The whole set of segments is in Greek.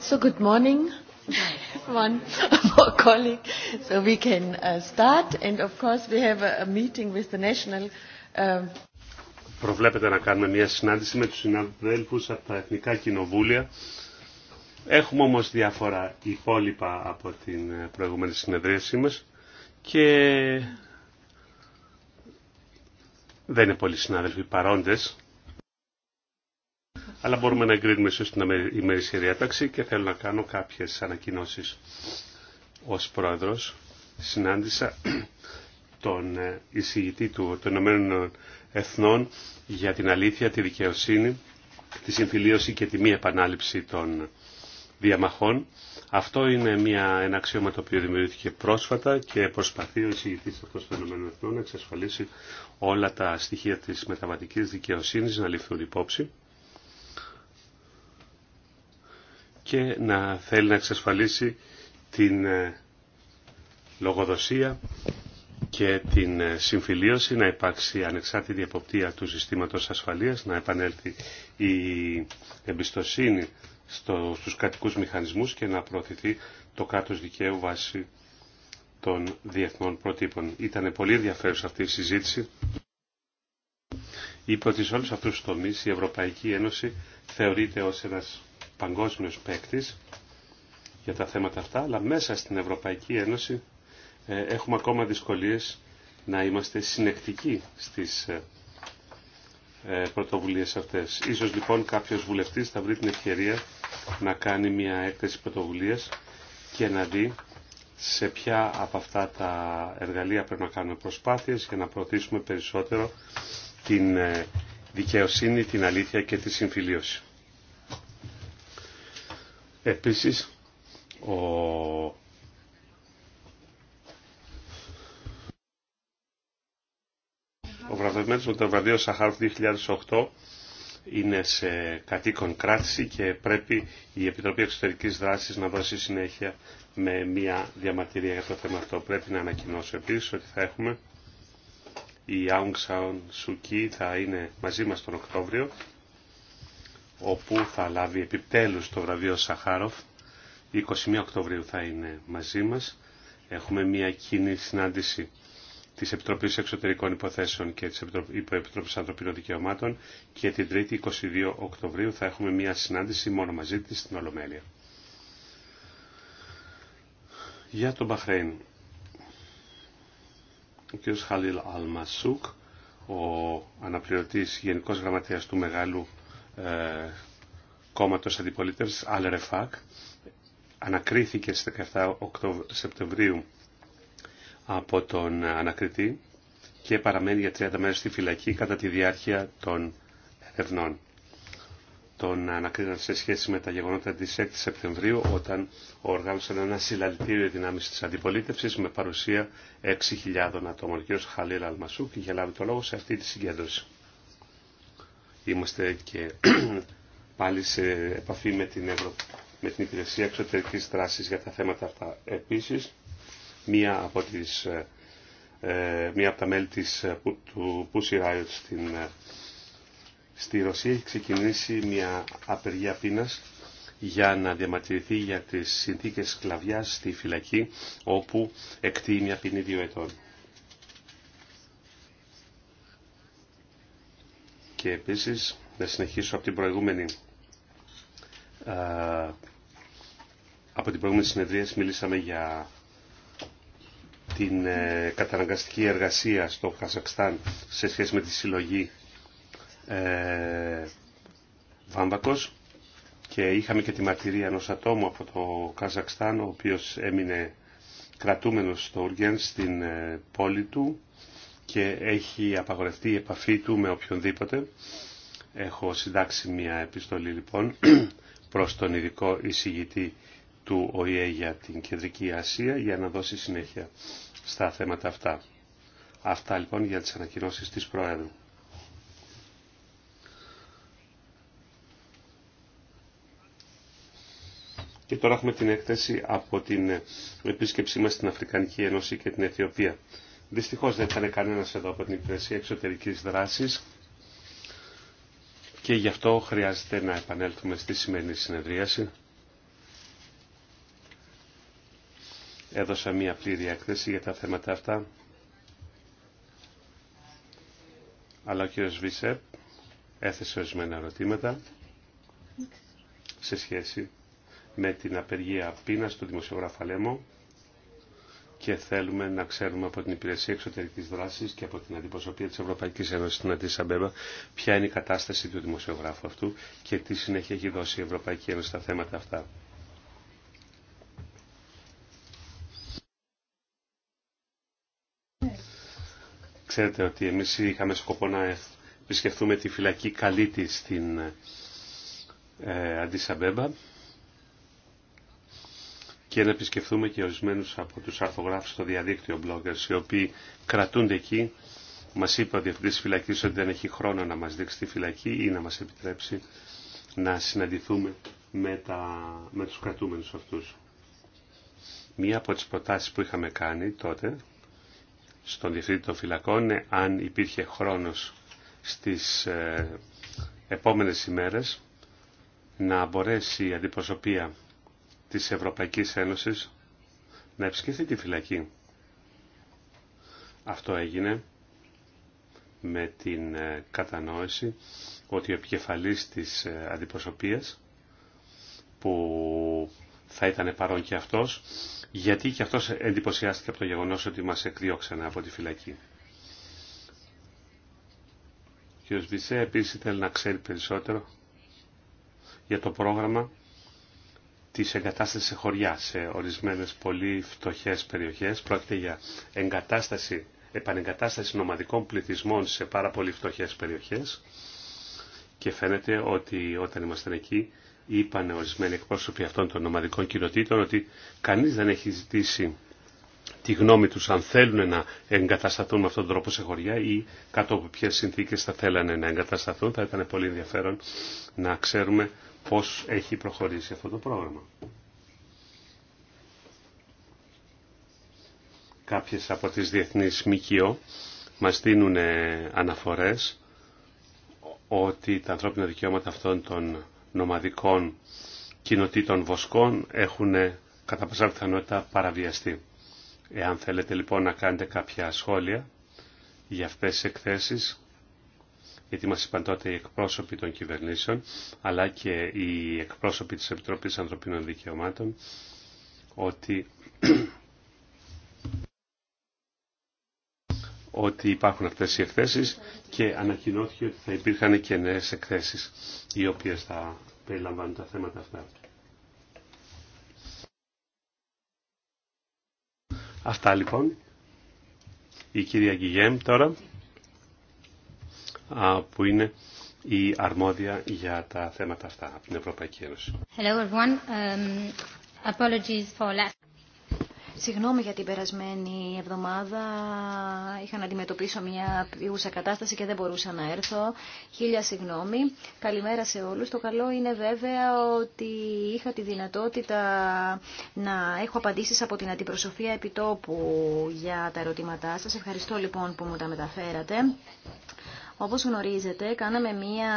So good morning, one more colleague. So we can uh, start and of course we have a meeting with the national. Um, Προβλέπετε να κάνουμε μια συνάντηση με τους συναδέλφους από τα Εθνικά Κοινοβούλια. Έχουμε όμως διάφορα υπόλοιπα από την ε, προηγούμενη συνεδρίασή μας και δεν είναι πολλοί συνάδελφοι παρόντες αλλά μπορούμε να εγκρίνουμε ίσως την ημερήσια διάταξη και θέλω να κάνω κάποιες ανακοινώσεις. Ως πρόεδρος συνάντησα τον ε, εισηγητή του των Ηνωμένων Εθνών για την αλήθεια, τη δικαιοσύνη, τη συμφιλίωση και τη μη επανάληψη των διαμαχών. Αυτό είναι μια, ένα αξίωμα το οποίο δημιουργήθηκε πρόσφατα και προσπαθεί ο εισηγητής αυτός των ΗΠΑ να εξασφαλίσει όλα τα στοιχεία της μεταβατικής δικαιοσύνης να ληφθούν υπόψη. και να θέλει να εξασφαλίσει την ε, λογοδοσία και την ε, συμφιλίωση, να υπάρξει ανεξάρτητη εποπτεία του συστήματος ασφαλείας, να επανέλθει η εμπιστοσύνη στο, στους κατοικούς μηχανισμούς και να προωθηθεί το κράτος δικαίου βάσει των διεθνών προτύπων. Ήταν πολύ ενδιαφέρουσα αυτή η συζήτηση. Είπε ότι σε όλους αυτούς τους τομείς η Ευρωπαϊκή Ένωση θεωρείται ως ένας παγκόσμιος παίκτη για τα θέματα αυτά, αλλά μέσα στην Ευρωπαϊκή Ένωση ε, έχουμε ακόμα δυσκολίες να είμαστε συνεκτικοί στις ε, ε, πρωτοβουλίες αυτές. Ίσως λοιπόν κάποιος βουλευτής θα βρει την ευκαιρία να κάνει μια έκθεση πρωτοβουλίας και να δει σε ποια από αυτά τα εργαλεία πρέπει να κάνουμε προσπάθειες για να προωθήσουμε περισσότερο την δικαιοσύνη, την αλήθεια και τη συμφιλίωση. Επίσης, ο... Ο βραβευμένος με το βραβείο 2008 είναι σε κατοίκον κράτηση και πρέπει η Επιτροπή Εξωτερικής Δράσης να δώσει συνέχεια με μια διαμαρτυρία για το θέμα αυτό. Πρέπει να ανακοινώσω επίσης ότι θα έχουμε η Aung San Suu θα είναι μαζί μας τον Οκτώβριο όπου θα λάβει επιτέλους το βραβείο Σαχάροφ. 21 Οκτωβρίου θα είναι μαζί μας. Έχουμε μια κοινή συνάντηση της Επιτροπής Εξωτερικών Υποθέσεων και της Επιτροπής Ανθρωπίνων Δικαιωμάτων και την 3η 22 Οκτωβρίου θα έχουμε μια συνάντηση μόνο μαζί της στην Ολομέλεια. Για τον Μπαχρέιν. Ο κ. Χαλίλ Αλμασούκ, ο αναπληρωτής Γενικός Γραμματέας του Μεγάλου ε, κόμματος αντιπολίτευσης Αλρεφάκ ανακρίθηκε στις 17 Σεπτεμβρίου από τον ανακριτή και παραμένει για 30 μέρες στη φυλακή κατά τη διάρκεια των ερευνών. Τον ανακρίναν σε σχέση με τα γεγονότα της 6 Σεπτεμβρίου όταν οργάνωσαν ένα συλλαλητήριο δυνάμεις της αντιπολίτευσης με παρουσία 6.000 ατόμων. Ο κ. Χαλίλ Αλμασούκ είχε λάβει το λόγο σε αυτή τη συγκέντρωση. Είμαστε και πάλι σε επαφή με την, Ευρω... με την Υπηρεσία Εξωτερικής Δράσης για τα θέματα αυτά. Επίσης, μία από, τις, ε, ε, μία από τα μέλη της, ε, του Pussy Riot στην, στη Ρωσία έχει ξεκινήσει μια απεργία πείνας για να διαμαρτυρηθεί για τις συνθήκες σκλαβιάς στη φυλακή όπου εκτείνει μια ποινή δύο ετών. Και επίσης, να συνεχίσω από την προηγούμενη από την προηγούμενη συνεδρία μιλήσαμε για την ε, καταναγκαστική εργασία στο Καζακστάν σε σχέση με τη συλλογή ε, Βάμβακος και είχαμε και τη μαρτυρία ενός ατόμου από το Καζακστάν ο οποίος έμεινε κρατούμενος στο Ουργέν στην ε, πόλη του και έχει απαγορευτεί η επαφή του με οποιονδήποτε. Έχω συντάξει μια επιστολή λοιπόν προς τον ειδικό εισηγητή του ΟΗΕ για την Κεντρική Ασία για να δώσει συνέχεια στα θέματα αυτά. Αυτά λοιπόν για τις ανακοινώσεις της Προέδρου. Και τώρα έχουμε την έκθεση από την επίσκεψή μας στην Αφρικανική Ένωση και την Αιθιοπία. Δυστυχώς δεν ήταν κανένας εδώ από την υπηρεσία εξωτερικής δράσης και γι' αυτό χρειάζεται να επανέλθουμε στη σημερινή συνεδρίαση. Έδωσα μία πλήρη έκθεση για τα θέματα αυτά. Αλλά ο κύριος Βίσεπ έθεσε ορισμένα ερωτήματα σε σχέση με την απεργία πείνας του δημοσιογράφου Αλέμου και θέλουμε να ξέρουμε από την Υπηρεσία Εξωτερικής Δράσης και από την Αντιπροσωπεία της Ευρωπαϊκής Ένωσης στην Αντισαμπέμπα ποια είναι η κατάσταση του δημοσιογράφου αυτού και τι συνέχεια έχει δώσει η Ευρωπαϊκή Ένωση στα θέματα αυτά. Ξέρετε ότι εμείς είχαμε σκοπό να επισκεφθούμε τη φυλακή Καλίτη στην ε, Αντισαμπέμπα και να επισκεφθούμε και ορισμένου από τους αρθογράφου στο διαδίκτυο bloggers οι οποίοι κρατούνται εκεί. Μας είπε ο Διευθυντής φυλακή ότι δεν έχει χρόνο να μας δείξει τη φυλακή ή να μας επιτρέψει να συναντηθούμε με, τα, με τους κρατούμενους αυτούς. Μία από τις προτάσεις που είχαμε κάνει τότε στον Διευθυντή των Φυλακών είναι αν υπήρχε χρόνο στις ε, επόμενες ημέρες να μπορέσει η αντιπροσωπεία της Ευρωπαϊκής Ένωσης να επισκεφθεί τη φυλακή. Αυτό έγινε με την ε, κατανόηση ότι ο επικεφαλής της ε, αντιπροσωπείας που θα ήταν παρόν και αυτός, γιατί και αυτός εντυπωσιάστηκε από το γεγονός ότι μας εκδίωξαν από τη φυλακή. Ο κ. Βησέ επίσης θέλει να ξέρει περισσότερο για το πρόγραμμα της εγκατάστασης σε χωριά σε ορισμένες πολύ φτωχές περιοχές. Πρόκειται για εγκατάσταση, επανεγκατάσταση νομαδικών πληθυσμών σε πάρα πολύ φτωχές περιοχές και φαίνεται ότι όταν ήμασταν εκεί είπαν ορισμένοι εκπρόσωποι αυτών των νομαδικών κοινοτήτων ότι κανείς δεν έχει ζητήσει τη γνώμη τους αν θέλουν να εγκατασταθούν με αυτόν τον τρόπο σε χωριά ή κάτω από ποιες συνθήκες θα θέλανε να εγκατασταθούν. Θα ήταν πολύ ενδιαφέρον να ξέρουμε πώς έχει προχωρήσει αυτό το πρόγραμμα. Κάποιες από τις διεθνείς ΜΚΟ μας δίνουν ε, αναφορές ότι τα ανθρώπινα δικαιώματα αυτών των νομαδικών κοινοτήτων βοσκών έχουν ε, κατά πάσα πιθανότητα παραβιαστεί. Εάν θέλετε λοιπόν να κάνετε κάποια σχόλια για αυτές τις εκθέσεις, γιατί μας είπαν τότε οι εκπρόσωποι των κυβερνήσεων, αλλά και οι εκπρόσωποι της Επιτροπής Ανθρωπίνων Δικαιωμάτων, ότι, ότι υπάρχουν αυτές οι εκθέσεις και ανακοινώθηκε ότι θα υπήρχαν και νέες εκθέσεις, οι οποίες θα περιλαμβάνουν τα θέματα αυτά. Αυτά λοιπόν. Η κυρία Γκυγέμ τώρα που είναι η αρμόδια για τα θέματα αυτά από την Ευρωπαϊκή Ένωση. Hello everyone. Um, apologies for last... Συγγνώμη για την περασμένη εβδομάδα. Είχα να αντιμετωπίσω μια πιούσα κατάσταση και δεν μπορούσα να έρθω. Χίλια συγγνώμη. Καλημέρα σε όλους. Το καλό είναι βέβαια ότι είχα τη δυνατότητα να έχω απαντήσεις από την αντιπροσωπεία επιτόπου για τα ερωτήματά σας. Ευχαριστώ λοιπόν που μου τα μεταφέρατε. Όπως γνωρίζετε, κάναμε μία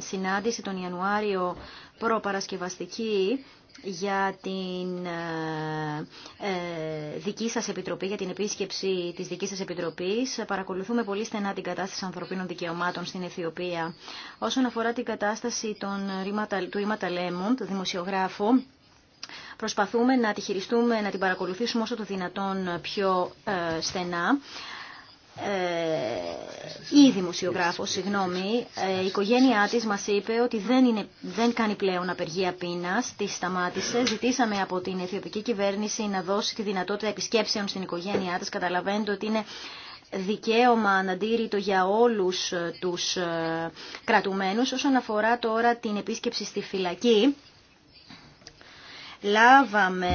συνάντηση τον Ιανουάριο προπαρασκευαστική για την ε, ε, δική σας επιτροπή, για την επίσκεψη της δικής σας επιτροπής. Παρακολουθούμε πολύ στενά την κατάσταση ανθρωπίνων δικαιωμάτων στην Αιθιοπία. Όσον αφορά την κατάσταση των, του Ηματαλέμου, του δημοσιογράφου, προσπαθούμε να τη χειριστούμε, να την παρακολουθήσουμε όσο το δυνατόν πιο ε, στενά ή ε, δημοσιογράφος, συγγνώμη, ε, η οικογένειά της μας είπε ότι δεν, είναι, δεν κάνει πλέον απεργία πείνας, τη σταμάτησε. Ζητήσαμε από την αιθιοπική κυβέρνηση να δώσει τη δυνατότητα επισκέψεων στην οικογένειά της. Καταλαβαίνετε ότι είναι δικαίωμα αναντήρητο για όλους τους ε, κρατουμένους. Όσον αφορά τώρα την επίσκεψη στη φυλακή, λάβαμε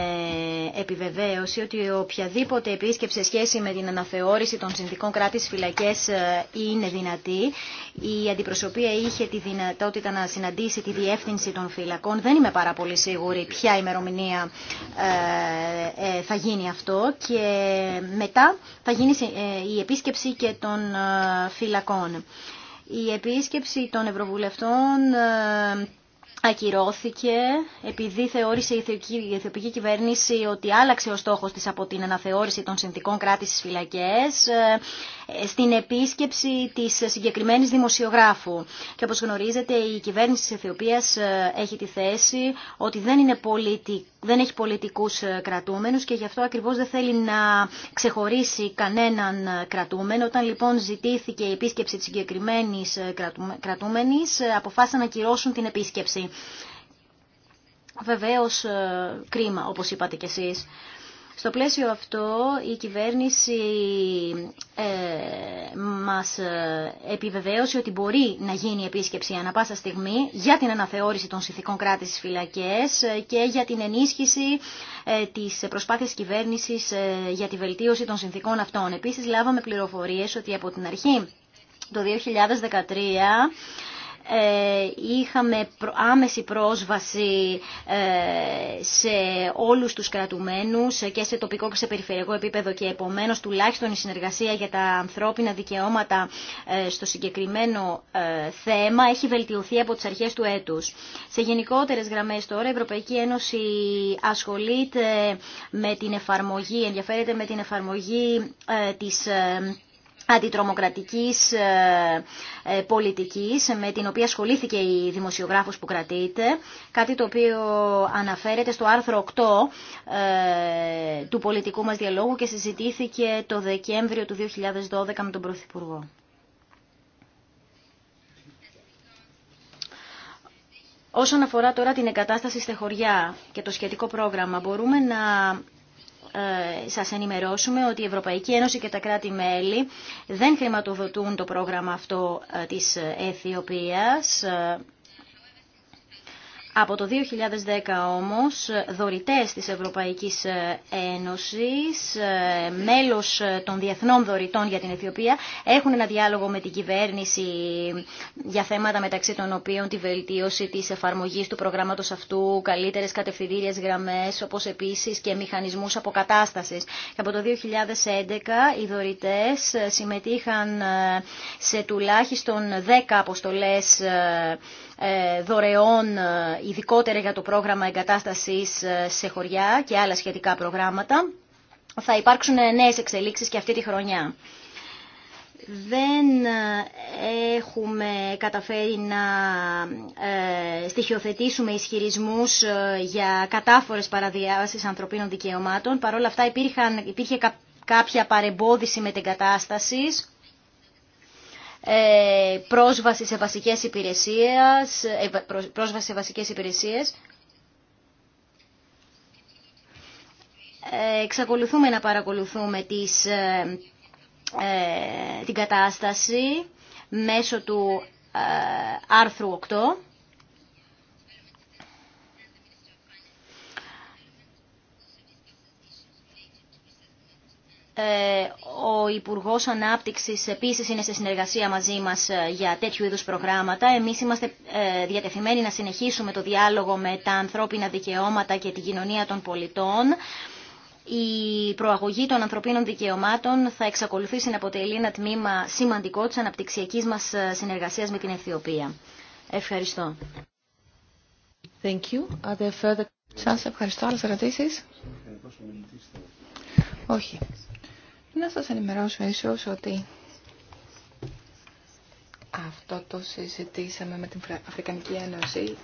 επιβεβαίωση ότι οποιαδήποτε επίσκεψη σε σχέση με την αναθεώρηση των συνδικών κράτη φυλακές ε, είναι δυνατή. Η αντιπροσωπεία είχε τη δυνατότητα να συναντήσει τη διεύθυνση των φυλακών. Δεν είμαι πάρα πολύ σίγουρη ποια ημερομηνία ε, ε, θα γίνει αυτό και μετά θα γίνει η επίσκεψη και των φυλακών. Η επίσκεψη των Ευρωβουλευτών ακυρώθηκε επειδή θεώρησε η αιθιοπική κυβέρνηση ότι άλλαξε ο στόχος της από την αναθεώρηση των συνθηκών στις φυλακές ε, στην επίσκεψη της συγκεκριμένης δημοσιογράφου. Και όπως γνωρίζετε η κυβέρνηση της Αιθιοπίας ε, έχει τη θέση ότι δεν είναι πολιτική δεν έχει πολιτικούς ε, κρατούμενους και γι' αυτό ακριβώς δεν θέλει να ξεχωρίσει κανέναν ε, κρατούμενο. Όταν λοιπόν ζητήθηκε η επίσκεψη της συγκεκριμένη ε, κρατούμενης, αποφάσισαν να κυρώσουν την επίσκεψη. Βεβαίως κρίμα, όπως είπατε κι εσείς. Στο πλαίσιο αυτό η κυβέρνηση ε, μας ε, επιβεβαίωσε ότι μπορεί να γίνει επίσκεψη ανα πάσα στιγμή για την αναθεώρηση των συνθηκών κράτησης φυλακές ε, και για την ενίσχυση ε, της προσπάθειας κυβέρνησης ε, για τη βελτίωση των συνθηκών αυτών. Επίσης λάβαμε πληροφορίες ότι από την αρχή το 2013 ε, είχαμε άμεση πρόσβαση ε, σε όλους τους κρατουμένους ε, και σε τοπικό και σε περιφερειακό επίπεδο και επομένως τουλάχιστον η συνεργασία για τα ανθρώπινα δικαιώματα στο συγκεκριμένο θέμα έχει βελτιωθεί από τις αρχές του έτους. Σε γενικότερες γραμμές τώρα η Ευρωπαϊκή Ένωση ασχολείται με την εφαρμογή, ενδιαφέρεται με την εφαρμογή της αντιτρομοκρατικής ε, ε, πολιτικής με την οποία ασχολήθηκε η δημοσιογράφος που κρατείται, κάτι το οποίο αναφέρεται στο άρθρο 8 ε, του πολιτικού μας διαλόγου και συζητήθηκε το Δεκέμβριο του 2012 με τον Πρωθυπουργό. Όσον αφορά τώρα την εγκατάσταση στη χωριά και το σχετικό πρόγραμμα, μπορούμε να ε, σας ενημερώσουμε ότι η Ευρωπαϊκή Ένωση και τα κράτη-μέλη δεν χρηματοδοτούν το πρόγραμμα αυτό ε, της αιθιοπία. Ε, από το 2010 όμως, δωρητές της Ευρωπαϊκής ε, Ένωσης, ε, μέλος ε, των διεθνών δωρητών για την Αιθιοπία, έχουν ένα διάλογο με την κυβέρνηση για θέματα μεταξύ των οποίων τη βελτίωση της εφαρμογής του προγράμματος αυτού, καλύτερες κατευθυντήριες γραμμές, όπως επίσης και μηχανισμούς αποκατάστασης. Και από το 2011 οι δωρητές συμμετείχαν σε τουλάχιστον 10 αποστολές ε, δωρεών ε, ειδικότερα για το πρόγραμμα εγκατάστασης ε, σε χωριά και άλλα σχετικά προγράμματα. Θα υπάρξουν νέες εξελίξεις και αυτή τη χρονιά. Δεν έχουμε καταφέρει να στοιχειοθετήσουμε ισχυρισμούς για κατάφορες παραδιάσεις ανθρωπίνων δικαιωμάτων. Παρ' όλα αυτά υπήρχαν, υπήρχε κάποια παρεμπόδιση με την κατάσταση ε, πρόσβαση σε βασικές υπηρεσίες, ε, πρόσβαση σε βασικές υπηρεσίες. Ε, εξακολουθούμε να παρακολουθούμε τις, την κατάσταση μέσω του άρθρου 8. Ο Υπουργό Ανάπτυξη επίση είναι σε συνεργασία μαζί μα ε, για τέτοιου είδου προγράμματα. Εμεί είμαστε ε, διατεθειμένοι να συνεχίσουμε το διάλογο με τα ανθρώπινα δικαιώματα και την κοινωνία των πολιτών. Η προαγωγή των ανθρωπίνων δικαιωμάτων θα εξακολουθήσει να αποτελεί ένα τμήμα σημαντικό τη αναπτυξιακή μα ε, συνεργασία με την Αιθιοπία. Ευχαριστώ. Thank you. Are there further... ευχαριστώ. Άλλες ερωτήσεις? Ναι. Όχι. Να σας ενημερώσω ίσως ότι αυτό το συζητήσαμε με την Αφρικανική Ένωση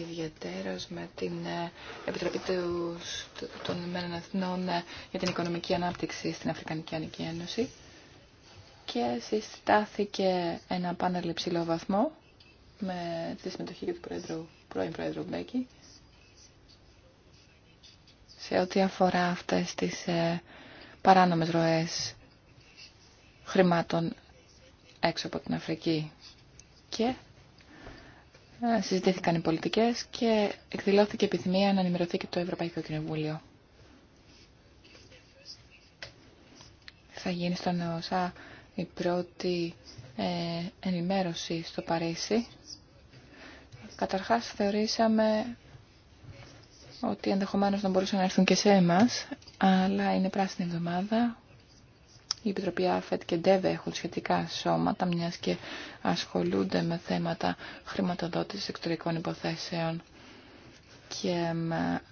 Ιδιαίτερα με την ε, Επιτροπή των Ηνωμένων Εθνών ε, για την Οικονομική Ανάπτυξη στην Αφρικανική Ανική Ένωση και συστάθηκε ένα πάνελ υψηλό βαθμό με τη συμμετοχή του πρόεδρου, πρώην Πρόεδρου Μπέκη σε ό,τι αφορά αυτές τις ε, παράνομες ροές χρημάτων έξω από την Αφρική. Και ε, συζητήθηκαν οι πολιτικές και εκδηλώθηκε επιθυμία να ενημερωθεί και το Ευρωπαϊκό Κοινοβούλιο. Θα γίνει στον ΕΟΣΑ η πρώτη ε, ενημέρωση στο Παρίσι. Καταρχάς θεωρήσαμε ότι ενδεχομένως να μπορούσαν να έρθουν και σε εμάς, αλλά είναι πράσινη εβδομάδα. Η Επιτροπή ΑΦΕΤ και ΝΤΕΒΕ έχουν σχετικά σώματα, μιας και ασχολούνται με θέματα χρηματοδότησης εξωτερικών υποθέσεων και με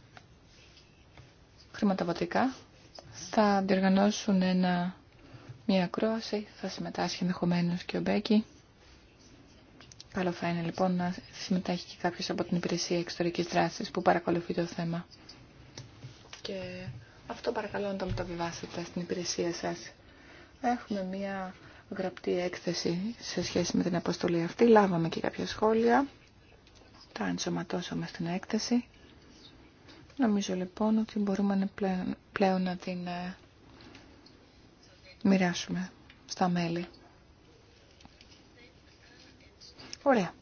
χρηματοδοτικά. Θα διοργανώσουν μια ακρόαση, θα συμμετάσχει ενδεχομένω και ο Μπέκη. Καλό θα είναι λοιπόν να συμμετέχει και κάποιο από την υπηρεσία εξωτερική δράση που παρακολουθεί το θέμα. Και αυτό παρακαλώ να το μεταβιβάσετε στην υπηρεσία σα. Έχουμε μία γραπτή έκθεση σε σχέση με την αποστολή αυτή. Λάβαμε και κάποια σχόλια. Τα ενσωματώσαμε στην έκθεση. Νομίζω λοιπόν ότι μπορούμε πλέον να την ε, μοιράσουμε στα μέλη. Ωραία.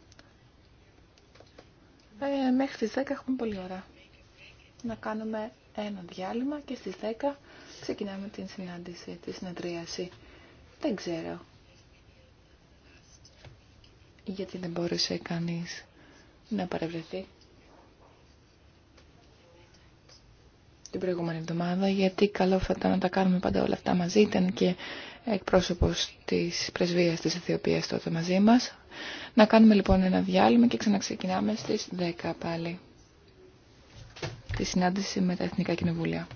Ε, μέχρι τις 10 έχουμε πολύ ώρα. Να κάνουμε ένα διάλειμμα και στις 10 ξεκινάμε την συνάντηση, τη συνεδρίαση. Δεν ξέρω. Γιατί δεν μπόρεσε κανείς να παρευρεθεί. την προηγούμενη εβδομάδα, γιατί καλό θα ήταν να τα κάνουμε πάντα όλα αυτά μαζί. Ήταν και εκπρόσωπος της πρεσβείας της Αιθιοπίας τότε μαζί μας. Να κάνουμε λοιπόν ένα διάλειμμα και ξαναξεκινάμε στις 10 πάλι τη συνάντηση με τα Εθνικά Κοινοβούλια.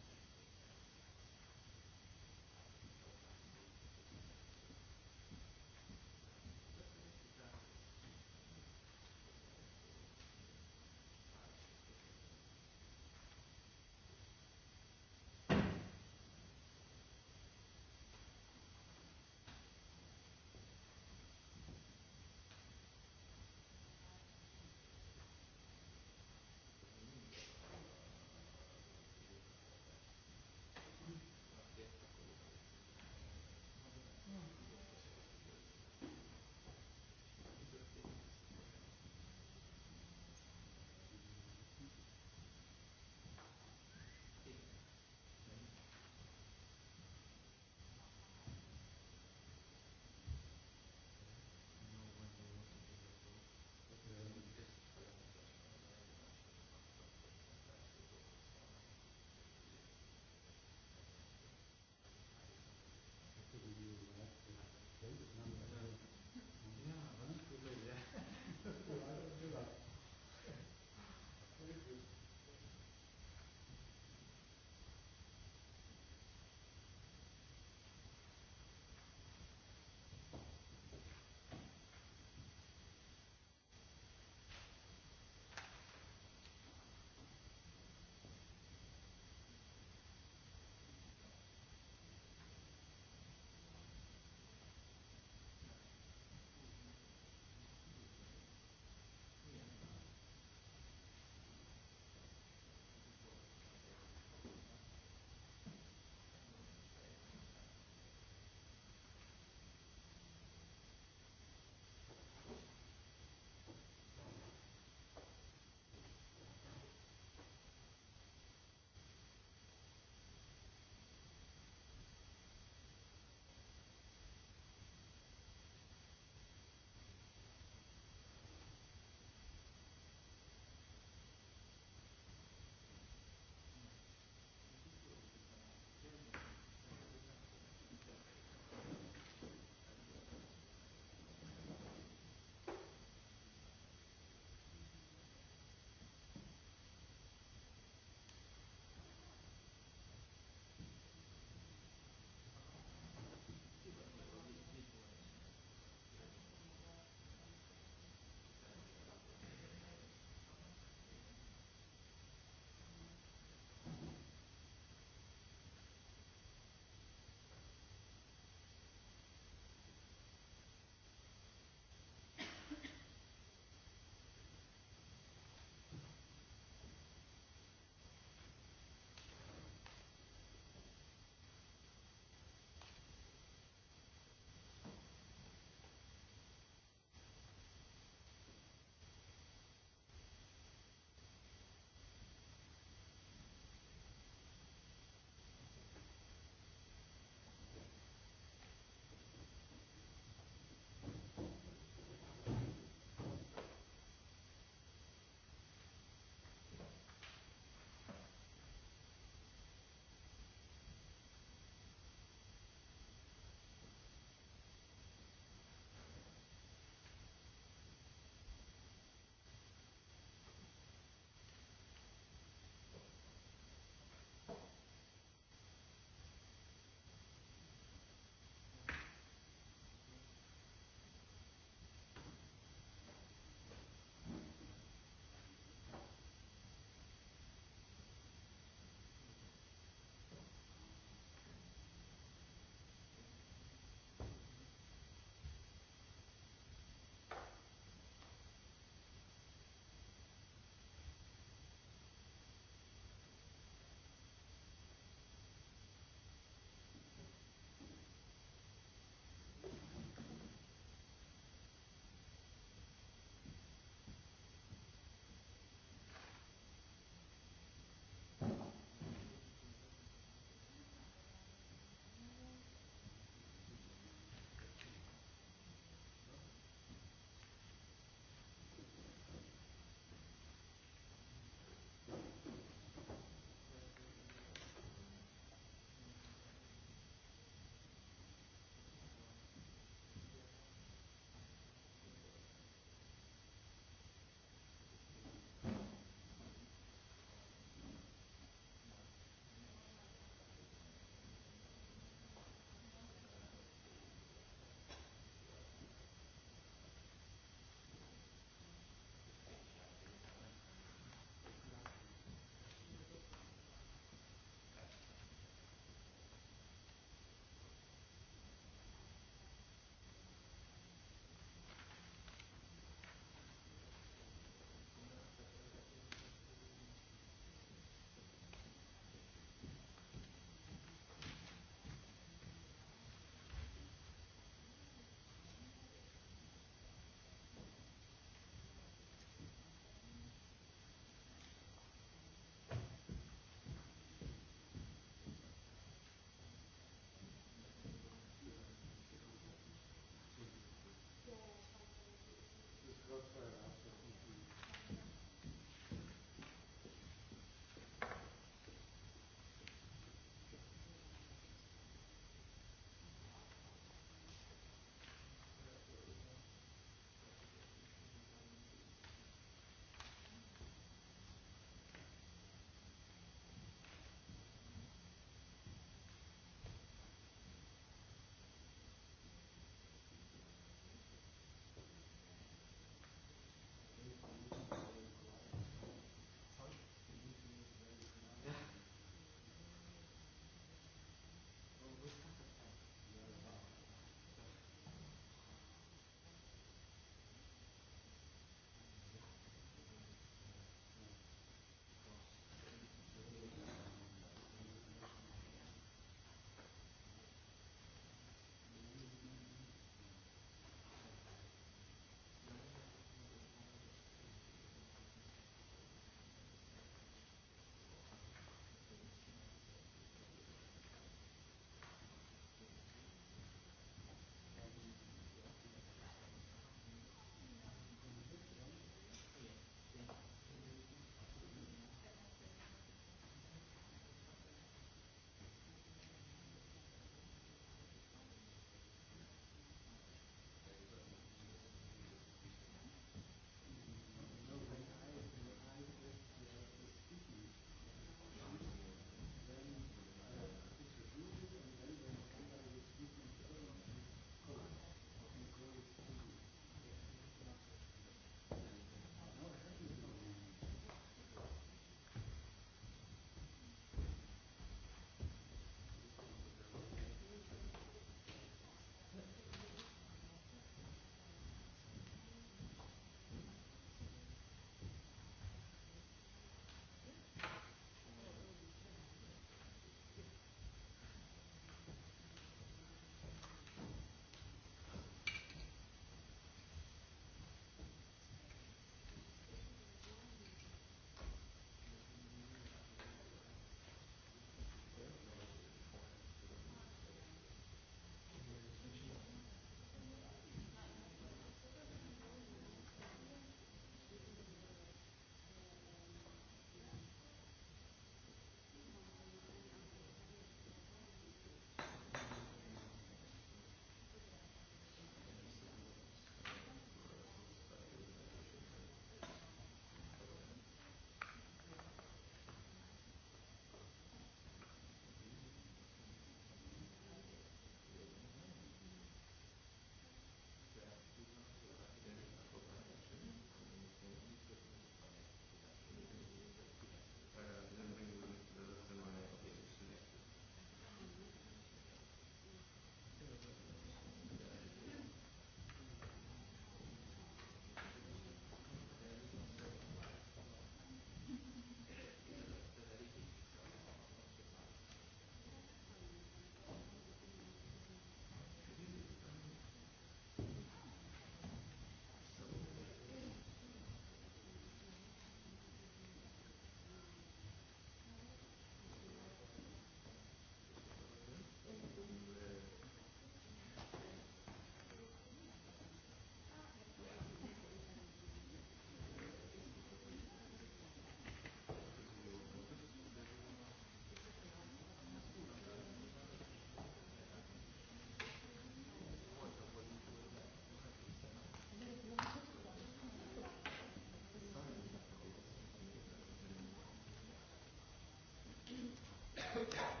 Υπότιτλοι AUTHORWAVE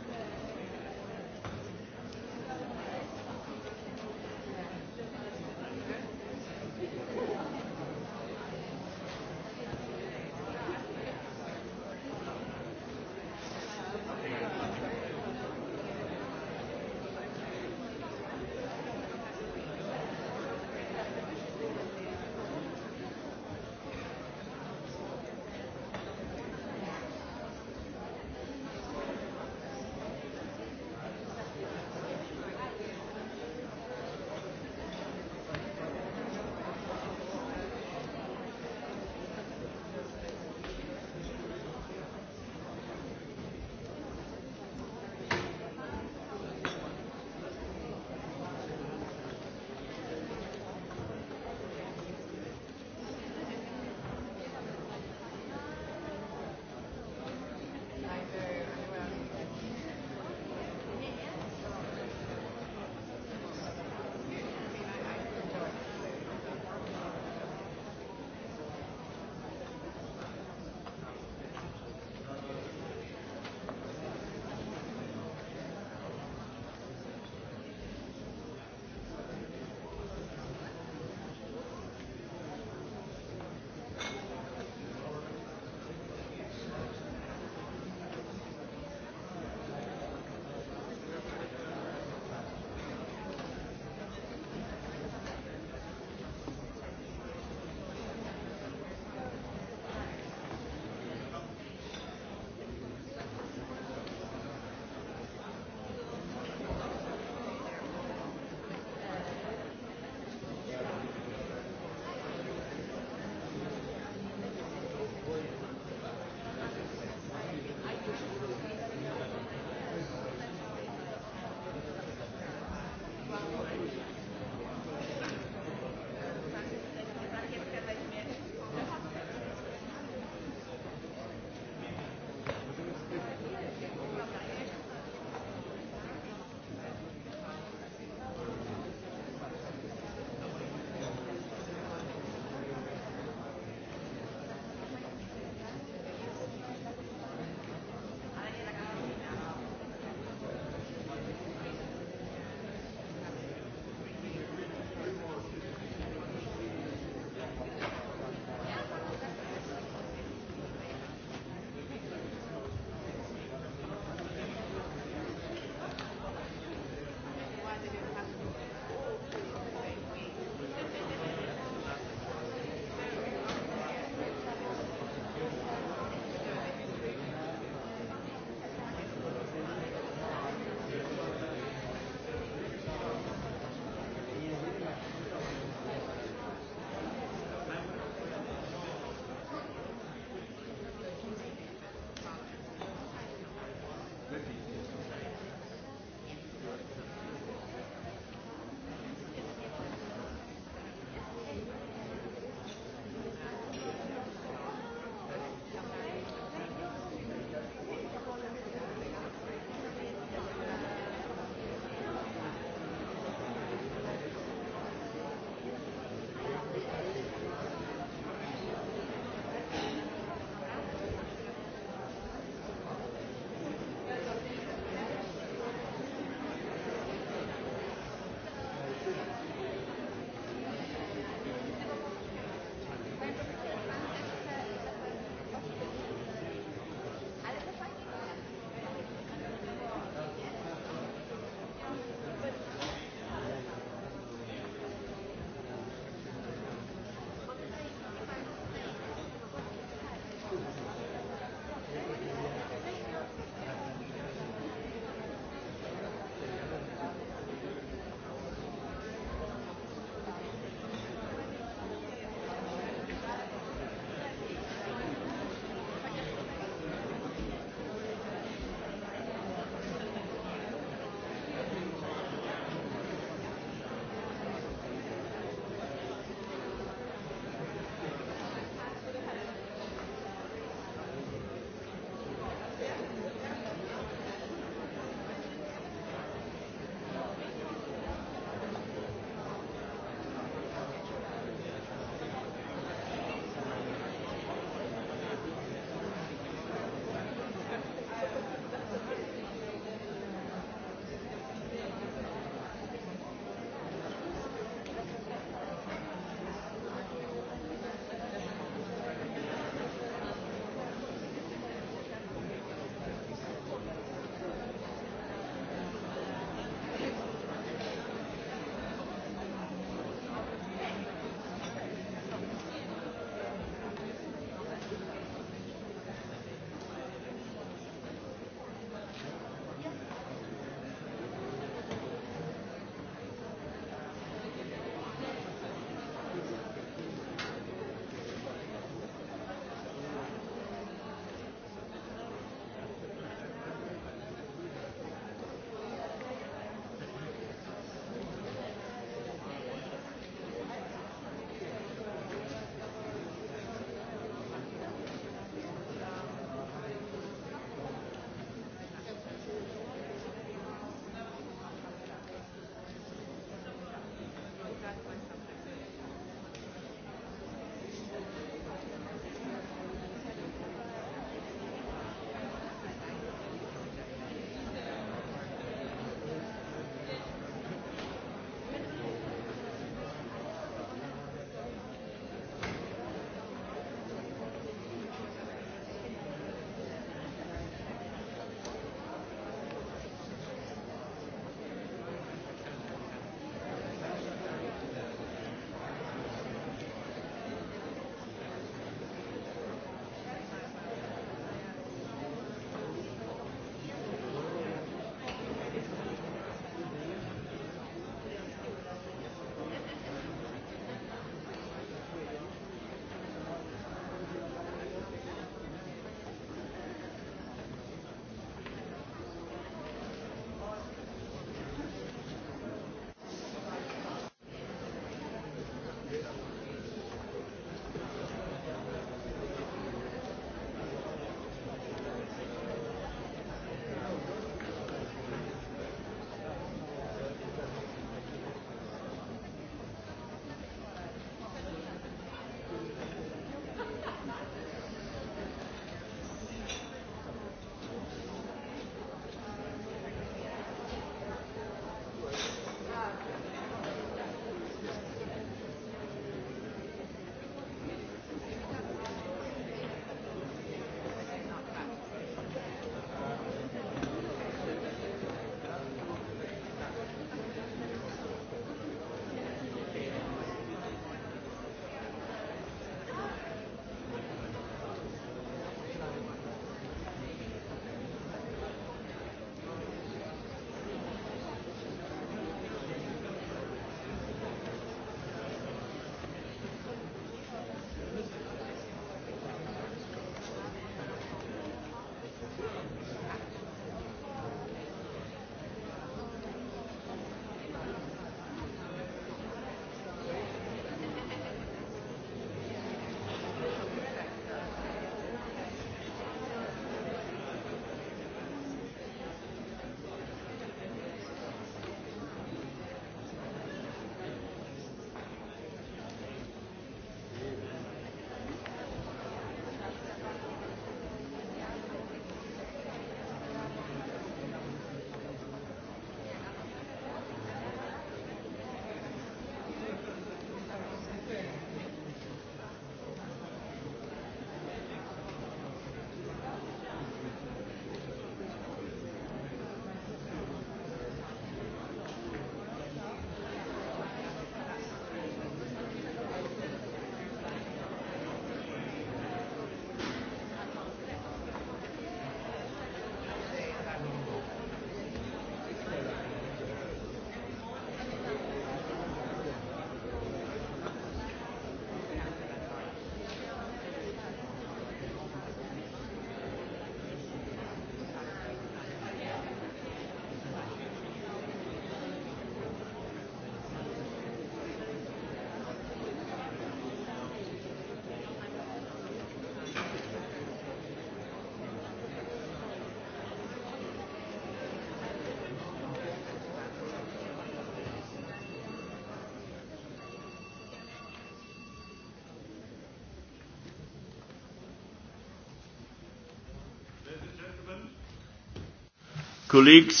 Colleagues,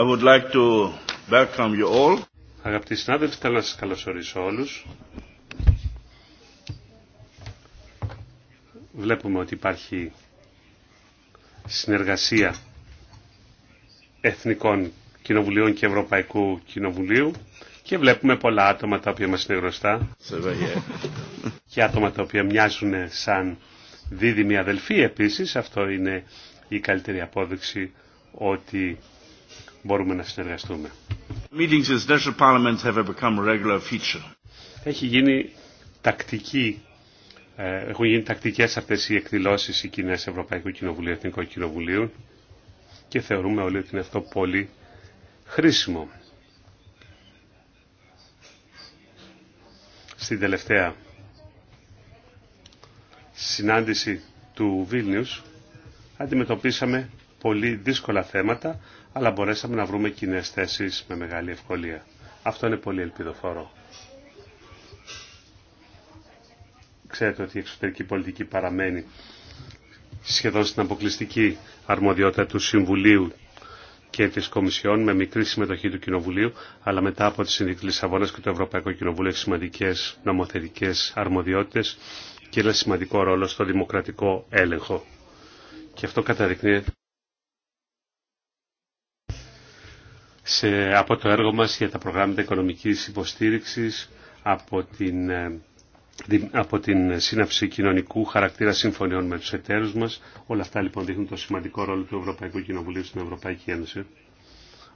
I would like to welcome Αγαπητοί συνάδελφοι, θέλω να σας καλωσορίσω όλους. Βλέπουμε ότι υπάρχει συνεργασία Εθνικών Κοινοβουλίων και Ευρωπαϊκού Κοινοβουλίου και βλέπουμε πολλά άτομα τα οποία μας είναι γνωστά και άτομα τα οποία μοιάζουν σαν δίδυμοι αδελφοί επίσης, αυτό είναι η καλύτερη απόδειξη ότι μπορούμε να συνεργαστούμε. Έχει γίνει τακτική, ε, έχουν γίνει τακτικές αυτές οι εκδηλώσεις οι κοινές Ευρωπαϊκού Κοινοβουλίου, Εθνικού Κοινοβουλίου και θεωρούμε όλοι ότι είναι αυτό πολύ χρήσιμο. Στην τελευταία συνάντηση του Βίλνιους αντιμετωπίσαμε πολύ δύσκολα θέματα, αλλά μπορέσαμε να βρούμε κοινέ θέσει με μεγάλη ευκολία. Αυτό είναι πολύ ελπιδοφόρο. Ξέρετε ότι η εξωτερική πολιτική παραμένει σχεδόν στην αποκλειστική αρμοδιότητα του Συμβουλίου και της Κομισιόν με μικρή συμμετοχή του Κοινοβουλίου, αλλά μετά από τη Συνδίκη Λισαβόνας και το Ευρωπαϊκό Κοινοβούλιο έχει σημαντικές νομοθετικές αρμοδιότητες και ένα σημαντικό ρόλο στο δημοκρατικό έλεγχο. Και αυτό καταδεικνύεται σε, από το έργο μας για τα προγράμματα οικονομικής υποστήριξης, από την, ε, από την σύναψη κοινωνικού χαρακτήρα συμφωνιών με τους εταίρους μας. Όλα αυτά λοιπόν δείχνουν το σημαντικό ρόλο του Ευρωπαϊκού Κοινοβουλίου στην Ευρωπαϊκή Ένωση.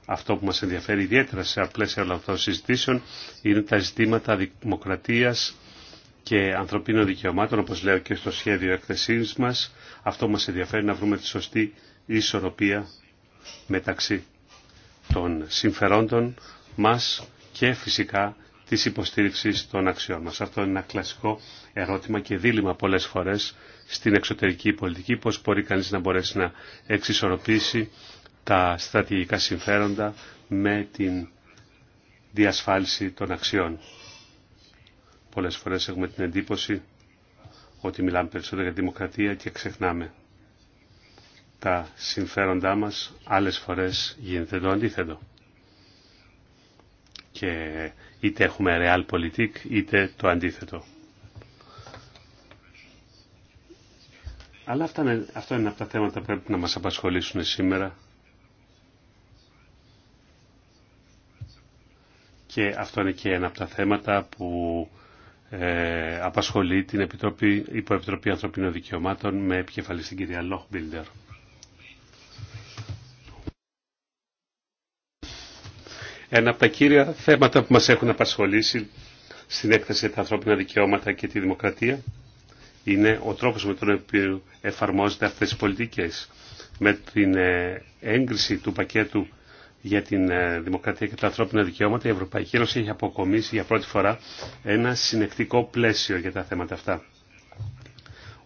Αυτό που μας ενδιαφέρει ιδιαίτερα σε πλαίσια όλων συζητήσεων είναι τα ζητήματα δημοκρατίας, και ανθρωπίνων δικαιωμάτων, όπως λέω και στο σχέδιο εκθεσής μας, αυτό μας ενδιαφέρει να βρούμε τη σωστή ισορροπία μεταξύ των συμφερόντων μας και φυσικά της υποστήριξης των αξιών μας. Αυτό είναι ένα κλασικό ερώτημα και δίλημα πολλές φορές στην εξωτερική πολιτική, πώς μπορεί κανείς να μπορέσει να εξισορροπήσει τα στρατηγικά συμφέροντα με την διασφάλιση των αξιών. Πολλές φορές έχουμε την εντύπωση ότι μιλάμε περισσότερο για δημοκρατία και ξεχνάμε τα συμφέροντά μας. Άλλες φορές γίνεται το αντίθετο. Και είτε έχουμε real είτε το αντίθετο. Αλλά αυτά είναι, αυτό είναι από τα θέματα που πρέπει να μας απασχολήσουν σήμερα. Και αυτό είναι και ένα από τα θέματα που ε, απασχολεί την Επιτροπή, Υποεπιτροπή Ανθρωπίνων Δικαιωμάτων με επικεφαλή στην κυρία Λόχμπιλντερ. Ένα από τα κύρια θέματα που μας έχουν απασχολήσει στην έκθεση για τα ανθρώπινα δικαιώματα και τη δημοκρατία είναι ο τρόπος με τον οποίο εφαρμόζεται αυτές τις πολιτικές. Με την ε, έγκριση του πακέτου για την ε, δημοκρατία και τα ανθρώπινα δικαιώματα, η Ευρωπαϊκή Ένωση έχει αποκομίσει για πρώτη φορά ένα συνεκτικό πλαίσιο για τα θέματα αυτά.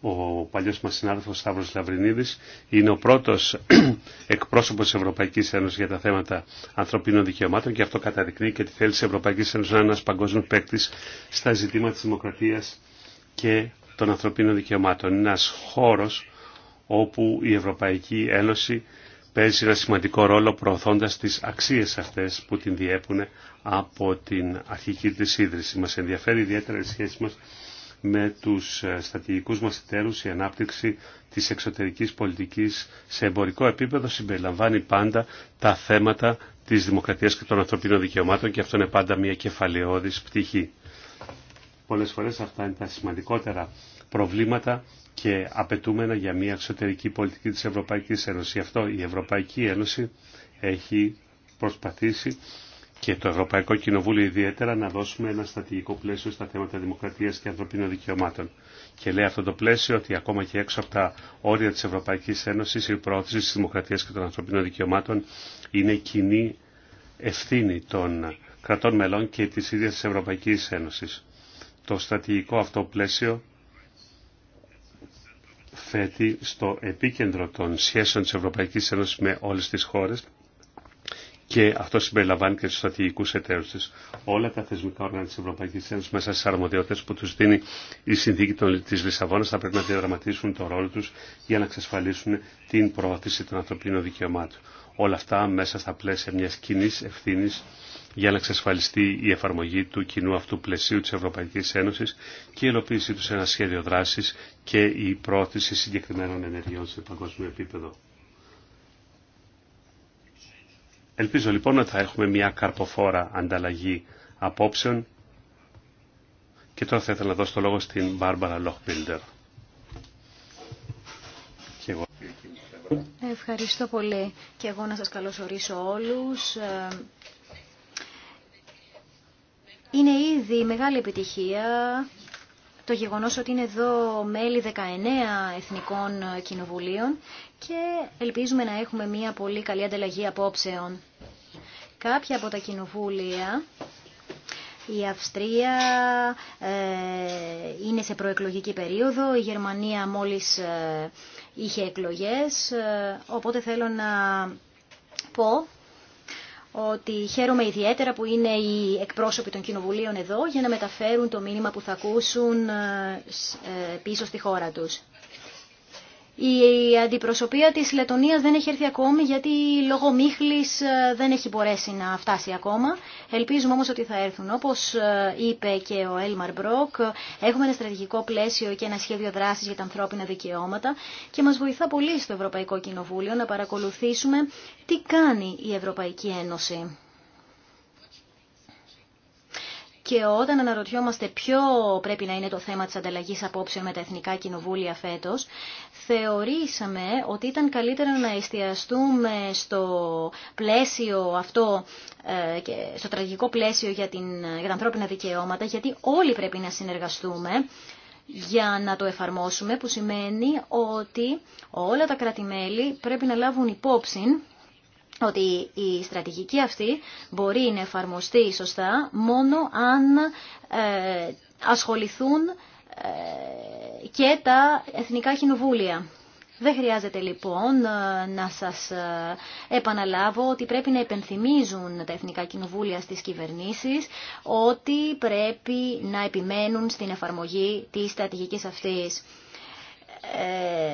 Ο παλιός μας συνάδελφος Σταύρος Λαυρινίδης είναι ο πρώτος εκπρόσωπος της Ευρωπαϊκής Ένωσης για τα θέματα ανθρωπίνων δικαιωμάτων και αυτό καταδεικνύει και τη θέληση της Ευρωπαϊκής Ένωσης να είναι ένας παγκόσμιος παίκτης στα ζητήματα της δημοκρατίας και των ανθρωπίνων δικαιωμάτων. Είναι ένας χώρος όπου η Ευρωπαϊκή Ένωση παίζει ένα σημαντικό ρόλο προωθώντας τις αξίες αυτές που την διέπουν από την αρχική της ίδρυση. Μας ενδιαφέρει ιδιαίτερα η σχέση μας με τους ε, στατηγικούς μας εταίρους η ανάπτυξη της εξωτερικής πολιτικής σε εμπορικό επίπεδο συμπεριλαμβάνει πάντα τα θέματα της δημοκρατίας και των ανθρωπίνων δικαιωμάτων και αυτό είναι πάντα μια κεφαλαιώδης πτυχή. Πολλές φορές αυτά είναι τα σημαντικότερα προβλήματα και απαιτούμενα για μια εξωτερική πολιτική της Ευρωπαϊκής Ένωσης. Γι' αυτό η Ευρωπαϊκή Ένωση έχει προσπαθήσει και το Ευρωπαϊκό Κοινοβούλιο ιδιαίτερα να δώσουμε ένα στρατηγικό πλαίσιο στα θέματα δημοκρατίας και ανθρωπίνων δικαιωμάτων. Και λέει αυτό το πλαίσιο ότι ακόμα και έξω από τα όρια της Ευρωπαϊκής Ένωσης η προώθηση της δημοκρατίας και των ανθρωπίνων δικαιωμάτων είναι κοινή ευθύνη των κρατών μελών και τη ίδια τη Ευρωπαϊκή Ένωση. Το στρατηγικό αυτό πλαίσιο θέτει στο επίκεντρο των σχέσεων της Ευρωπαϊκής Ένωσης με όλες τις χώρες και αυτό συμπεριλαμβάνει και τους στρατηγικού εταίρους τη. Όλα τα θεσμικά όργανα της Ευρωπαϊκής Ένωσης μέσα στις αρμοδιότητες που τους δίνει η συνθήκη τη Λισαβόνας θα πρέπει να διαδραματίσουν το ρόλο τους για να εξασφαλίσουν την προώθηση των ανθρωπίνων δικαιωμάτων. Όλα αυτά μέσα στα πλαίσια μιας κοινή ευθύνη για να εξασφαλιστεί η εφαρμογή του κοινού αυτού πλαισίου της Ευρωπαϊκής Ένωσης και η υλοποίησή του σε ένα σχέδιο δράσης και η πρόθεση συγκεκριμένων ενεργειών σε παγκόσμιο επίπεδο. Ελπίζω λοιπόν ότι θα έχουμε μια καρποφόρα ανταλλαγή απόψεων και τώρα θα ήθελα να δώσω το λόγο στην Μπάρμπαρα Λοχμπίλντερ. Ευχαριστώ πολύ και εγώ να σας καλωσορίσω όλους. Είναι ήδη μεγάλη επιτυχία το γεγονός ότι είναι εδώ μέλη 19 εθνικών κοινοβουλίων και ελπίζουμε να έχουμε μια πολύ καλή ανταλλαγή απόψεων. Κάποια από τα κοινοβούλια, η Αυστρία ε, είναι σε προεκλογική περίοδο, η Γερμανία μόλις ε, είχε εκλογές, ε, οπότε θέλω να πω ότι χαίρομαι ιδιαίτερα που είναι οι εκπρόσωποι των κοινοβουλίων εδώ για να μεταφέρουν το μήνυμα που θα ακούσουν ε, ε, πίσω στη χώρα τους. Η αντιπροσωπεία της Λετωνίας δεν έχει έρθει ακόμη γιατί λόγω μίχλης ε, δεν έχει μπορέσει να φτάσει ακόμα. Ελπίζουμε όμως ότι θα έρθουν. Όπως ε, είπε και ο Έλμαρ Μπρόκ, έχουμε ένα στρατηγικό πλαίσιο και ένα σχέδιο δράσης για τα ανθρώπινα δικαιώματα και μας βοηθά πολύ στο Ευρωπαϊκό Κοινοβούλιο να παρακολουθήσουμε τι κάνει η Ευρωπαϊκή Ένωση. Και όταν αναρωτιόμαστε ποιο πρέπει να είναι το θέμα της ανταλλαγής απόψεων με τα Εθνικά Κοινοβούλια φέτος, θεωρήσαμε ότι ήταν καλύτερα να εστιαστούμε στο πλαίσιο αυτό, ε, και στο τραγικό πλαίσιο για, την, για τα ανθρώπινα δικαιώματα, γιατί όλοι πρέπει να συνεργαστούμε για να το εφαρμόσουμε, που σημαίνει ότι όλα τα κρατημέλη πρέπει να λάβουν υπόψη ότι η στρατηγική αυτή μπορεί να εφαρμοστεί σωστά μόνο αν ε, ασχοληθούν ε, και τα εθνικά κοινοβούλια. Δεν χρειάζεται λοιπόν ε, να σας ε, επαναλάβω ότι πρέπει να επενθυμίζουν τα Εθνικά Κοινοβούλια στις κυβερνήσεις ότι πρέπει να επιμένουν στην εφαρμογή της στρατηγικής αυτής. Ε,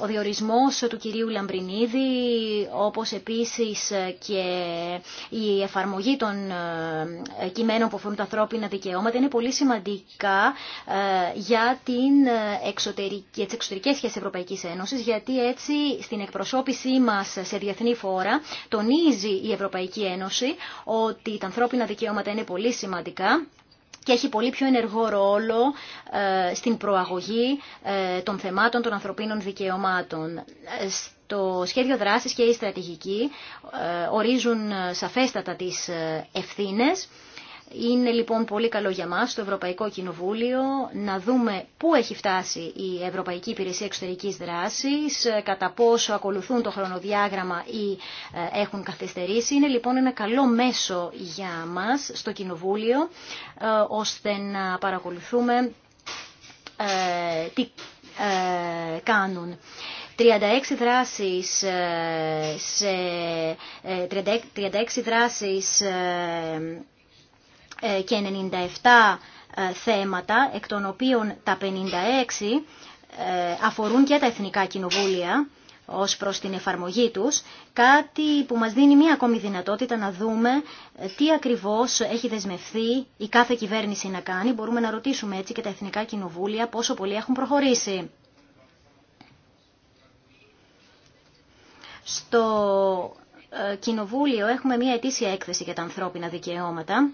ο διορισμός του κυρίου Λαμπρινίδη, όπως επίσης και η εφαρμογή των ε, κειμένων που αφορούν τα ανθρώπινα δικαιώματα, είναι πολύ σημαντικά ε, για, την εξωτερική, για τις εξωτερικές σχέσεις Ευρωπαϊκής Ένωσης, γιατί έτσι στην εκπροσώπησή μας σε διεθνή φόρα τονίζει η Ευρωπαϊκή Ένωση ότι τα ανθρώπινα δικαιώματα είναι πολύ σημαντικά και έχει πολύ πιο ενεργό ρόλο ε, στην προαγωγή ε, των θεμάτων των ανθρωπίνων δικαιωμάτων. Ε, στο σχέδιο δράσης και η στρατηγική ορίζουν σαφέστατα τις ευθύνες είναι λοιπόν πολύ καλό για μας το Ευρωπαϊκό Κοινοβούλιο να δούμε πού έχει φτάσει η Ευρωπαϊκή Υπηρεσία Εξωτερικής Δράσης, ε, κατά πόσο ακολουθούν το χρονοδιάγραμμα ή ε, έχουν καθυστερήσει. Είναι λοιπόν ένα καλό μέσο για μας στο Κοινοβούλιο, ε, ώστε να παρακολουθούμε τι κάνουν. 36 δράσεις, σε, 36 δράσεις ε, και 97 ε, θέματα, εκ των οποίων τα 56 ε, αφορούν και τα εθνικά κοινοβούλια ως προς την εφαρμογή τους, κάτι που μας δίνει μία ακόμη δυνατότητα να δούμε τι ακριβώς έχει δεσμευθεί η κάθε κυβέρνηση να κάνει. Μπορούμε να ρωτήσουμε έτσι και τα εθνικά κοινοβούλια πόσο πολύ έχουν προχωρήσει. Στο Κοινοβούλιο έχουμε μία ετήσια έκθεση για τα ανθρώπινα δικαιώματα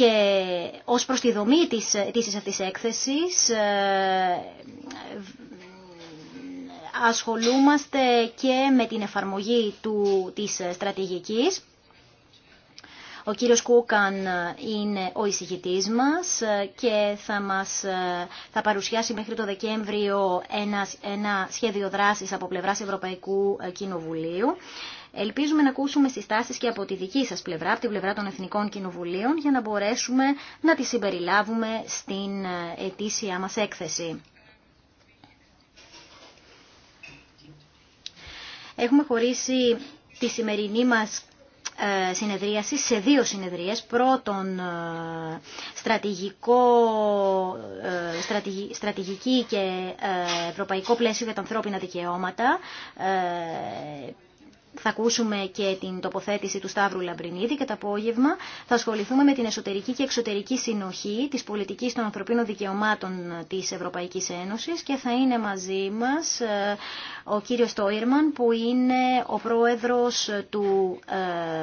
Και ως προς τη δομή της της αυτής της έκθεσης ε, ασχολούμαστε και με την εφαρμογή του, της στρατηγικής. Ο κύριος Κούκαν είναι ο εισηγητής μας και θα, μας, ε, θα παρουσιάσει μέχρι το Δεκέμβριο ένα, ένα σχέδιο δράσης από πλευράς Ευρωπαϊκού ε, Κοινοβουλίου. Ελπίζουμε να ακούσουμε συστάσεις και από τη δική σας πλευρά, από την πλευρά των Εθνικών Κοινοβουλίων, για να μπορέσουμε να τις συμπεριλάβουμε στην ε, ετήσια μας έκθεση. Έχουμε χωρίσει τη σημερινή μας ε, συνεδρίαση σε δύο συνεδρίες. Πρώτον, ε, στρατηγικό, στρατηγική και ευρωπαϊκό πλαίσιο για τα ανθρώπινα δικαιώματα, θα ακούσουμε και την τοποθέτηση του Σταύρου Λαμπρινίδη και το απόγευμα θα ασχοληθούμε με την εσωτερική και εξωτερική συνοχή της πολιτικής των ανθρωπίνων δικαιωμάτων της Ευρωπαϊκής Ένωσης και θα είναι μαζί μας ε, ο κύριος Τόιρμαν που είναι ο πρόεδρος του,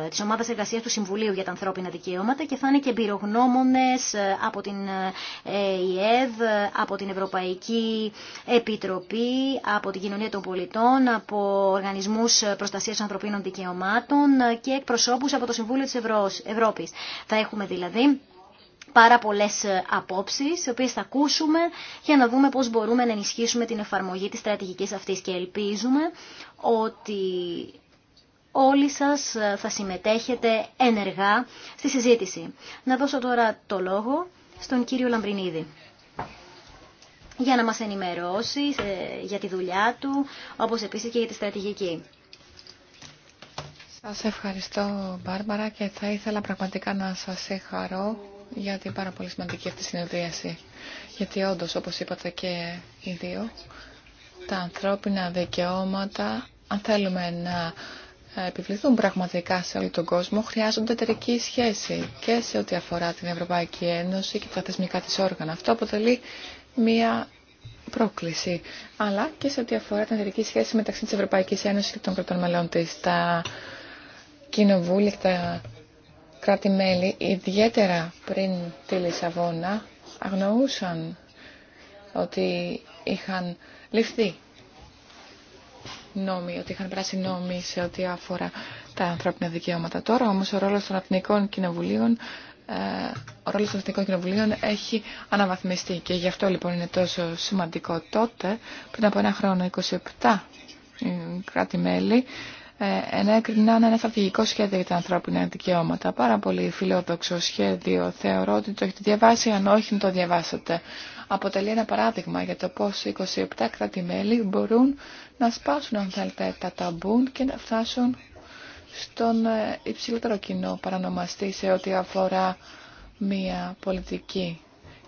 ε, της ομάδας εργασίας του Συμβουλίου για τα ανθρώπινα δικαιώματα και θα είναι και εμπειρογνώμονες ε, από την ε, ΕΕΔ, από την Ευρωπαϊκή Επιτροπή, από την Κοινωνία των Πολιτών, από οργανισμούς προστασίας Ανθρωπίνων Δικαιωμάτων και εκπροσώπους από το Συμβούλιο της Ευρώπης. Θα έχουμε δηλαδή πάρα πολλές ε, απόψεις, οι οποίες θα ακούσουμε για να δούμε πώς μπορούμε να ενισχύσουμε την εφαρμογή της στρατηγικής αυτής και ελπίζουμε ότι όλοι σας ε, θα συμμετέχετε ενεργά στη συζήτηση. Να δώσω τώρα το λόγο στον κύριο Λαμπρινίδη για να μας ενημερώσει ε, για τη δουλειά του, όπως επίσης και για τη στρατηγική. Σας ευχαριστώ Μπάρμπαρα και θα ήθελα πραγματικά να σας συγχαρώ για την πάρα πολύ σημαντική αυτή συνεδρίαση. Γιατί όντως, όπως είπατε και οι δύο, τα ανθρώπινα δικαιώματα, αν θέλουμε να επιβληθούν πραγματικά σε όλο τον κόσμο, χρειάζονται εταιρική σχέση και σε ό,τι αφορά την Ευρωπαϊκή Ένωση και τα θεσμικά της όργανα. Αυτό αποτελεί μία πρόκληση, αλλά και σε ό,τι αφορά την εταιρική σχέση μεταξύ της Ευρωπαϊκής Ένωσης και των κρατών μελών τη κοινοβούλια κράτη-μέλη, ιδιαίτερα πριν τη Λισαβόνα, αγνοούσαν ότι είχαν ληφθεί νόμοι, ότι είχαν πράσει νόμοι σε ό,τι αφορά τα ανθρώπινα δικαιώματα. Τώρα όμως ο ρόλος των εθνικών κοινοβουλίων ε, ο ρόλος των Εθνικών Κοινοβουλίων έχει αναβαθμιστεί και γι' αυτό λοιπόν είναι τόσο σημαντικό. Τότε, πριν από ένα χρόνο, 27 κράτη-μέλη ε, ενέκριναν ένα στρατηγικό σχέδιο για τα ανθρώπινα δικαιώματα. Πάρα πολύ φιλόδοξο σχέδιο. Θεωρώ ότι το έχετε διαβάσει, αν όχι να το διαβάσετε. Αποτελεί ένα παράδειγμα για το πώς 27 κρατη μπορούν να σπάσουν, αν θέλετε, τα ταμπούν και να φτάσουν στον ε, υψηλότερο κοινό παρανομαστή σε ό,τι αφορά μία πολιτική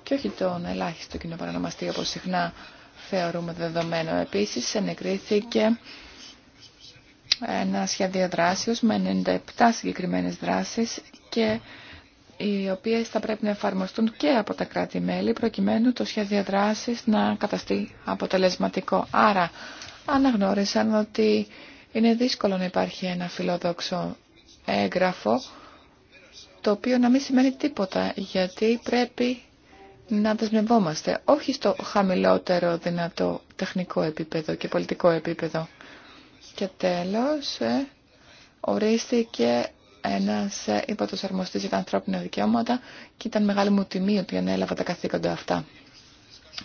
και όχι τον ελάχιστο κοινό παρανομαστή όπως συχνά θεωρούμε δεδομένο. Επίσης, ενεκρίθηκε ένα σχέδιο δράσεως με 97 συγκεκριμένες δράσεις και οι οποίες θα πρέπει να εφαρμοστούν και από τα κράτη-μέλη προκειμένου το σχέδιο δράσης να καταστεί αποτελεσματικό. Άρα αναγνώρισαν ότι είναι δύσκολο να υπάρχει ένα φιλόδοξο έγγραφο το οποίο να μην σημαίνει τίποτα γιατί πρέπει να δεσμευόμαστε όχι στο χαμηλότερο δυνατό τεχνικό επίπεδο και πολιτικό επίπεδο. Και τέλος, ε, ορίστηκε ένας ε, υπότος αρμοστής για τα ανθρώπινα δικαιώματα και ήταν μεγάλη μου τιμή ότι ανέλαβα τα καθήκοντα αυτά.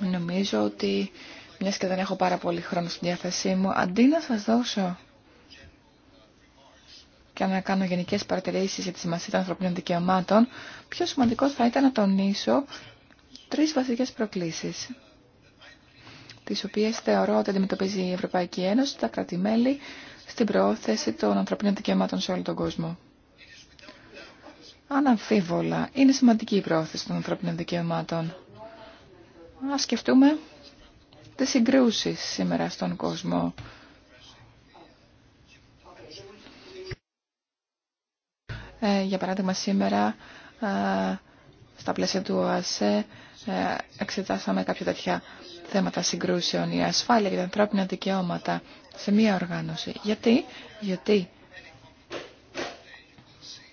Νομίζω ότι, μια και δεν έχω πάρα πολύ χρόνο στη διάθεσή μου, αντί να σας δώσω και να κάνω γενικές παρατηρήσεις για τη σημασία των ανθρωπίνων δικαιωμάτων, πιο σημαντικό θα ήταν να τονίσω τρεις βασικές προκλήσεις τις οποίες θεωρώ ότι αντιμετωπίζει η Ευρωπαϊκή Ένωση, τα κράτη-μέλη, στην προώθηση των ανθρωπίνων δικαιωμάτων σε όλο τον κόσμο. Αναμφίβολα, είναι σημαντική η προώθηση των ανθρωπίνων δικαιωμάτων. Να σκεφτούμε τις συγκρούσεις σήμερα στον κόσμο. Ε, για παράδειγμα, σήμερα ε, στα πλαίσια του ΟΑΣΕ ε, εξετάσαμε κάποια τέτοια θέματα συγκρούσεων, η ασφάλεια και τα ανθρώπινα δικαιώματα σε μία οργάνωση. Γιατί, γιατί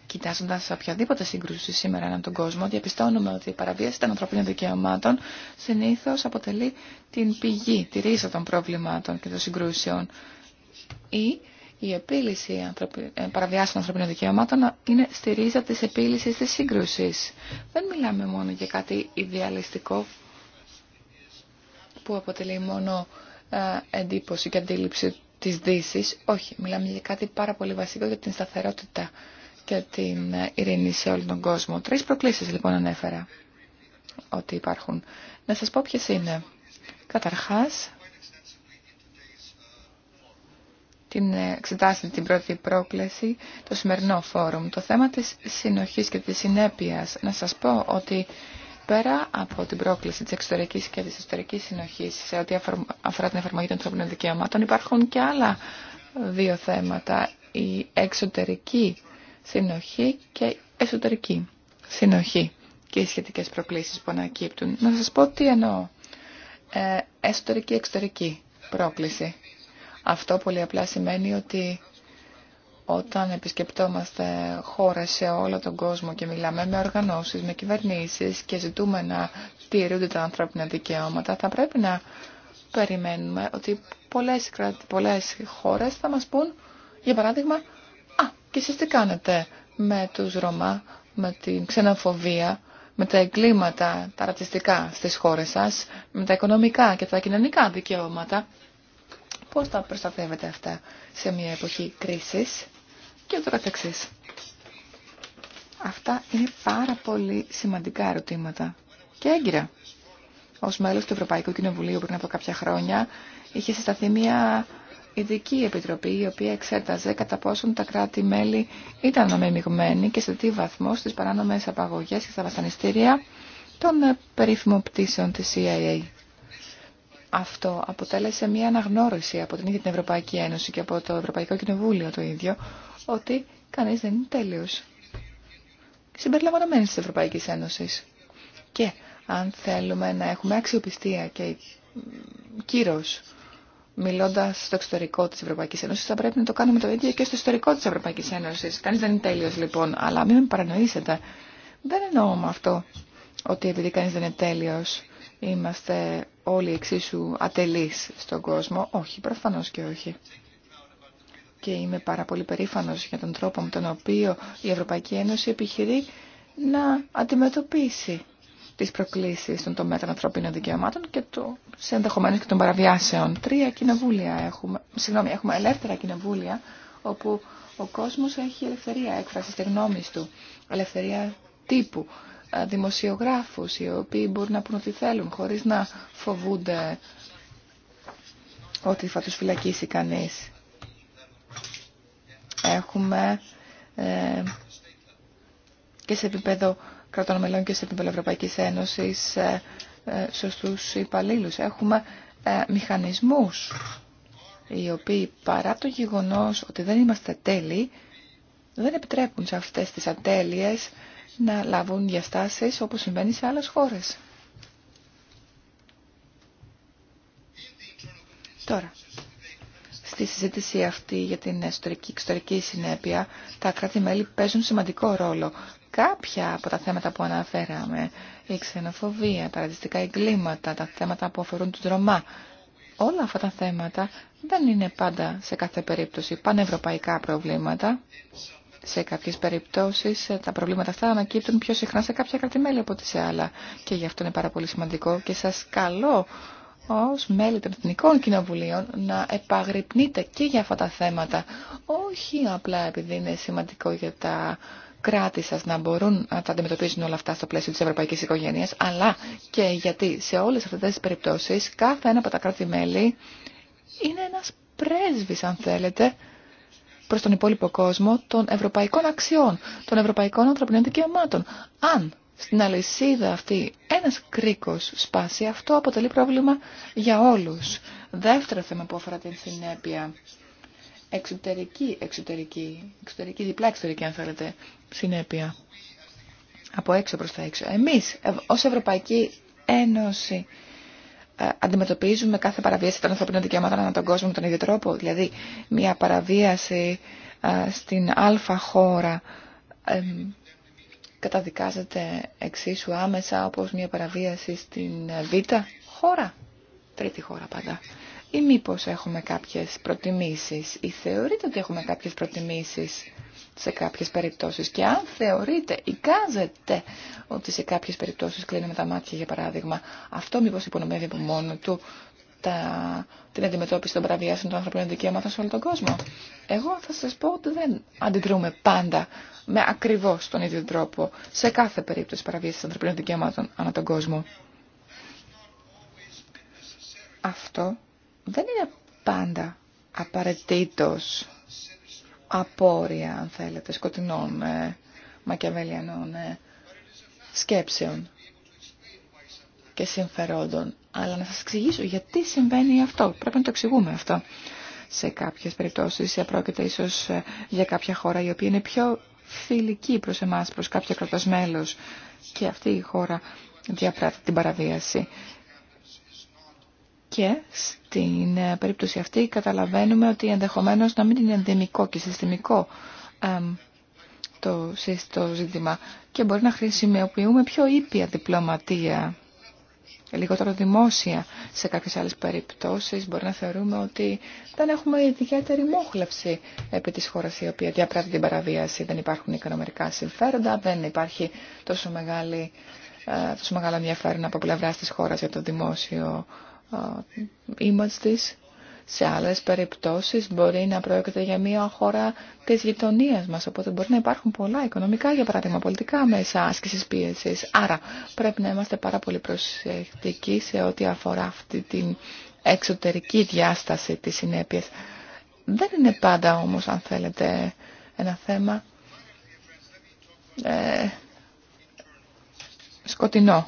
κοιτάζοντα οποιαδήποτε σύγκρουση σήμερα έναν τον κόσμο, διαπιστώνουμε ότι η παραβίαση των ανθρωπίνων δικαιωμάτων συνήθω αποτελεί την πηγή, τη ρίζα των προβλημάτων και των συγκρούσεων. Ή η επίλυση ε, παραβιάσεων ανθρωπίνων δικαιωμάτων είναι στη ρίζα τη επίλυση τη σύγκρουση. Δεν μιλάμε μόνο για κάτι ιδεαλιστικό, που αποτελεί μόνο ε, εντύπωση και αντίληψη της δύση. Όχι, μιλάμε για κάτι πάρα πολύ βασικό για την σταθερότητα και την ε, ειρήνη σε όλο τον κόσμο. Τρεις προκλήσεις λοιπόν ανέφερα ότι υπάρχουν. Να σας πω ποιες είναι. Καταρχάς, την ε, εξετάσει την πρώτη πρόκληση, το σημερινό φόρουμ. Το θέμα της συνοχής και της συνέπειας. Να σας πω ότι Πέρα από την πρόκληση της εξωτερικής και της εσωτερικής συνοχής σε ό,τι αφορά την εφαρμογή των ανθρώπινων δικαιωμάτων, υπάρχουν και άλλα δύο θέματα, η εξωτερική συνοχή και η εσωτερική συνοχή και οι σχετικές προκλήσεις που ανακύπτουν. Να σας πω τι εννοώ. Ε, εσωτερική-εξωτερική πρόκληση. Αυτό πολύ απλά σημαίνει ότι όταν επισκεπτόμαστε χώρες σε όλο τον κόσμο και μιλάμε με οργανώσεις, με κυβερνήσεις και ζητούμε να τηρούνται τα ανθρώπινα δικαιώματα, θα πρέπει να περιμένουμε ότι πολλές, πολλές χώρες θα μας πούν, για παράδειγμα, «Α, και εσείς τι κάνετε με τους Ρωμά, με την ξενοφοβία» με τα εγκλήματα, τα ρατσιστικά στις χώρες σας, με τα οικονομικά και τα κοινωνικά δικαιώματα. Πώς τα προστατεύετε αυτά σε μια εποχή κρίσης και ούτω καθεξής. Αυτά είναι πάρα πολύ σημαντικά ερωτήματα και έγκυρα. Ω μέλο του Ευρωπαϊκού Κοινοβουλίου πριν από κάποια χρόνια είχε συσταθεί μια ειδική επιτροπή η οποία εξέταζε κατά πόσον τα κράτη-μέλη ήταν νομιμιγμένοι και σε τι βαθμό στι παράνομε Απαγωγέ και στα βασανιστήρια των ε, περίφημων πτήσεων τη CIA. Αυτό αποτέλεσε μια αναγνώριση από την ίδια την Ευρωπαϊκή Ένωση και από το Ευρωπαϊκό Κοινοβούλιο το ίδιο ότι κανείς δεν είναι τέλειος. Συμπεριλαμβανομένης της Ευρωπαϊκής Ένωσης. Και αν θέλουμε να έχουμε αξιοπιστία και κύρος μιλώντα στο εξωτερικό τη Ευρωπαϊκή Ένωση, θα πρέπει να το κάνουμε το ίδιο και στο ιστορικό τη Ευρωπαϊκή Ένωση. Κανεί δεν είναι τέλειος, λοιπόν, αλλά μην με παρανοήσετε. Δεν εννοώ με αυτό ότι επειδή κανεί δεν είναι τέλειος, είμαστε όλοι εξίσου ατελεί στον κόσμο. Όχι, προφανώ και όχι και είμαι πάρα πολύ περήφανος για τον τρόπο με τον οποίο η Ευρωπαϊκή Ένωση επιχειρεί να αντιμετωπίσει τις προκλήσεις των τομέα των ανθρωπίνων δικαιωμάτων και το, σε ενδεχομένω και των παραβιάσεων. Τρία κοινοβούλια έχουμε, συγγνώμη, έχουμε ελεύθερα κοινοβούλια όπου ο κόσμος έχει ελευθερία έκφρασης της γνώμης του, ελευθερία τύπου, ε, δημοσιογράφους οι οποίοι μπορούν να πούν ό,τι θέλουν χωρίς να φοβούνται ότι θα τους φυλακίσει κανείς έχουμε ε, και σε επίπεδο κρατών μελών και σε επίπεδο Ευρωπαϊκής Ένωσης ε, ε σωστούς υπαλλήλους. Έχουμε ε, μηχανισμούς οι οποίοι παρά το γεγονός ότι δεν είμαστε τέλειοι δεν επιτρέπουν σε αυτές τις ατέλειες να λάβουν διαστάσεις όπως συμβαίνει σε άλλες χώρες. Τώρα, στη συζήτηση αυτή για την ιστορική, εξωτερική συνέπεια, τα κράτη-μέλη παίζουν σημαντικό ρόλο. Κάποια από τα θέματα που αναφέραμε, η ξενοφοβία, τα ρατσιστικά εγκλήματα, τα θέματα που αφορούν τον Ρωμά, όλα αυτά τα θέματα δεν είναι πάντα σε κάθε περίπτωση πανευρωπαϊκά προβλήματα. Σε κάποιες περιπτώσεις ε, τα προβλήματα αυτά ανακύπτουν πιο συχνά σε κάποια κράτη-μέλη από ό,τι σε άλλα. Και γι' αυτό είναι πάρα πολύ σημαντικό και σας καλώ ως μέλη των Εθνικών Κοινοβουλίων να επαγρυπνείτε και για αυτά τα θέματα. Όχι απλά επειδή είναι σημαντικό για τα κράτη σας να μπορούν να τα αντιμετωπίζουν όλα αυτά στο πλαίσιο της ευρωπαϊκής οικογένειας, αλλά και γιατί σε όλες αυτές τις περιπτώσεις κάθε ένα από τα κράτη-μέλη είναι ένας πρέσβης, αν θέλετε, προς τον υπόλοιπο κόσμο των ευρωπαϊκών αξιών, των ευρωπαϊκών ανθρωπινών δικαιωμάτων. Αν στην αλυσίδα αυτή ένας κρίκος σπάσει, αυτό αποτελεί πρόβλημα για όλους. Δεύτερο θέμα που αφορά την συνέπεια. Εξωτερική, εξωτερική, εξωτερική, διπλά εξωτερική αν θέλετε, συνέπεια. Από έξω προς τα έξω. Εμείς ως Ευρωπαϊκή Ένωση ε, αντιμετωπίζουμε κάθε παραβίαση των ανθρωπίνων δικαιωμάτων ανά τον κόσμο με τον ίδιο τρόπο. Δηλαδή, μια παραβίαση ε, στην α χώρα καταδικάζεται εξίσου άμεσα όπως μια παραβίαση στην Β' χώρα, τρίτη χώρα πάντα. Ή μήπως έχουμε κάποιες προτιμήσεις ή θεωρείτε ότι έχουμε κάποιες προτιμήσεις σε κάποιες περιπτώσεις και αν θεωρείτε ή κάζετε ότι σε κάποιες περιπτώσεις κλείνουμε τα μάτια για παράδειγμα αυτό μήπως υπονομεύει από μόνο του τα, την αντιμετώπιση των παραβιάσεων των ανθρωπίνων δικαιωμάτων σε όλο τον κόσμο. Εγώ θα σας πω ότι δεν αντιδρούμε πάντα με ακριβώς τον ίδιο τρόπο σε κάθε περίπτωση παραβίασης των ανθρωπίνων δικαιωμάτων ανά τον κόσμο. Αυτό δεν είναι πάντα απαραίτητος απόρρια, αν θέλετε, σκοτεινών, ε, μακιαβέλιανών ε, σκέψεων και συμφερόντων. Αλλά να σας εξηγήσω γιατί συμβαίνει αυτό. Πρέπει να το εξηγούμε αυτό. Σε κάποιες περιπτώσεις πρόκειται ίσως ε, για κάποια χώρα η οποία είναι πιο φιλική προς εμάς, προς κάποιο κρατός μέλος και αυτή η χώρα διαπράττει την παραβίαση. Και στην ε, περίπτωση αυτή καταλαβαίνουμε ότι ενδεχομένω να μην είναι ενδημικό και συστημικό το ζήτημα και μπορεί να χρησιμοποιούμε πιο ήπια διπλωματία λιγότερο δημόσια. Σε κάποιες άλλες περιπτώσεις μπορεί να θεωρούμε ότι δεν έχουμε ιδιαίτερη μόχλευση επί της χώρας η οποία διαπράττει την παραβίαση. Δεν υπάρχουν οικονομικά συμφέροντα, δεν υπάρχει τόσο, μεγάλη, ε, τόσο μεγάλο ενδιαφέρον από πλευρά της χώρας για το δημόσιο ε, image της. Σε άλλες περιπτώσεις μπορεί να πρόκειται για μια χώρα της γειτονίας μας, οπότε μπορεί να υπάρχουν πολλά οικονομικά, για παράδειγμα πολιτικά μέσα άσκησης πίεσης. Άρα πρέπει να είμαστε πάρα πολύ προσεκτικοί σε ό,τι αφορά αυτή την εξωτερική διάσταση της συνέπειας. Δεν είναι πάντα όμως, αν θέλετε, ένα θέμα ε, σκοτεινό.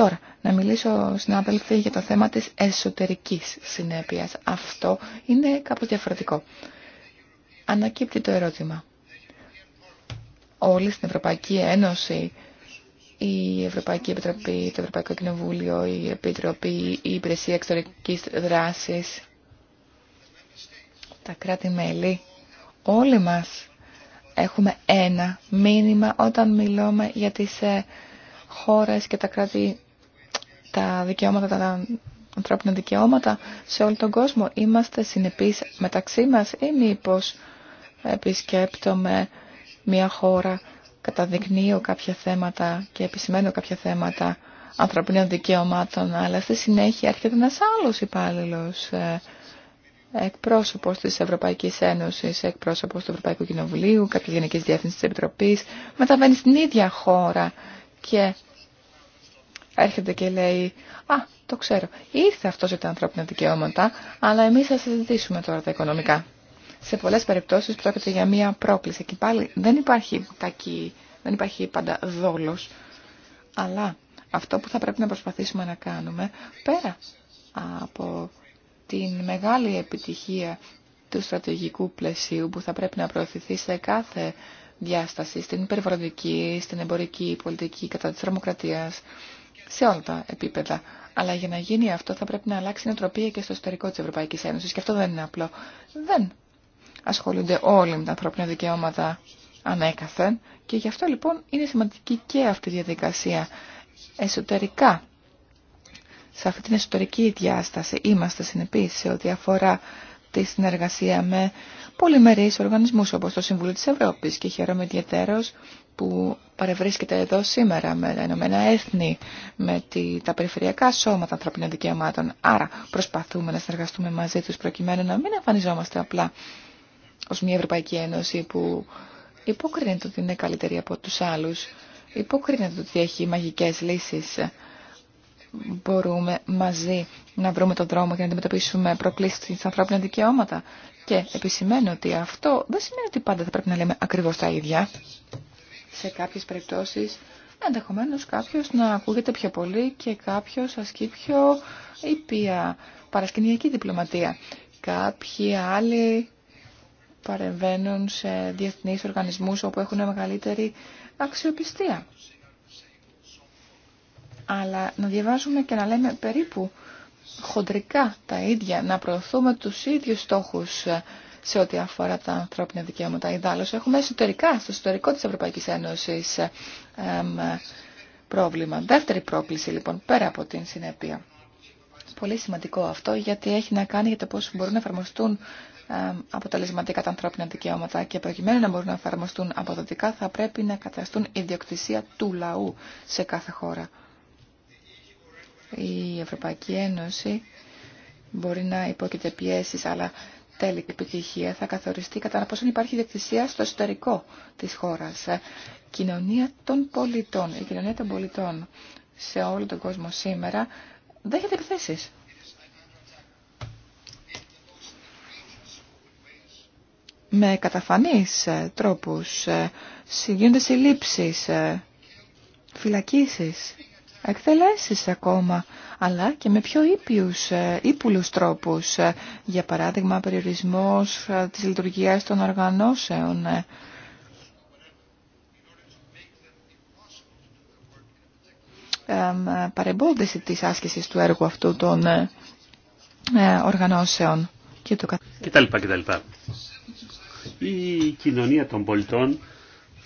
Τώρα, να μιλήσω, συνάδελφοι, για το θέμα της εσωτερικής συνέπειας. Αυτό είναι κάπως διαφορετικό. Ανακύπτει το ερώτημα. Όλοι στην Ευρωπαϊκή Ένωση, η Ευρωπαϊκή Επιτροπή, το Ευρωπαϊκό Κοινοβούλιο, η Επιτροπή, η Υπηρεσία Εξωτερικής Δράσης, τα κράτη-μέλη, όλοι μας έχουμε ένα μήνυμα όταν μιλούμε για τις ε, χώρες και τα κράτη τα δικαιώματα, τα ανθρώπινα δικαιώματα σε όλο τον κόσμο. Είμαστε συνεπείς μεταξύ μας ή μήπω επισκέπτομαι μια χώρα, καταδεικνύω κάποια θέματα και επισημαίνω κάποια θέματα ανθρωπίνων δικαιωμάτων, αλλά στη συνέχεια έρχεται ένας άλλος υπάλληλος ε, εκπρόσωπος της Ευρωπαϊκής Ένωσης, εκπρόσωπος του Ευρωπαϊκού Κοινοβουλίου, κάποια Γενικής Διεύθυνσης της Επιτροπής, μεταβαίνει στην ίδια χώρα και έρχεται και λέει «Α, το ξέρω, ήρθε αυτός για τα ανθρώπινα δικαιώματα, αλλά εμείς θα συζητήσουμε τώρα τα οικονομικά». Σε πολλές περιπτώσεις πρόκειται για μία πρόκληση και πάλι δεν υπάρχει κακή, δεν υπάρχει πάντα δόλος, αλλά αυτό που θα πρέπει να προσπαθήσουμε να κάνουμε πέρα από την μεγάλη επιτυχία του στρατηγικού πλαισίου που θα πρέπει να προωθηθεί σε κάθε διάσταση, στην περιβαλλοντική, στην εμπορική, πολιτική, κατά της τρομοκρατίας, σε όλα τα επίπεδα. Αλλά για να γίνει αυτό θα πρέπει να αλλάξει η νοοτροπία και στο εσωτερικό της Ευρωπαϊκής Ένωσης. Και αυτό δεν είναι απλό. Δεν ασχολούνται όλοι με τα ανθρώπινα δικαιώματα ανέκαθεν και γι' αυτό λοιπόν είναι σημαντική και αυτή η διαδικασία εσωτερικά. Σε αυτή την εσωτερική διάσταση είμαστε συνεπείς σε ό,τι αφορά τη συνεργασία με πολυμερείς οργανισμούς όπως το Συμβούλιο της Ευρώπης και χαίρομαι ιδιαίτερως που παρευρίσκεται εδώ σήμερα με τα Ηνωμένα Έθνη, με τα περιφερειακά σώματα ανθρωπίνων δικαιωμάτων. Άρα προσπαθούμε να συνεργαστούμε μαζί τους προκειμένου να μην εμφανιζόμαστε απλά ως μια Ευρωπαϊκή Ένωση που υποκρίνεται ότι είναι καλύτερη από τους άλλους, υποκρίνεται ότι έχει μαγικές λύσεις. Μπορούμε μαζί να βρούμε τον δρόμο για να αντιμετωπίσουμε προκλήσεις στα ανθρώπινα δικαιώματα. Και επισημαίνω ότι αυτό δεν σημαίνει ότι πάντα θα πρέπει να λέμε ακριβώς τα ίδια σε κάποιες περιπτώσεις ενδεχομένω κάποιος να ακούγεται πιο πολύ και κάποιος ασκεί πιο ήπια παρασκηνιακή διπλωματία. Κάποιοι άλλοι παρεμβαίνουν σε διεθνείς οργανισμούς όπου έχουν μεγαλύτερη αξιοπιστία. Αλλά να διαβάζουμε και να λέμε περίπου χοντρικά τα ίδια, να προωθούμε τους ίδιους στόχους σε ό,τι αφορά τα ανθρώπινα δικαιώματα. Ιδάλλως έχουμε εσωτερικά, στο εσωτερικό της Ευρωπαϊκής Ένωσης ε, πρόβλημα. Δεύτερη πρόκληση λοιπόν πέρα από την συνέπεια. Πολύ σημαντικό αυτό γιατί έχει να κάνει για το πώς μπορούν να εφαρμοστούν αποτελεσματικά τα ανθρώπινα δικαιώματα και προκειμένου να μπορούν να εφαρμοστούν αποδοτικά θα πρέπει να καταστούν ιδιοκτησία του λαού σε κάθε χώρα. Η Ευρωπαϊκή Ένωση μπορεί να υπόκειται πιέσεις αλλά τέλικη επιτυχία θα καθοριστεί κατά πόσο υπάρχει διεκτησία στο εσωτερικό της χώρας. Ε, κοινωνία των πολιτών. Η κοινωνία των πολιτών σε όλο τον κόσμο σήμερα δέχεται επιθέσεις. Με καταφανείς ε, τρόπους, ε, συγκίνονται συλλήψεις, φυλακίσεις εκτελέσεις ακόμα, αλλά και με πιο ήπιους, ύπουλους ε, τρόπους, ε, για παράδειγμα περιορισμός ε, της λειτουργίας των οργανώσεων. παρεμπόδιση της άσκησης του έργου αυτού των οργανώσεων και του λοιπά. Η κοινωνία των πολιτών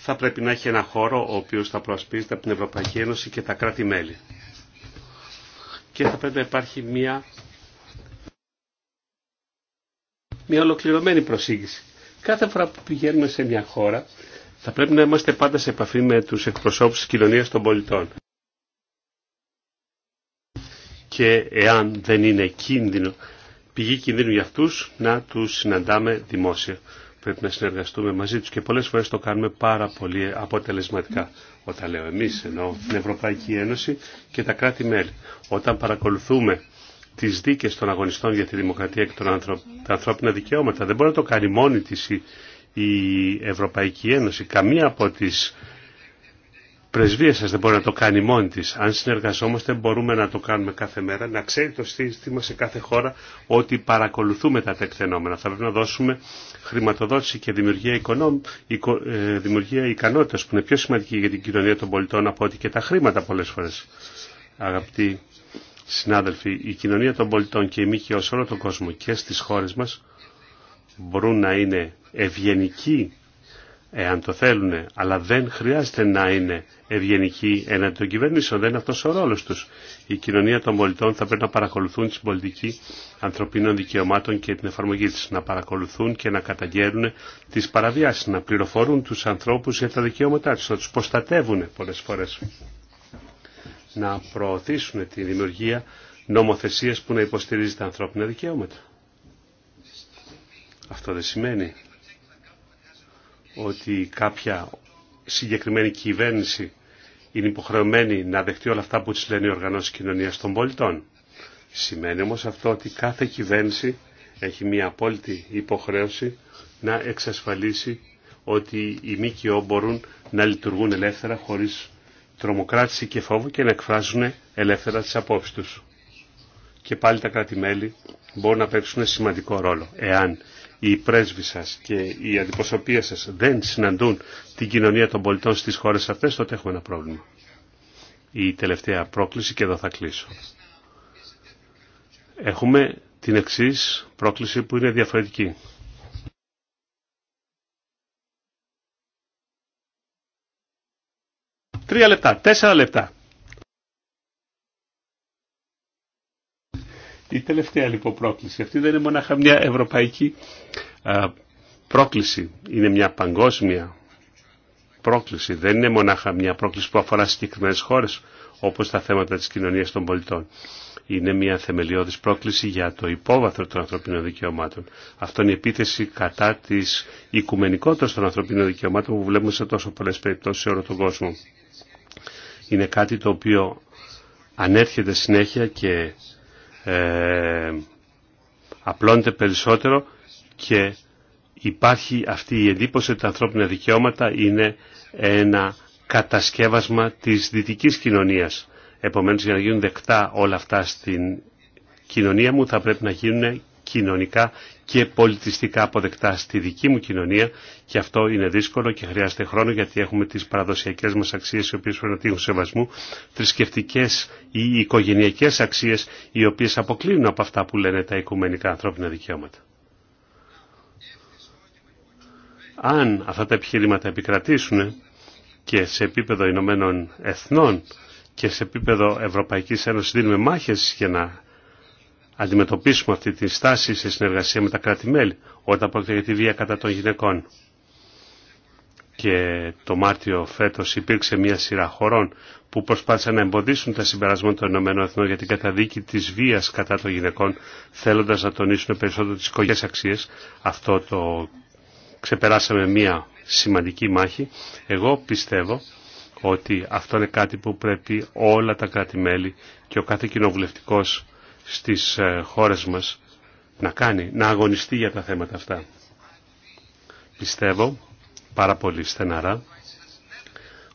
θα πρέπει να έχει ένα χώρο ο οποίος θα προασπίζεται από την Ευρωπαϊκή Ένωση και τα κράτη-μέλη. Και θα πρέπει να υπάρχει μια, μια ολοκληρωμένη προσήγηση. Κάθε φορά που πηγαίνουμε σε μια χώρα θα πρέπει να είμαστε πάντα σε επαφή με τους εκπροσώπους της κοινωνίας των πολιτών. Και εάν δεν είναι κίνδυνο, πηγή κινδύνου για αυτούς, να τους συναντάμε δημόσια. Πρέπει να συνεργαστούμε μαζί τους και πολλές φορές το κάνουμε πάρα πολύ αποτελεσματικά. Όταν λέω εμείς, ενώ την Ευρωπαϊκή Ένωση και τα κράτη-μέλη. Όταν παρακολουθούμε τις δίκες των αγωνιστών για τη δημοκρατία και τα ανθρώπινα δικαιώματα, δεν μπορεί να το κάνει μόνη της η Ευρωπαϊκή Ένωση. Καμία από τις πρεσβεία σας δεν μπορεί να το κάνει μόνη της. Αν συνεργαζόμαστε μπορούμε να το κάνουμε κάθε μέρα, να ξέρει το σύστημα σε κάθε χώρα ότι παρακολουθούμε τα τεκτενόμενα. Θα πρέπει να δώσουμε χρηματοδότηση και δημιουργία, οικονομ... Ε, δημιουργία ικανότητας που είναι πιο σημαντική για την κοινωνία των πολιτών από ότι και τα χρήματα πολλές φορές. Αγαπητοί συνάδελφοι, η κοινωνία των πολιτών και εμεί και σε όλο τον κόσμο και στις χώρες μας μπορούν να είναι ευγενικοί εάν το θέλουν, αλλά δεν χρειάζεται να είναι ευγενικοί έναντι των κυβερνήσεων. Δεν είναι αυτός ο ρόλος τους. Η κοινωνία των πολιτών θα πρέπει να παρακολουθούν την πολιτική ανθρωπίνων δικαιωμάτων και την εφαρμογή της. Να παρακολουθούν και να καταγγέλνουν τις παραβιάσεις, να πληροφορούν τους ανθρώπους για τα δικαιώματά τους, να τους προστατεύουν πολλές φορές. Να προωθήσουν τη δημιουργία νομοθεσίας που να υποστηρίζει τα ανθρώπινα δικαιώματα. Αυτό δεν σημαίνει ότι κάποια συγκεκριμένη κυβέρνηση είναι υποχρεωμένη να δεχτεί όλα αυτά που της λένε οι οργανώσεις κοινωνίας των πολιτών. Σημαίνει όμως αυτό ότι κάθε κυβέρνηση έχει μια απόλυτη υποχρέωση να εξασφαλίσει ότι οι ΜΚΟ μπορούν να λειτουργούν ελεύθερα χωρίς τρομοκράτηση και φόβο και να εκφράζουν ελεύθερα τις απόψεις τους. Και πάλι τα κράτη-μέλη μπορούν να παίξουν σημαντικό ρόλο, εάν οι πρέσβοι σας και οι αντιπροσωπεία σας δεν συναντούν την κοινωνία των πολιτών στις χώρες αυτές, τότε έχουμε ένα πρόβλημα. Η τελευταία πρόκληση και εδώ θα κλείσω. Έχουμε την εξής πρόκληση που είναι διαφορετική. Τρία λεπτά, τέσσερα λεπτά. Η τελευταία λοιπόν πρόκληση. Αυτή δεν είναι μονάχα μια ευρωπαϊκή πρόκληση. Είναι μια παγκόσμια πρόκληση. Δεν είναι μονάχα μια πρόκληση που αφορά συγκεκριμένε χώρε όπω τα θέματα τη κοινωνία των πολιτών. Είναι μια θεμελιώδη πρόκληση για το υπόβαθρο των ανθρωπίνων δικαιωμάτων. Αυτό είναι η επίθεση κατά τη οικουμενικότητα των ανθρωπίνων δικαιωμάτων που βλέπουμε σε τόσο πολλέ περιπτώσει σε όλο τον κόσμο. Είναι κάτι το οποίο ανέρχεται συνέχεια και ε, απλώνεται περισσότερο και υπάρχει αυτή η εντύπωση ότι τα ανθρώπινα δικαιώματα είναι ένα κατασκεύασμα της δυτικής κοινωνίας. Επομένως για να γίνουν δεκτά όλα αυτά στην κοινωνία μου θα πρέπει να γίνουν κοινωνικά και πολιτιστικά αποδεκτά στη δική μου κοινωνία και αυτό είναι δύσκολο και χρειάζεται χρόνο γιατί έχουμε τις παραδοσιακές μας αξίες οι οποίες πρέπει να τύχουν σεβασμού, θρησκευτικέ ή οικογενειακές αξίες οι οποίες αποκλίνουν από αυτά που λένε τα οικουμενικά ανθρώπινα δικαιώματα. Αν αυτά τα επιχειρήματα επικρατήσουν και σε επίπεδο Ηνωμένων Εθνών και σε επίπεδο Ευρωπαϊκής Ένωσης δίνουμε μάχες για να αντιμετωπίσουμε αυτή τη στάση σε συνεργασία με τα κράτη-μέλη όταν πρόκειται για τη βία κατά των γυναικών. Και το Μάρτιο φέτος υπήρξε μια σειρά χωρών που προσπάθησαν να εμποδίσουν τα συμπεράσματα των ΗΠΑ για την καταδίκη της βίας κατά των γυναικών θέλοντας να τονίσουν περισσότερο τις οικογένειες αξίες. Αυτό το ξεπεράσαμε μια σημαντική μάχη. Εγώ πιστεύω ότι αυτό είναι κάτι που πρέπει όλα τα κράτη-μέλη και ο κάθε κοινοβουλευτικό στις ε, χώρες μας να κάνει, να αγωνιστεί για τα θέματα αυτά. Πιστεύω πάρα πολύ στεναρά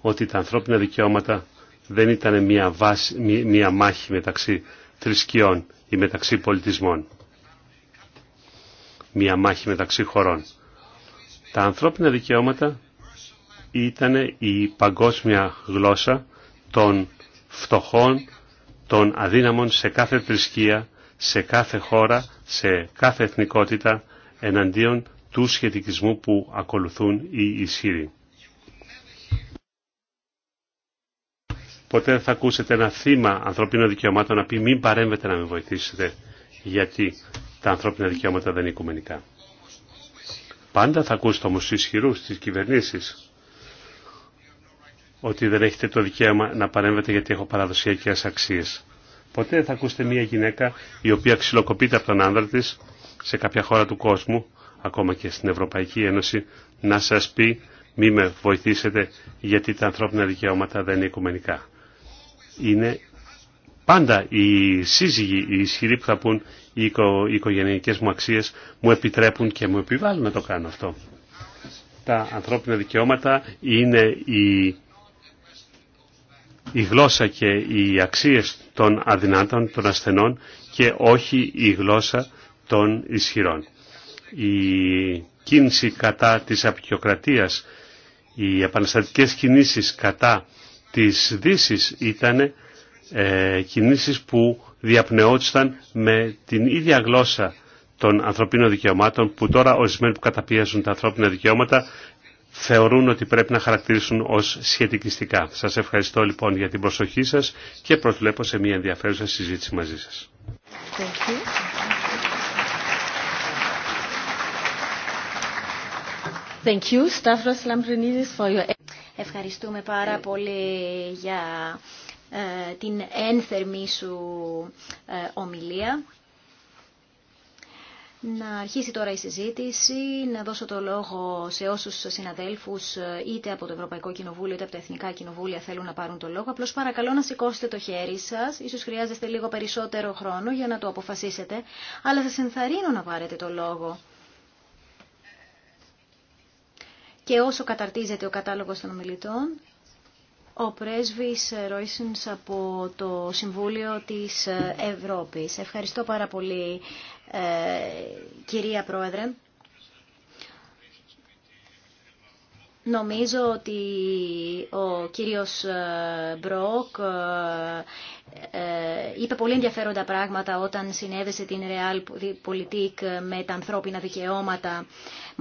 ότι τα ανθρώπινα δικαιώματα δεν ήταν μια, μια μάχη μεταξύ θρησκειών ή μεταξύ πολιτισμών. Μια μάχη μεταξύ χωρών. Τα ανθρώπινα δικαιώματα ήταν η παγκόσμια γλώσσα των φτωχών, των αδύναμων σε κάθε θρησκεία, σε κάθε χώρα, σε κάθε εθνικότητα εναντίον του σχετικισμού που ακολουθούν οι ισχυροί. Ποτέ δεν θα ακούσετε ένα θύμα ανθρωπίνων δικαιωμάτων να πει μην παρέμβετε να με βοηθήσετε γιατί τα ανθρώπινα δικαιώματα δεν είναι οικουμενικά. Πάντα θα ακούσετε όμως ισχυρούς τις κυβερνήσεις ότι δεν έχετε το δικαίωμα να παρέμβετε γιατί έχω παραδοσιακές αξίες. Ποτέ θα ακούσετε μια γυναίκα η οποία ξυλοκοπείται από τον άνδρα της σε κάποια χώρα του κόσμου, ακόμα και στην Ευρωπαϊκή Ένωση, να σας πει μη με βοηθήσετε γιατί τα ανθρώπινα δικαιώματα δεν είναι οικουμενικά. Είναι πάντα οι σύζυγοι, οι ισχυροί που θα πούν οι, οικο, οικογενειακές μου αξίες μου επιτρέπουν και μου επιβάλλουν να το κάνω αυτό. Τα ανθρώπινα δικαιώματα είναι η η γλώσσα και οι αξίες των αδυνάτων, των ασθενών και όχι η γλώσσα των ισχυρών. Η κίνηση κατά της απεικιοκρατίας, οι επαναστατικές κινήσεις κατά της δύση ήταν ε, κινήσεις που διαπνεώτησαν με την ίδια γλώσσα των ανθρωπίνων δικαιωμάτων που τώρα ορισμένοι που καταπιέζουν τα ανθρώπινα δικαιώματα θεωρούν ότι πρέπει να χαρακτηρίσουν ως σχετικιστικά. Σας ευχαριστώ λοιπόν για την προσοχή σας και προσβλέπω σε μια ενδιαφέρουσα συζήτηση μαζί σας. Thank you. Ευχαριστούμε πάρα ε. πολύ για ε, την ένθερμη σου ε, ομιλία να αρχίσει τώρα η συζήτηση, να δώσω το λόγο σε όσους συναδέλφους είτε από το Ευρωπαϊκό Κοινοβούλιο είτε από τα Εθνικά Κοινοβούλια θέλουν να πάρουν το λόγο. Απλώς παρακαλώ να σηκώσετε το χέρι σας, ίσως χρειάζεστε λίγο περισσότερο χρόνο για να το αποφασίσετε, αλλά σας ενθαρρύνω να πάρετε το λόγο. Και όσο καταρτίζεται ο κατάλογος των ομιλητών, ο πρέσβης Ρόισινς από το Συμβούλιο της Ευρώπης. Ευχαριστώ πάρα πολύ ε, κυρία Πρόεδρε. Νομίζω ότι ο κύριος ε, Μπρόκ ε, είπε πολύ ενδιαφέροντα πράγματα όταν συνέδεσε την Real Politik με τα ανθρώπινα δικαιώματα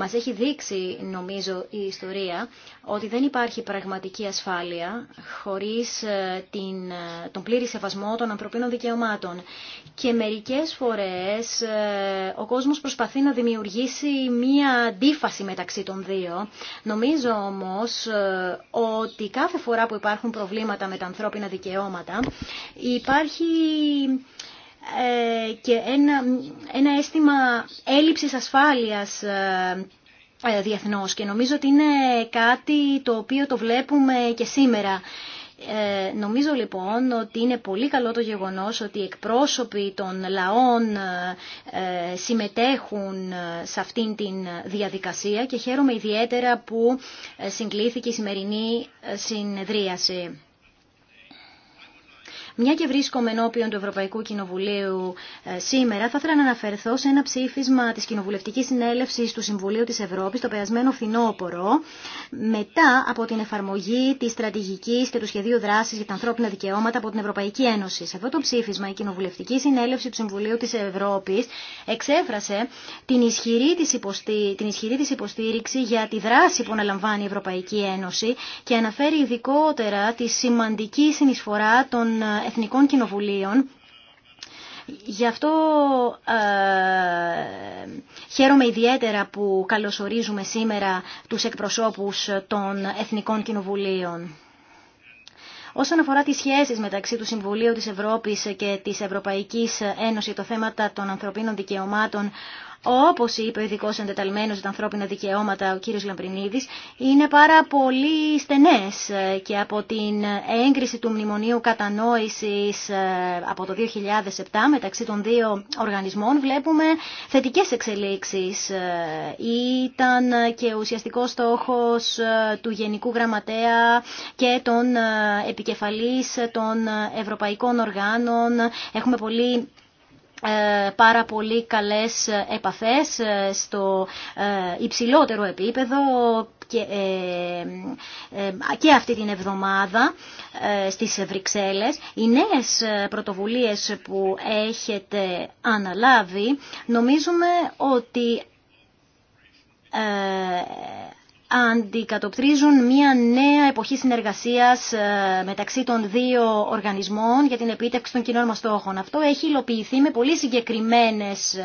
μας έχει δείξει, νομίζω, η ιστορία ότι δεν υπάρχει πραγματική ασφάλεια χωρίς ε, την, ε, τον πλήρη σεβασμό των ανθρωπίνων δικαιωμάτων. Και μερικές φορές ε, ο κόσμος προσπαθεί να δημιουργήσει μία αντίφαση μεταξύ των δύο. Νομίζω όμως ότι κάθε φορά που υπάρχουν προβλήματα με τα ανθρώπινα δικαιώματα υπάρχει ε, και ένα, ένα αίσθημα έλλειψης ασφάλειας ε, ε, διεθνώς και νομίζω ότι είναι κάτι το οποίο το βλέπουμε και σήμερα. νομίζω λοιπόν ότι είναι πολύ καλό το γεγονός ότι οι εκπρόσωποι των λαών συμμετέχουν σε αυτήν την διαδικασία και χαίρομαι ιδιαίτερα που συγκλήθηκε η σημερινή συνεδρίαση. Μια και βρίσκομαι ενώπιον του Ευρωπαϊκού Κοινοβουλίου ε, σήμερα, θα ήθελα να αναφερθώ σε ένα ψήφισμα τη κοινοβουλευτική συνέλευση του Συμβουλίου τη Ευρώπη, το περασμένο φθινόπωρο, μετά από την εφαρμογή τη στρατηγική και του σχεδίου δράση για τα ανθρώπινα δικαιώματα από την Ευρωπαϊκή Ένωση. Σε αυτό το ψήφισμα, η Κοινοβουλευτική Συνέλευση του Συμβουλίου τη Ευρώπη εξέφρασε την ισχυρή τη ισχυρή υποστήριξη για τη δράση που αναλαμβάνει η Ευρωπαϊκή Ένωση και αναφέρει ειδικότερα τη σημαντική συνεισφορά των Εθνικών Κοινοβουλίων. Γι' αυτό ε, χαίρομαι ιδιαίτερα που καλωσορίζουμε σήμερα τους εκπροσώπους των Εθνικών Κοινοβουλίων. Όσον αφορά τις σχέσεις μεταξύ του Συμβουλίου της Ευρώπης και της Ευρωπαϊκής Ένωσης, το θέμα των ανθρωπίνων δικαιωμάτων, όπως είπε ο ειδικό εντεταλμένο για τα ανθρώπινα δικαιώματα, ο κύριος Λαμπρινίδης, είναι πάρα πολύ στενές ε, και από την έγκριση του Μνημονίου Κατανόησης ε, από το 2007 μεταξύ των δύο οργανισμών βλέπουμε θετικές εξελίξεις. Ε, ήταν και ουσιαστικός στόχο του Γενικού Γραμματέα και των επικεφαλής των ευρωπαϊκών οργάνων. Έχουμε πολύ ε, πάρα πολύ καλές επαφές ε, στο ε, υψηλότερο επίπεδο και, και αυτή την εβδομάδα στις Βρυξέλλες. Οι νέες πρωτοβουλίες που έχετε αναλάβει νομίζουμε ότι αντικατοπτρίζουν μια νέα εποχή συνεργασίας ε, μεταξύ των δύο οργανισμών για την επίτευξη των κοινών μας στόχων. Αυτό έχει υλοποιηθεί με πολύ συγκεκριμένες ε,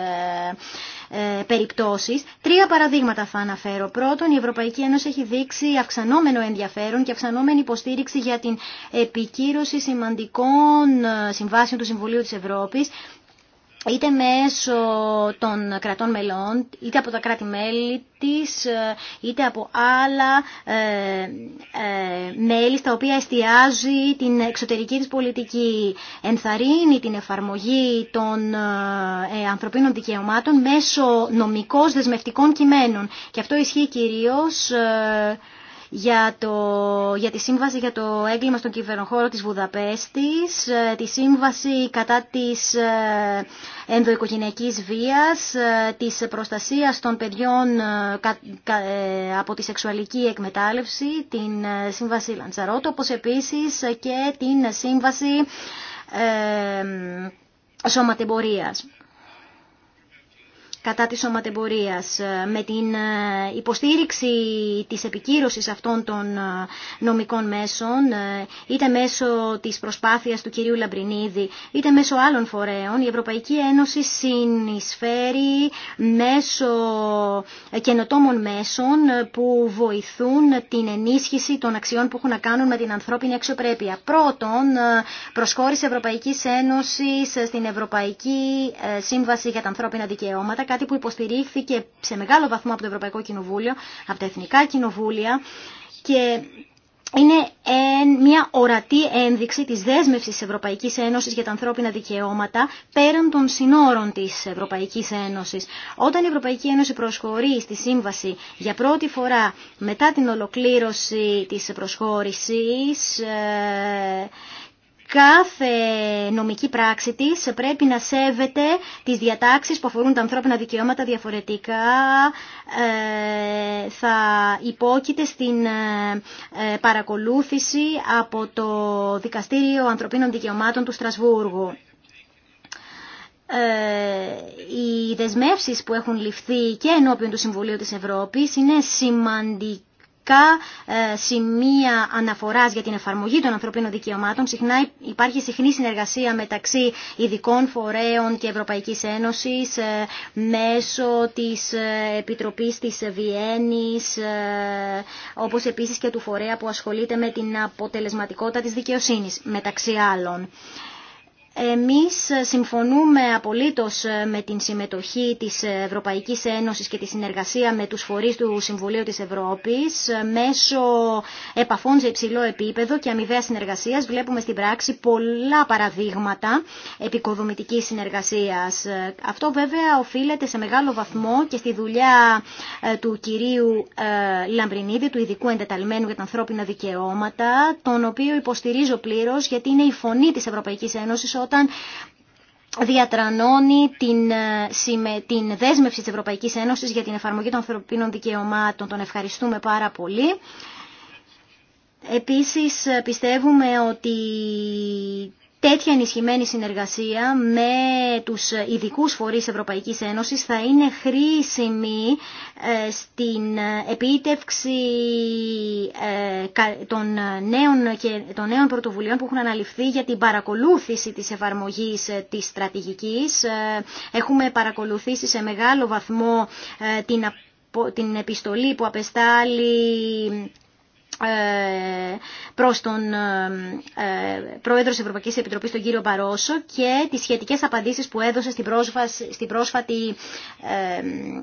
ε, περιπτώσεις. Τρία παραδείγματα θα αναφέρω. Πρώτον, η Ευρωπαϊκή Ένωση έχει δείξει αυξανόμενο ενδιαφέρον και αυξανόμενη υποστήριξη για την επικύρωση σημαντικών συμβάσεων του Συμβουλίου της Ευρώπης είτε μέσω των κρατών μελών, είτε από τα κράτη-μέλη της, ε, είτε από άλλα ε, ε, μέλη στα οποία εστιάζει την εξωτερική της πολιτική. Ενθαρρύνει την εφαρμογή των ανθρωπίνων δικαιωμάτων μέσω νομικώς δεσμευτικών κειμένων. Και αυτό ισχύει κυρίως για, το, για τη σύμβαση για το έγκλημα στον κυβερνοχώρο της Βουδαπέστης, ε, τη σύμβαση κατά της ε, ενδοοικογενειακής βίας, ε, της προστασίας των παιδιών από τη σεξουαλική εκμετάλλευση, την σύμβαση Λαντζαρότο, όπως επίσης και την σύμβαση σώματεμπορίας κατά της σωματεμπορίας, ε, με την ε, υποστήριξη της επικύρωσης αυτών των ε, νομικών μέσων, είτε μέσω της προσπάθειας του κυρίου Λαμπρινίδη, είτε μέσω άλλων φορέων, η Ευρωπαϊκή Ένωση συνεισφέρει μέσω καινοτόμων μέσων που βοηθούν την ενίσχυση των αξιών που έχουν να κάνουν με την ανθρώπινη αξιοπρέπεια. Πρώτον, προσχώρηση Ευρωπαϊκής Ένωσης στην Ευρωπαϊκή Σύμβαση για τα Ανθρώπινα Δικαιώματα, κάτι που υποστηρίχθηκε σε μεγάλο βαθμό από το Ευρωπαϊκό Κοινοβούλιο, από τα Εθνικά Κοινοβούλια και είναι μια ορατή ένδειξη της δέσμευσης της Ευρωπαϊκής Ένωσης για τα ανθρώπινα δικαιώματα πέραν των συνόρων της Ευρωπαϊκής Ένωσης. Όταν η Ευρωπαϊκή Ένωση προσχωρεί στη Σύμβαση για πρώτη φορά μετά την ολοκλήρωση της προσχώρησης ε, κάθε νομική πράξη της πρέπει να σέβεται τις διατάξεις που αφορούν τα ανθρώπινα δικαιώματα διαφορετικά ε, θα υπόκειται στην ε, ε, παρακολούθηση από το Δικαστήριο Ανθρωπίνων Δικαιωμάτων του Στρασβούργου. Οι δεσμεύσεις που έχουν ληφθεί και ενώπιον του Συμβουλίου της Ευρώπης είναι σημαντικές ε, σημεία αναφοράς για την εφαρμογή των ανθρωπίνων δικαιωμάτων. Συχνά υπάρχει συχνή συνεργασία μεταξύ ειδικών φορέων και Ευρωπαϊκής Ένωσης ε, μέσω της ε, Επιτροπής της Βιέννης, όπως επίσης και του φορέα που ασχολείται με την αποτελεσματικότητα της δικαιοσύνης, μεταξύ άλλων. Εμείς συμφωνούμε απολύτως ε, με την συμμετοχή της Ευρωπαϊκής Ένωσης και τη συνεργασία με τους φορείς του Συμβουλίου της Ευρώπης ε, μέσω επαφών σε υψηλό επίπεδο και αμοιβαία συνεργασίας. Βλέπουμε στην πράξη πολλά παραδείγματα επικοδομητικής συνεργασίας. Ε, αυτό βέβαια οφείλεται σε μεγάλο βαθμό και στη δουλειά του κυρίου Λαμπρινίδη, του ειδικού εντεταλμένου για τα ανθρώπινα δικαιώματα, τον οποίο υποστηρίζω πλήρως γιατί είναι η φωνή της Ευρωπαϊκής Ένωσης όταν διατρανώνει την, ε, την δέσμευση της Ευρωπαϊκής Ένωσης για την εφαρμογή των ανθρωπίνων δικαιωμάτων. Τον ευχαριστούμε πάρα πολύ. Επίσης πιστεύουμε ότι τέτοια ενισχυμένη συνεργασία με τους ειδικού φορείς Ευρωπαϊκής Ένωσης θα είναι χρήσιμη ε, στην επίτευξη ε, των νέων, και των νέων πρωτοβουλίων που έχουν αναλυφθεί για την παρακολούθηση της εφαρμογής ε, της στρατηγικής. Έχουμε παρακολουθήσει σε μεγάλο βαθμό την την επιστολή που απεστάλλει ε, προς τον ε, ε, Πρόεδρο της Ευρωπαϊκής Επιτροπής, τον κύριο Παρόσο και τις σχετικές απαντήσεις που έδωσε στην, πρόσφατη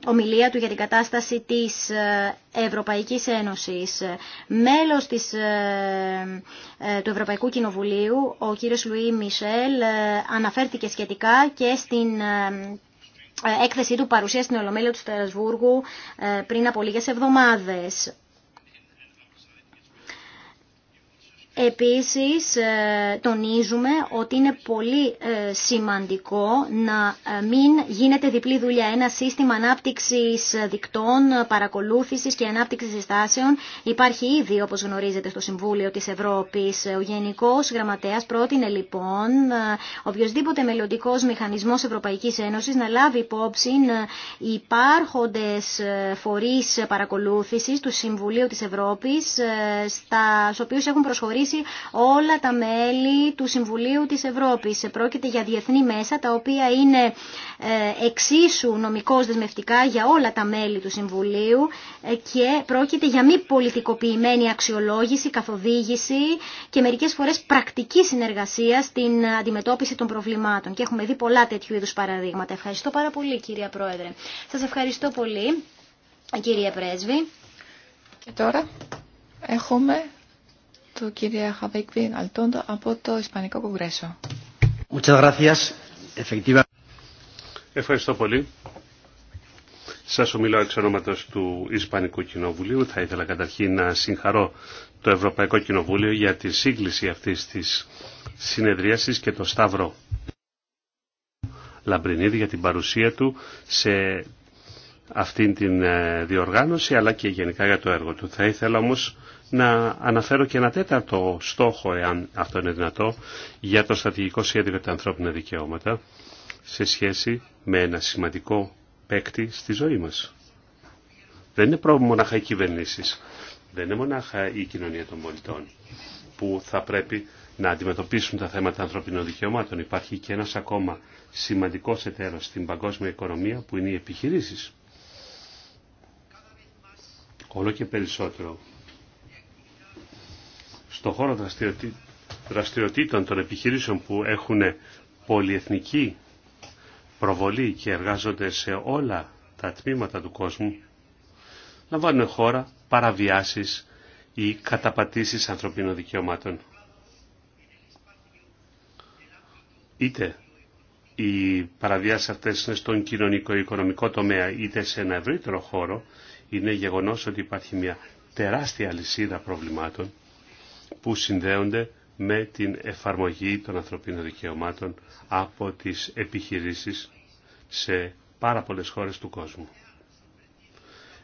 ομιλία του για την κατάσταση της Ευρωπαϊκής Ένωσης. Μέλος της, του Ευρωπαϊκού Κοινοβουλίου, ο κύριος Λουί Μισελ αναφέρθηκε σχετικά και στην έκθεσή του παρουσία στην Ολομέλεια του Στρασβούργου πριν από λίγες εβδομάδες. Επίσης ε, τονίζουμε ότι είναι πολύ ε, σημαντικό να ε, μην γίνεται διπλή δουλειά. Ένα σύστημα ανάπτυξης δικτών, παρακολούθησης και ανάπτυξης συστάσεων υπάρχει ήδη όπως γνωρίζετε στο Συμβούλιο της Ευρώπης. Ο Γενικός Γραμματέας πρότεινε λοιπόν οποιοδήποτε μελλοντικό μηχανισμός Ευρωπαϊκής Ένωσης να λάβει υπόψη υπάρχοντες φορείς παρακολούθησης του Συμβουλίου της Ευρώπης στα οποίους έχουν προσχωρήσει καθορίσει όλα τα μέλη του Συμβουλίου της Ευρώπης. Πρόκειται για διεθνή μέσα τα οποία είναι ε, εξίσου νομικώς δεσμευτικά για όλα τα μέλη του Συμβουλίου ε, και πρόκειται για μη πολιτικοποιημένη αξιολόγηση, καθοδήγηση και μερικές φορές πρακτική συνεργασία στην αντιμετώπιση των προβλημάτων. Και έχουμε δει πολλά τέτοιου είδους παραδείγματα. Ευχαριστώ πάρα πολύ κυρία Πρόεδρε. Σας ευχαριστώ πολύ κυρία Πρέσβη. Και τώρα έχουμε του κύριε Χαβέκβιν Αλτόντο από το Ισπανικό Κογκρέσο. Ευχαριστώ πολύ. Σας ομιλώ εξ ονόματο του Ισπανικού Κοινοβουλίου. Θα ήθελα καταρχήν να συγχαρώ το Ευρωπαϊκό Κοινοβούλιο για τη σύγκληση αυτής της συνεδρίασης και το Σταύρο Λαμπρινίδη για την παρουσία του σε αυτήν την ε, διοργάνωση αλλά και γενικά για το έργο του. Θα ήθελα όμως να αναφέρω και ένα τέταρτο στόχο, εάν αυτό είναι δυνατό, για το στρατηγικό σχέδιο για τα ανθρώπινα δικαιώματα σε σχέση με ένα σημαντικό παίκτη στη ζωή μας. Δεν είναι πρόβλημα μονάχα οι κυβερνήσει. δεν είναι μονάχα η κοινωνία των πολιτών που θα πρέπει να αντιμετωπίσουν τα θέματα ανθρωπινών δικαιωμάτων. Υπάρχει και ένας ακόμα σημαντικός εταίρος στην παγκόσμια οικονομία που είναι οι επιχειρήσεις. Όλο και περισσότερο στον χώρο δραστηριοτήτων των επιχειρήσεων που έχουν πολυεθνική προβολή και εργάζονται σε όλα τα τμήματα του κόσμου, λαμβάνουν χώρα παραβιάσεις ή καταπατήσεις ανθρωπίνων δικαιωμάτων. Είτε οι παραβιάσεις αυτές είναι στον κοινωνικο-οικονομικό τομέα είτε σε ένα ευρύτερο χώρο, είναι γεγονός ότι υπάρχει μια τεράστια λυσίδα προβλημάτων που συνδέονται με την εφαρμογή των ανθρωπίνων δικαιωμάτων από τις επιχειρήσεις σε πάρα πολλές χώρες του κόσμου.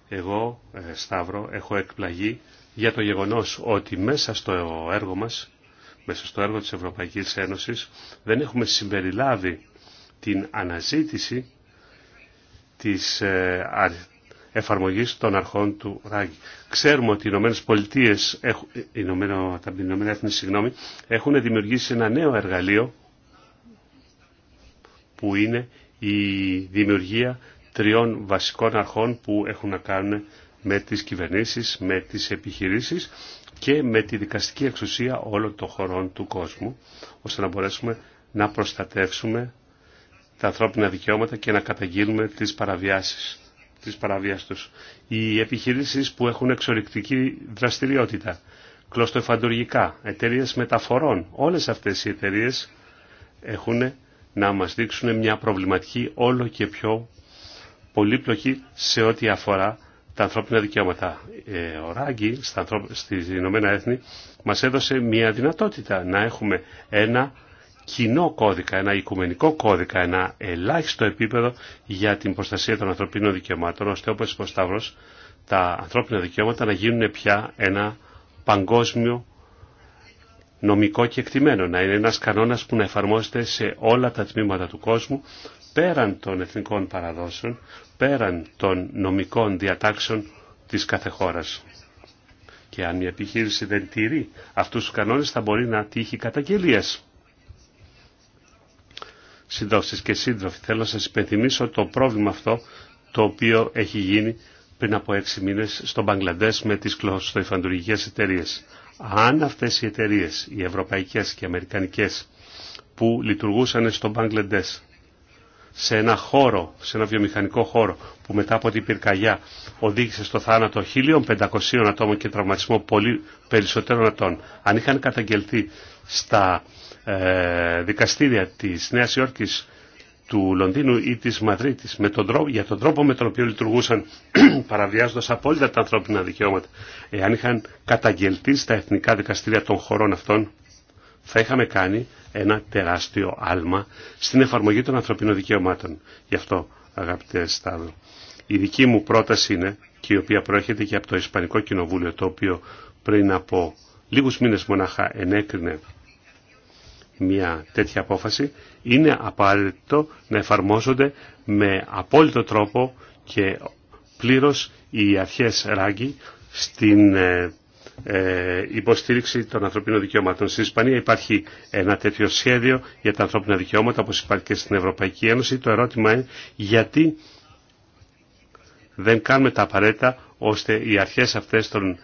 Εγώ, ε, Σταύρο, έχω εκπλαγεί για το γεγονός ότι μέσα στο έργο μας, μέσα στο έργο της Ευρωπαϊκής Ένωσης, δεν έχουμε συμπεριλάβει την αναζήτηση της, ε, εφαρμογής των αρχών του Ράγι. Ξέρουμε ότι οι Ηνωμένε Πολιτείες, ε, τα Ηνωμένα Έθνη, συγγνώμη, έχουν δημιουργήσει ένα νέο εργαλείο που είναι η δημιουργία τριών βασικών αρχών που έχουν να κάνουν με τις κυβερνήσεις, με τις επιχειρήσεις και με τη δικαστική εξουσία όλων των χωρών του κόσμου, ώστε να μπορέσουμε να προστατεύσουμε τα ανθρώπινα δικαιώματα και να καταγγείλουμε τις παραβιάσεις της παραβίας Οι επιχειρήσεις που έχουν εξορυκτική δραστηριότητα, κλωστοεφαντουργικά, εταιρείε μεταφορών, όλες αυτές οι εταιρείε έχουν να μας δείξουν μια προβληματική όλο και πιο πολύπλοκη σε ό,τι αφορά τα ανθρώπινα δικαιώματα. Ε, ο Ράγκη στα, Ηνωμένα Έθνη μας έδωσε μια δυνατότητα να έχουμε ένα κοινό κώδικα, ένα οικουμενικό κώδικα, ένα ελάχιστο επίπεδο για την προστασία των ανθρωπίνων δικαιωμάτων, ώστε όπως είπε ο Σταύρος, τα ανθρώπινα δικαιώματα να γίνουν πια ένα παγκόσμιο νομικό και εκτιμένο, να είναι ένας κανόνας που να εφαρμόζεται σε όλα τα τμήματα του κόσμου, πέραν των εθνικών παραδόσεων, πέραν των νομικών διατάξεων της κάθε χώρας. Και αν η επιχείρηση δεν τηρεί αυτούς τους κανόνες θα μπορεί να τύχει καταγγελίες συντρόφισσες και σύντροφοι. Θέλω να σας υπενθυμίσω το πρόβλημα αυτό το οποίο έχει γίνει πριν από έξι μήνες στο Μπαγκλαντές με τις κλωστοϊφαντουργικές εταιρείε. Αν αυτές οι εταιρείε, οι ευρωπαϊκές και οι αμερικανικές που λειτουργούσαν στο Μπαγκλαντές σε ένα χώρο, σε ένα βιομηχανικό χώρο που μετά από την πυρκαγιά οδήγησε στο θάνατο 1.500 ατόμων και τραυματισμό πολύ περισσότερων ατόμων Αν είχαν καταγγελθεί στα ε, δικαστήρια της Νέας Υόρκης του Λονδίνου ή της Μαδρίτης με τον τρόπο, για τον τρόπο με τον οποίο λειτουργούσαν παραβιάζοντας απόλυτα τα ανθρώπινα δικαιώματα. Εάν είχαν καταγγελθεί στα εθνικά δικαστήρια των χωρών αυτών, θα είχαμε κάνει ένα τεράστιο άλμα στην εφαρμογή των ανθρωπίνων δικαιωμάτων. Γι' αυτό, αγαπητέ Στάδο η δική μου πρόταση είναι, και η οποία προέρχεται και από το Ισπανικό Κοινοβούλιο, το οποίο πριν από λίγους μήνες μονάχα ενέκρινε μια τέτοια απόφαση, είναι απαραίτητο να εφαρμόζονται με απόλυτο τρόπο και πλήρως οι αρχές ράγκη στην ε, ε, υποστήριξη των ανθρωπίνων δικαιωμάτων. Στην Ισπανία υπάρχει ένα τέτοιο σχέδιο για τα ανθρώπινα δικαιώματα όπως υπάρχει και στην Ευρωπαϊκή Ένωση. Το ερώτημα είναι γιατί δεν κάνουμε τα απαραίτητα ώστε οι αρχές αυτές των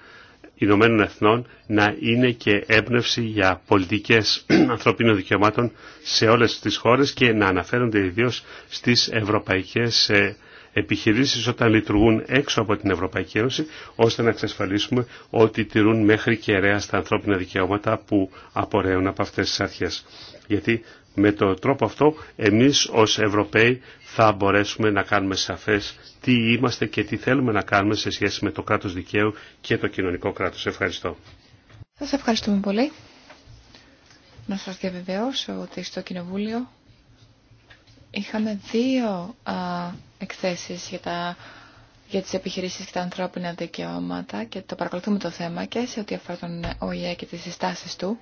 Ηνωμένων Εθνών να είναι και έμπνευση για πολιτικές ανθρωπίνων δικαιωμάτων σε όλες τις χώρες και να αναφέρονται ιδίως στις ευρωπαϊκές ε, επιχειρήσεις όταν λειτουργούν έξω από την Ευρωπαϊκή Ένωση, ώστε να εξασφαλίσουμε ότι τηρούν μέχρι και στα ανθρώπινα δικαιώματα που απορρέουν από αυτές τις αρχές. Γιατί με τον τρόπο αυτό εμείς ως Ευρωπαίοι θα μπορέσουμε να κάνουμε σαφές τι είμαστε και τι θέλουμε να κάνουμε σε σχέση με το κράτος δικαίου και το κοινωνικό κράτος. Ευχαριστώ. Σας ευχαριστούμε πολύ. Να σας διαβεβαιώσω ότι στο Κοινοβούλιο είχαμε δύο α, εκθέσεις για, τα, για τις επιχειρήσεις και τα ανθρώπινα δικαιώματα και το παρακολουθούμε το θέμα και σε ό,τι αφορά τον ΟΗΕ και τις συστάσεις του.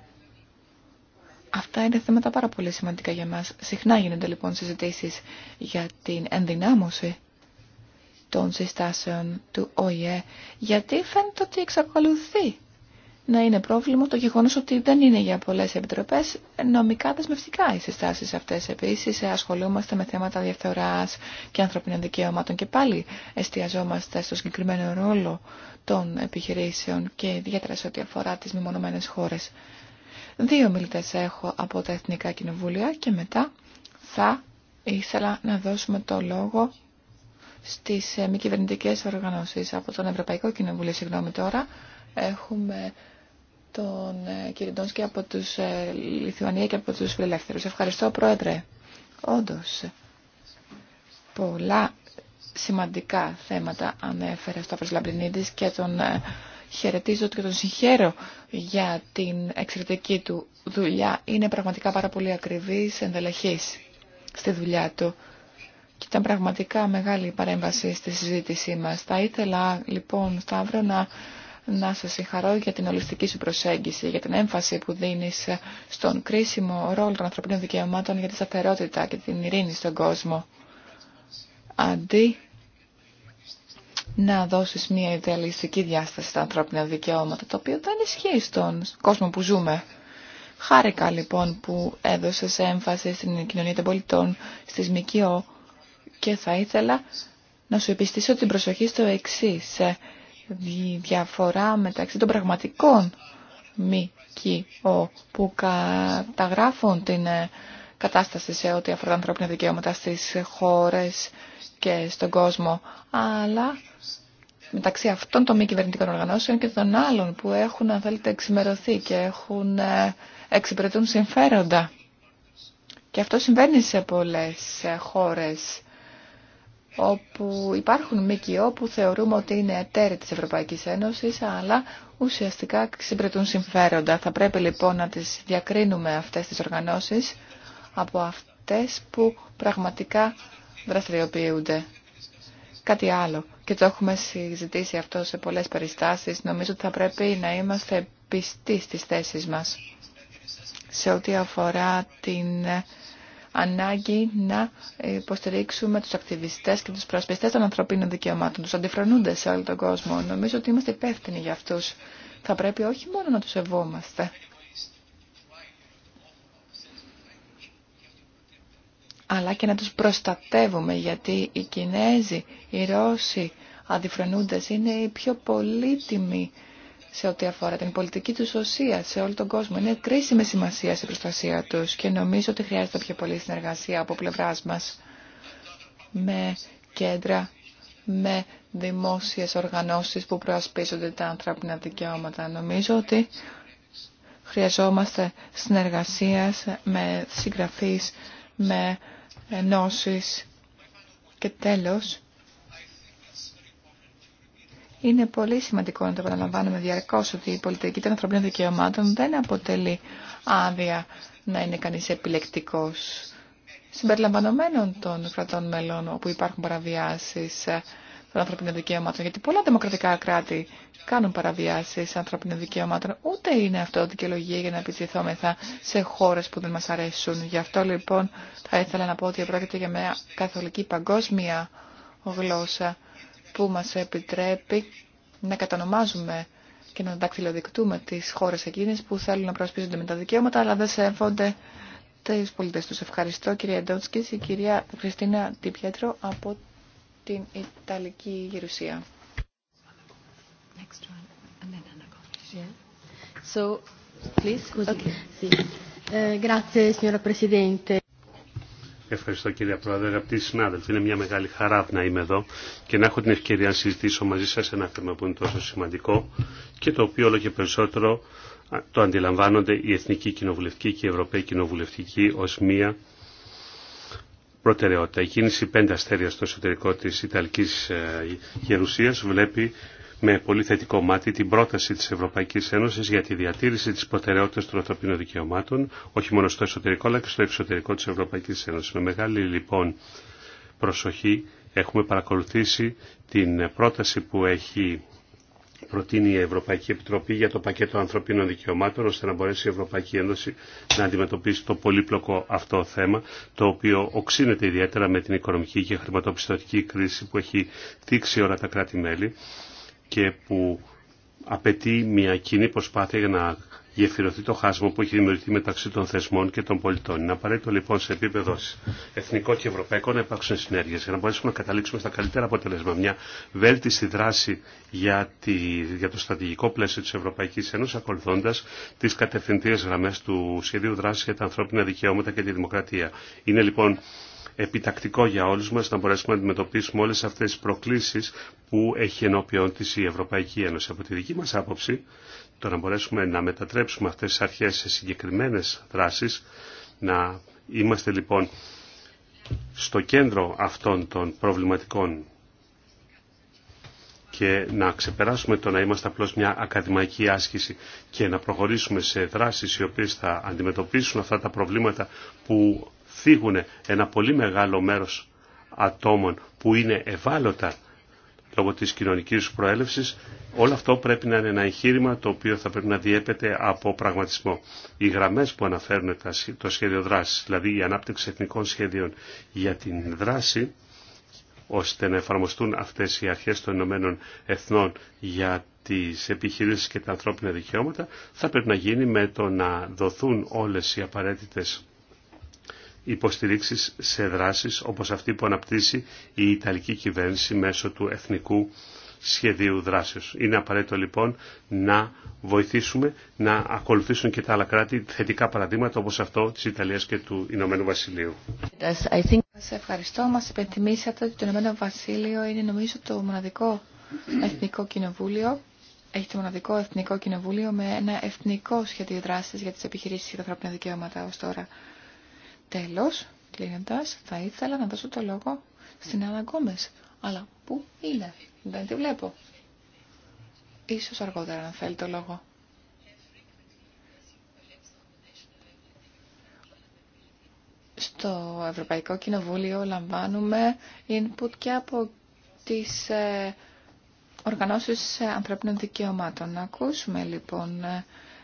Αυτά είναι θέματα πάρα πολύ σημαντικά για μας. Συχνά γίνονται λοιπόν συζητήσεις για την ενδυνάμωση των συστάσεων του ΟΗΕ, γιατί φαίνεται ότι εξακολουθεί να είναι πρόβλημα το γεγονός ότι δεν είναι για πολλές επιτροπές νομικά δεσμευτικά οι συστάσεις αυτές. Επίσης ασχολούμαστε με θέματα διαφθοράς και ανθρωπίνων δικαιωμάτων και πάλι εστιαζόμαστε στο συγκεκριμένο ρόλο των επιχειρήσεων και ιδιαίτερα σε ό,τι αφορά τις μεμονωμένες χώρες. Δύο μιλητές έχω από τα Εθνικά Κοινοβούλια και μετά θα ήθελα να δώσουμε το λόγο στις ε, μη κυβερνητικέ οργανώσεις από τον Ευρωπαϊκό Κοινοβούλιο. Συγγνώμη τώρα, έχουμε τον ε, κύριο Ντόνσκι από τους ε, Λιθουανία και από τους Φιλελεύθερους. Ευχαριστώ, Πρόεδρε. Όντως, πολλά σημαντικά θέματα ανέφερε στο Λαμπρινίδης και τον χαιρετίζω και τον συγχαίρω για την εξαιρετική του δουλειά. Είναι πραγματικά πάρα πολύ ακριβής, ενδελεχής στη δουλειά του. Και ήταν πραγματικά μεγάλη παρέμβαση στη συζήτησή μας. Θα ήθελα λοιπόν Σταύρο να, να συγχαρώ για την ολιστική σου προσέγγιση, για την έμφαση που δίνει στον κρίσιμο ρόλο των ανθρωπίνων δικαιωμάτων για τη σταθερότητα και την ειρήνη στον κόσμο. Αντί να δώσεις μια ιδεαλιστική διάσταση στα ανθρώπινα δικαιώματα, το οποίο δεν ισχύει στον κόσμο που ζούμε. Χάρηκα λοιπόν που έδωσες έμφαση στην κοινωνία των πολιτών, στις ΜΚΟ και θα ήθελα να σου επιστήσω την προσοχή στο εξή σε διαφορά μεταξύ των πραγματικών ΜΚΟ που καταγράφουν την ε, κατάσταση σε ό,τι αφορά τα ανθρώπινα δικαιώματα στις χώρες και στον κόσμο, αλλά μεταξύ αυτών των μη κυβερνητικών οργανώσεων και των άλλων που έχουν, αν θέλετε, εξημερωθεί και έχουν, ε, εξυπηρετούν συμφέροντα. Και αυτό συμβαίνει σε πολλές ε, χώρες όπου υπάρχουν ΜΚΟ που θεωρούμε ότι είναι εταίροι της Ευρωπαϊκής Ένωσης, αλλά ουσιαστικά εξυπηρετούν συμφέροντα. Θα πρέπει λοιπόν να τις διακρίνουμε αυτές τις οργανώσεις από αυτές που πραγματικά δραστηριοποιούνται. Κάτι άλλο, και το έχουμε συζητήσει αυτό σε πολλές περιστάσεις, νομίζω ότι θα πρέπει να είμαστε πιστοί στις θέσεις μας σε ό,τι αφορά την ανάγκη να υποστηρίξουμε τους ακτιβιστές και τους προσπιστές των ανθρωπίνων δικαιωμάτων, τους αντιφρονούνται σε όλο τον κόσμο. Νομίζω ότι είμαστε υπεύθυνοι για αυτούς. Θα πρέπει όχι μόνο να τους σεβόμαστε, αλλά και να τους προστατεύουμε γιατί οι Κινέζοι, οι Ρώσοι αντιφρονούντες είναι οι πιο πολύτιμοι σε ό,τι αφορά την πολιτική του ουσία σε όλο τον κόσμο. Είναι κρίσιμη σημασία η προστασία τους και νομίζω ότι χρειάζεται πιο πολύ συνεργασία από πλευρά μα με κέντρα, με δημόσιες οργανώσεις που προασπίζονται τα ανθρώπινα δικαιώματα. Νομίζω ότι χρειαζόμαστε συνεργασία με συγγραφείς, με ενώσεις. Και τέλος, είναι πολύ σημαντικό να το επαναλαμβάνουμε διαρκώς ότι η πολιτική των ανθρωπίνων δικαιωμάτων δεν αποτελεί άδεια να είναι κανείς επιλεκτικός συμπεριλαμβανομένων των κρατών μελών όπου υπάρχουν παραβιάσεις των ανθρωπίνων δικαιωμάτων. Γιατί πολλά δημοκρατικά κράτη κάνουν παραβιάσει ανθρωπίνων δικαιωμάτων. Ούτε είναι αυτό δικαιολογία για να επιτιθόμεθα σε χώρε που δεν μα αρέσουν. Γι' αυτό λοιπόν θα ήθελα να πω ότι πρόκειται για μια καθολική παγκόσμια γλώσσα που μα επιτρέπει να κατανομάζουμε και να δακτυλοδεικτούμε τι χώρε εκείνες που θέλουν να προσπίζονται με τα δικαιώματα αλλά δεν σέβονται τους πολίτες τους. Ευχαριστώ κυρία Ντότσκης, η κυρία Χριστίνα Τιπιέτρο από την Ιταλική Γερουσία. Ευχαριστώ κύριε Πρόεδρε, αγαπητοί συνάδελφοι. Είναι μια μεγάλη χαρά να είμαι εδώ και να έχω την ευκαιρία να συζητήσω μαζί σας ένα θέμα που είναι τόσο σημαντικό και το οποίο όλο και περισσότερο το αντιλαμβάνονται η Εθνική Κοινοβουλευτική και η Ευρωπαϊκή Κοινοβουλευτική ως μία προτεραιότητα. Η κίνηση πέντε αστέρια στο εσωτερικό της Ιταλικής ε, Γερουσίας βλέπει με πολύ θετικό μάτι την πρόταση της Ευρωπαϊκής Ένωσης για τη διατήρηση της προτεραιότητας των ανθρωπίνων δικαιωμάτων, όχι μόνο στο εσωτερικό αλλά και στο εξωτερικό της Ευρωπαϊκής Ένωσης. Με μεγάλη λοιπόν προσοχή έχουμε παρακολουθήσει την πρόταση που έχει προτείνει η Ευρωπαϊκή Επιτροπή για το πακέτο ανθρωπίνων δικαιωμάτων ώστε να μπορέσει η Ευρωπαϊκή Ένωση να αντιμετωπίσει το πολύπλοκο αυτό θέμα το οποίο οξύνεται ιδιαίτερα με την οικονομική και χρηματοπιστωτική κρίση που έχει δείξει όλα τα κράτη-μέλη και που απαιτεί μια κοινή προσπάθεια για να γεφυρωθεί το χάσμα που έχει δημιουργηθεί μεταξύ των θεσμών και των πολιτών. Είναι απαραίτητο λοιπόν σε επίπεδο εθνικό και ευρωπαϊκό να υπάρξουν συνέργειε για να μπορέσουμε να καταλήξουμε στα καλύτερα αποτελέσματα. Μια βέλτιστη δράση για, τη, για το στρατηγικό πλαίσιο τη Ευρωπαϊκή Ένωση ακολουθώντα τι κατευθυντήρε γραμμέ του σχεδίου δράση για τα ανθρώπινα δικαιώματα και τη δημοκρατία. Είναι λοιπόν επιτακτικό για όλους μας να μπορέσουμε να αντιμετωπίσουμε όλες αυτές τις προκλήσεις που έχει ενώπιον της η Ευρωπαϊκή Ένωση. Από τη δική μας άποψη το να μπορέσουμε να μετατρέψουμε αυτές τις αρχές σε συγκεκριμένες δράσεις, να είμαστε λοιπόν στο κέντρο αυτών των προβληματικών και να ξεπεράσουμε το να είμαστε απλώς μια ακαδημαϊκή άσκηση και να προχωρήσουμε σε δράσεις οι οποίες θα αντιμετωπίσουν αυτά τα προβλήματα που θίγουν ένα πολύ μεγάλο μέρος ατόμων που είναι ευάλωτα λόγω της κοινωνικής προέλευσης, όλο αυτό πρέπει να είναι ένα εγχείρημα το οποίο θα πρέπει να διέπεται από πραγματισμό. Οι γραμμές που αναφέρουν το σχέδιο δράσης, δηλαδή η ανάπτυξη εθνικών σχέδιων για την δράση, ώστε να εφαρμοστούν αυτές οι αρχές των Ηνωμένων Εθνών για τις επιχειρήσεις και τα ανθρώπινα δικαιώματα, θα πρέπει να γίνει με το να δοθούν όλες οι απαραίτητες υποστηρίξει σε δράσεις όπως αυτή που αναπτύσσει η Ιταλική κυβέρνηση μέσω του Εθνικού Σχεδίου Δράσεως. Είναι απαραίτητο λοιπόν να βοηθήσουμε να ακολουθήσουν και τα άλλα κράτη θετικά παραδείγματα όπως αυτό της Ιταλίας και του Ηνωμένου Βασιλείου. Σας ευχαριστώ. Μας υπενθυμίσατε ότι το Ηνωμένο Βασίλειο είναι νομίζω το μοναδικό εθνικό κοινοβούλιο έχει το μοναδικό Εθνικό Κοινοβούλιο με ένα εθνικό σχέδιο δράση για τι επιχειρήσει και τα ανθρώπινα δικαιώματα ω τώρα. Τέλος, κλείνοντας, θα ήθελα να δώσω το λόγο στην Άννα Αλλά πού είναι, δεν τη βλέπω. Ίσως αργότερα να θέλει το λόγο. Στο Ευρωπαϊκό Κοινοβούλιο λαμβάνουμε input και από τις ε, οργανώσεις ανθρώπινων δικαιωμάτων. Να ακούσουμε λοιπόν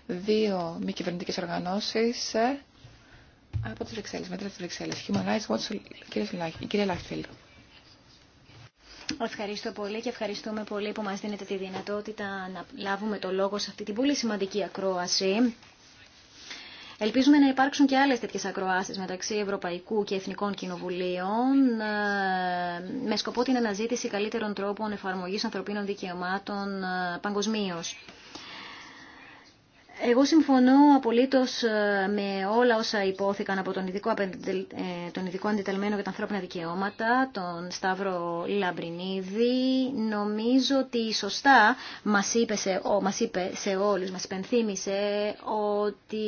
δύο μη κυβερνητικές οργανώσεις ε, από τις Βρυξέλλες, μετά τις Βρυξέλλες. Human Rights Watch, Ευχαριστώ πολύ και ευχαριστούμε πολύ που μας δίνετε τη δυνατότητα να λάβουμε το λόγο σε αυτή την πολύ σημαντική ακρόαση. Ελπίζουμε να υπάρξουν και άλλες τέτοιες ακροάσεις μεταξύ Ευρωπαϊκού και Εθνικών Κοινοβουλίων ε, με σκοπό την αναζήτηση καλύτερων τρόπων εφαρμογής ανθρωπίνων δικαιωμάτων ε, παγκοσμίω. Εγώ συμφωνώ απολύτως ε, με όλα όσα υπόθηκαν από τον ειδικό, ε, τον ειδικό αντιτελμένο για τα ανθρώπινα δικαιώματα, τον Σταύρο Λαμπρινίδη. Νομίζω ότι σωστά μας είπε σε, ό, μας είπε σε όλους, μας υπενθύμησε ότι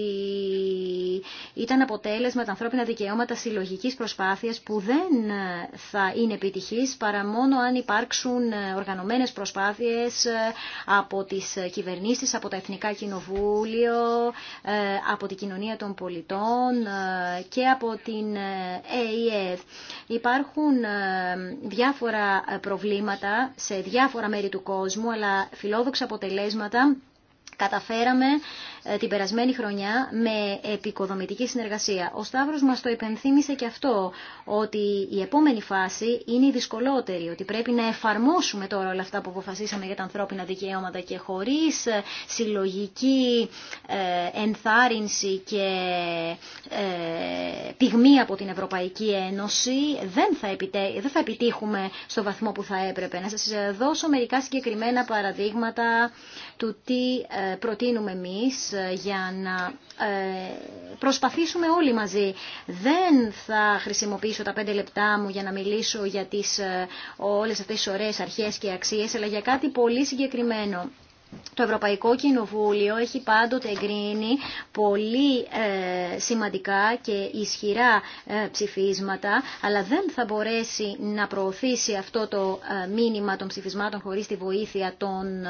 ήταν αποτέλεσμα τα ανθρώπινα δικαιώματα συλλογικής προσπάθειας που δεν θα είναι επιτυχής παρά μόνο αν υπάρξουν οργανωμένες προσπάθειες από τις κυβερνήσεις, από τα εθνικά κοινοβούλια ε, από την κοινωνία των πολιτών ε, και από την Ε.Ε. Υπάρχουν ε, διάφορα προβλήματα σε διάφορα μέρη του κόσμου, αλλά φιλόδοξα αποτελέσματα καταφέραμε ε, την περασμένη χρονιά με επικοδομητική συνεργασία. Ο Σταύρος μας το υπενθύμησε και αυτό, ότι η επόμενη φάση είναι η δυσκολότερη, ότι πρέπει να εφαρμόσουμε τώρα όλα αυτά που αποφασίσαμε για τα ανθρώπινα δικαιώματα και χωρίς ε, συλλογική ε, ενθάρρυνση και πυγμή από την Ευρωπαϊκή Ένωση δεν θα, δεν θα επιτύχουμε στο βαθμό που θα έπρεπε. Να σας δώσω μερικά συγκεκριμένα παραδείγματα του τι προτείνουμε εμείς για να ε, προσπαθήσουμε όλοι μαζί. Δεν θα χρησιμοποιήσω τα πέντε λεπτά μου για να μιλήσω για τις, ε, όλες αυτές τις ωραίες αρχές και αξίες, αλλά για κάτι πολύ συγκεκριμένο το Ευρωπαϊκό Κοινοβούλιο έχει πάντοτε εγκρίνει πολύ ε, σημαντικά και ισχυρά ε, ψηφίσματα, αλλά δεν θα μπορέσει να προωθήσει αυτό το ε, μήνυμα των ψηφισμάτων χωρίς τη βοήθεια των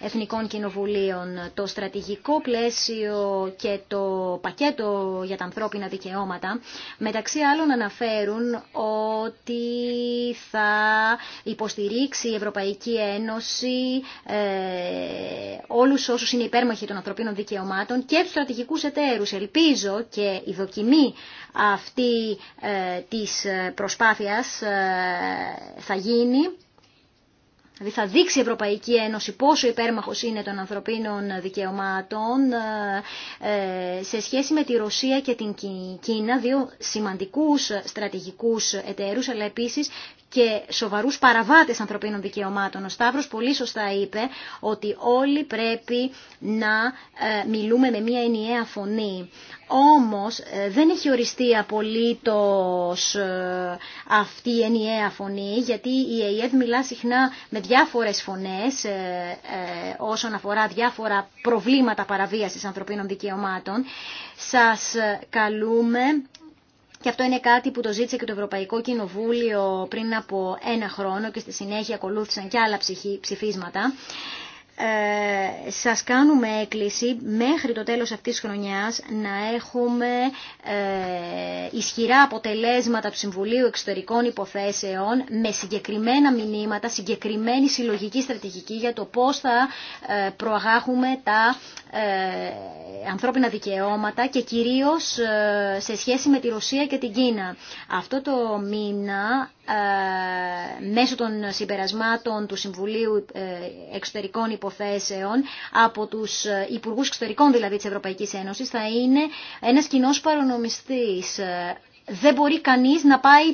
Εθνικών Κοινοβουλίων. Το στρατηγικό πλαίσιο και το πακέτο για τα ανθρώπινα δικαιώματα, μεταξύ άλλων αναφέρουν ότι θα υποστηρίξει η Ευρωπαϊκή Ένωση ε, όλους όσους είναι υπέρμαχοι των ανθρωπίνων δικαιωμάτων και τους στρατηγικούς εταίρους. Ελπίζω και η δοκιμή αυτή ε, της ε, προσπάθειας θα γίνει. Δηλαδή θα δείξει η Ευρωπαϊκή Ένωση πόσο υπέρμαχος είναι των ανθρωπίνων δικαιωμάτων σε σχέση με τη Ρωσία και την Κίνα, δύο σημαντικούς στρατηγικούς εταίρους, αλλά επίσης και σοβαρούς παραβάτες ανθρωπίνων δικαιωμάτων. Ο Σταύρος πολύ σωστά είπε ότι όλοι πρέπει να ε, μιλούμε με μία ενιαία φωνή. Όμως ε, δεν έχει οριστεί απολύτως ε, αυτή η ενιαία φωνή γιατί η ΕΕΔ μιλά συχνά με διάφορες φωνές όσον αφορά διάφορα προβλήματα παραβίασης ανθρωπίνων δικαιωμάτων. Σας καλούμε και αυτό είναι κάτι που το ζήτησε και το Ευρωπαϊκό Κοινοβούλιο πριν από ένα χρόνο και στη συνέχεια ακολούθησαν και άλλα ψηφίσματα ε, σας κάνουμε έκκληση μέχρι το τέλος αυτής της χρονιάς να έχουμε ε, ισχυρά αποτελέσματα του Συμβουλίου Εξωτερικών Υποθέσεων με συγκεκριμένα μηνύματα, συγκεκριμένη συλλογική στρατηγική για το πώς θα ε, προαγάγουμε τα ε, ανθρώπινα δικαιώματα και κυρίως ε, σε σχέση με τη Ρωσία και την Κίνα. Αυτό το μήνα ε, μέσω των συμπερασμάτων του Συμβουλίου Εξωτερικών Υποθέσεων υποθέσεων από τους υπουργούς εξωτερικών δηλαδή της Ευρωπαϊκής Ένωσης θα είναι ένας κοινό παρονομιστής. Δεν μπορεί κανείς να πάει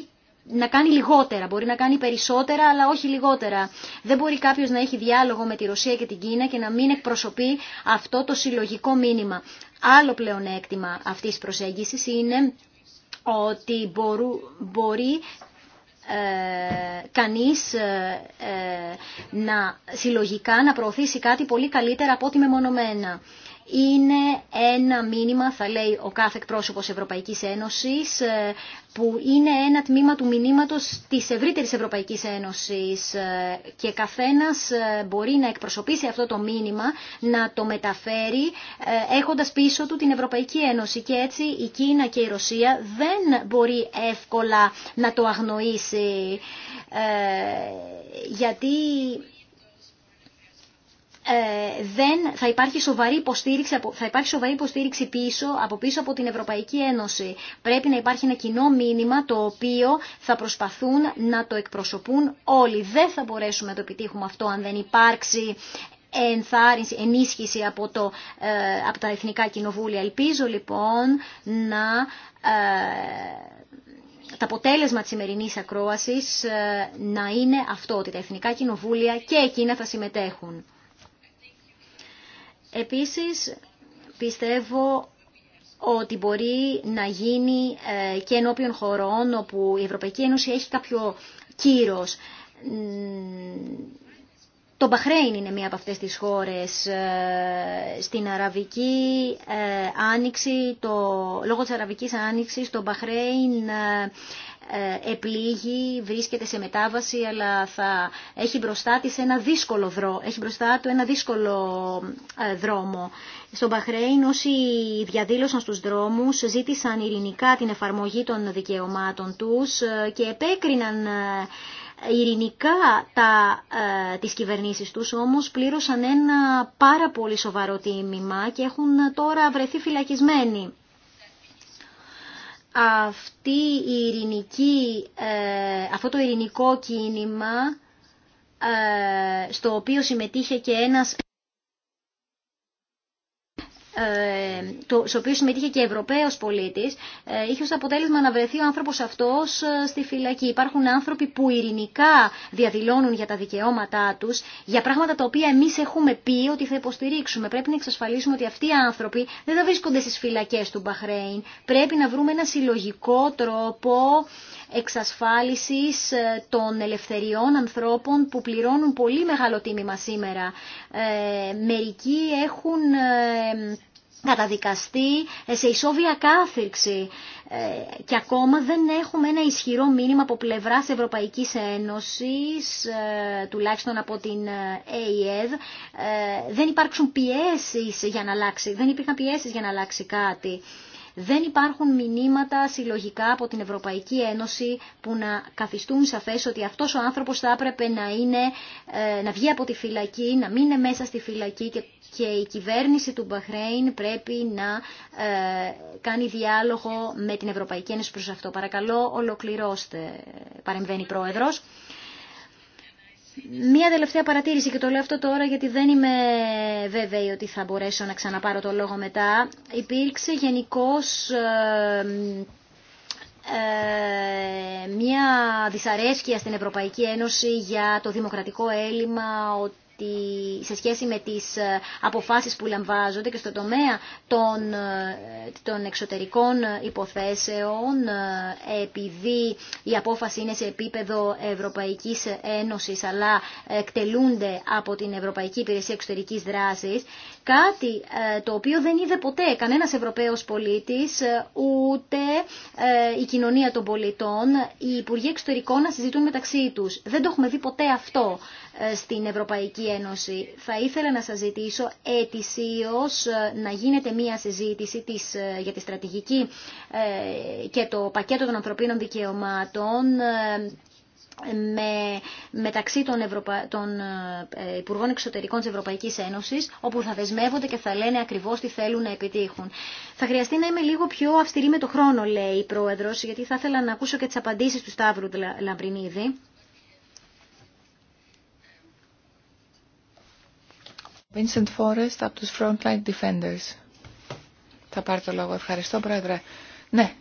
να κάνει λιγότερα, μπορεί να κάνει περισσότερα, αλλά όχι λιγότερα. Δεν μπορεί κάποιος να έχει διάλογο με τη Ρωσία και την Κίνα και να μην εκπροσωπεί αυτό το συλλογικό μήνυμα. Άλλο πλεονέκτημα αυτής της προσέγγισης είναι ότι μπορεί ε, κανείς ε, ε, να συλλογικά να προωθήσει κάτι πολύ καλύτερα από ό,τι μεμονωμένα είναι ένα μήνυμα, θα λέει ο κάθε εκπρόσωπο Ευρωπαϊκή Ένωση, ε, που είναι ένα τμήμα του μήνυματο της ευρύτερη Ευρωπαϊκή Ένωση. Ε, και καθένα ε, μπορεί να εκπροσωπήσει αυτό το μήνυμα, να το μεταφέρει έχοντα πίσω του την Ευρωπαϊκή Ένωση και έτσι η Κίνα και η Ρωσία δεν μπορεί εύκολα να το αγνοήσει γιατί ε, δεν θα υπάρχει σοβαρή υποστήριξη, θα υπάρχει πίσω, από πίσω από την Ευρωπαϊκή Ένωση. Πρέπει να υπάρχει ένα κοινό μήνυμα το οποίο θα προσπαθούν να το εκπροσωπούν όλοι. Δεν θα μπορέσουμε να το επιτύχουμε αυτό αν δεν υπάρξει ενθάρρυνση, ενίσχυση από, το, ε, από τα Εθνικά Κοινοβούλια. Ελπίζω λοιπόν να... Ε, το αποτέλεσμα της σημερινή ακρόασης να είναι αυτό, ότι τα Εθνικά Κοινοβούλια και εκείνα θα συμμετέχουν. Επίσης, πιστεύω ότι μπορεί να γίνει ε, και ενώπιον χωρών όπου η Ευρωπαϊκή Ένωση έχει κάποιο κύρος. Το Μπαχρέιν είναι μία από αυτές τις χώρες. Ε, στην Αραβική ε, Άνοιξη, το, λόγω της Αραβικής Άνοιξης, το Μπαχρέιν ε, επλήγει, βρίσκεται σε μετάβαση, αλλά θα έχει μπροστά, ένα δύσκολο έχει μπροστά του ένα δύσκολο ε, δρόμο. Στον Παχρέιν όσοι διαδήλωσαν στους δρόμους ζήτησαν ειρηνικά την εφαρμογή των δικαιωμάτων τους ε, και επέκριναν ειρηνικά τα, ε, τις κυβερνήσεις τους, όμως πλήρωσαν ένα πάρα πολύ σοβαρό τίμημα και έχουν τώρα βρεθεί φυλακισμένοι αυτή η ειρηνική, ε, αυτό το ειρηνικό κίνημα ε, στο οποίο συμμετείχε και ένας ε, στο οποίο συμμετείχε και Ευρωπαίος πολίτης, ε, είχε ω αποτέλεσμα να βρεθεί ο άνθρωπος αυτός ε, στη φυλακή. Υπάρχουν άνθρωποι που ειρηνικά διαδηλώνουν για τα δικαιώματά τους, για πράγματα τα οποία εμείς έχουμε πει ότι θα υποστηρίξουμε. Πρέπει να εξασφαλίσουμε ότι αυτοί οι άνθρωποι δεν θα βρίσκονται στι φυλακέ του Μπαχρέιν. Πρέπει να βρούμε ένα συλλογικό τρόπο εξασφάλισης ε, των ελευθεριών ανθρώπων που πληρώνουν πολύ μεγάλο τίμημα σήμερα. Ε, μερικοί έχουν ε, καταδικαστεί σε ισόβια κάθυρξη και ακόμα δεν έχουμε ένα ισχυρό μήνυμα από πλευράς Ευρωπαϊκής Ένωσης, τουλάχιστον από την ε, δεν υπάρξουν πιέσεις για να αλλάξει, δεν υπήρχαν πιέσεις για να αλλάξει κάτι δεν υπάρχουν μηνύματα συλλογικά από την Ευρωπαϊκή Ένωση που να καθιστούν σαφές ότι αυτός ο άνθρωπος θα έπρεπε να, είναι, ε, να βγει από τη φυλακή, να είναι μέσα στη φυλακή και, η κυβέρνηση του Μπαχρέιν πρέπει να ε, κάνει διάλογο με την Ευρωπαϊκή Ένωση προς αυτό. Παρακαλώ ολοκληρώστε, παρεμβαίνει η Πρόεδρος. Μία τελευταία παρατήρηση και το λέω αυτό τώρα γιατί δεν είμαι βέβαιη ότι θα μπορέσω να ξαναπάρω το λόγο μετά. Υπήρξε γενικώ ε, μία δυσαρέσκεια στην Ευρωπαϊκή Ένωση για το δημοκρατικό έλλειμμα, τη, σε σχέση με τις ε, αποφάσεις που λαμβάζονται και στο τομέα των, ε, των εξωτερικών υποθέσεων ε, επειδή η απόφαση είναι σε επίπεδο Ευρωπαϊκής Ένωσης αλλά εκτελούνται από την Ευρωπαϊκή Υπηρεσία Εξωτερικής Δράσης κάτι το οποίο δεν είδε ποτέ κανένας Ευρωπαίος πολίτης ούτε η κοινωνία των πολιτών οι Υπουργοί Εξωτερικών να συζητούν μεταξύ τους. Δεν το έχουμε δει ποτέ αυτό. Ε, στην Ευρωπαϊκή Ένωση. Θα ήθελα να σας ζητήσω ετησίως ε, να γίνεται μία συζήτηση της, ε, για τη στρατηγική και το πακέτο των ανθρωπίνων δικαιωμάτων με, μεταξύ των, των Υπουργών Εξωτερικών της Ευρωπαϊκής Ένωσης, όπου θα δεσμεύονται και θα λένε ακριβώς τι θέλουν να επιτύχουν. Θα χρειαστεί να είμαι λίγο πιο αυστηρή με το χρόνο, λέει η Πρόεδρος, γιατί θα ήθελα να ακούσω και τις απαντήσεις του Σταύρου Λαμπρινίδη. Vincent Forrest από τους Frontline Defenders. Θα πάρει το λόγο. Ευχαριστώ, Πρόεδρε. Ναι,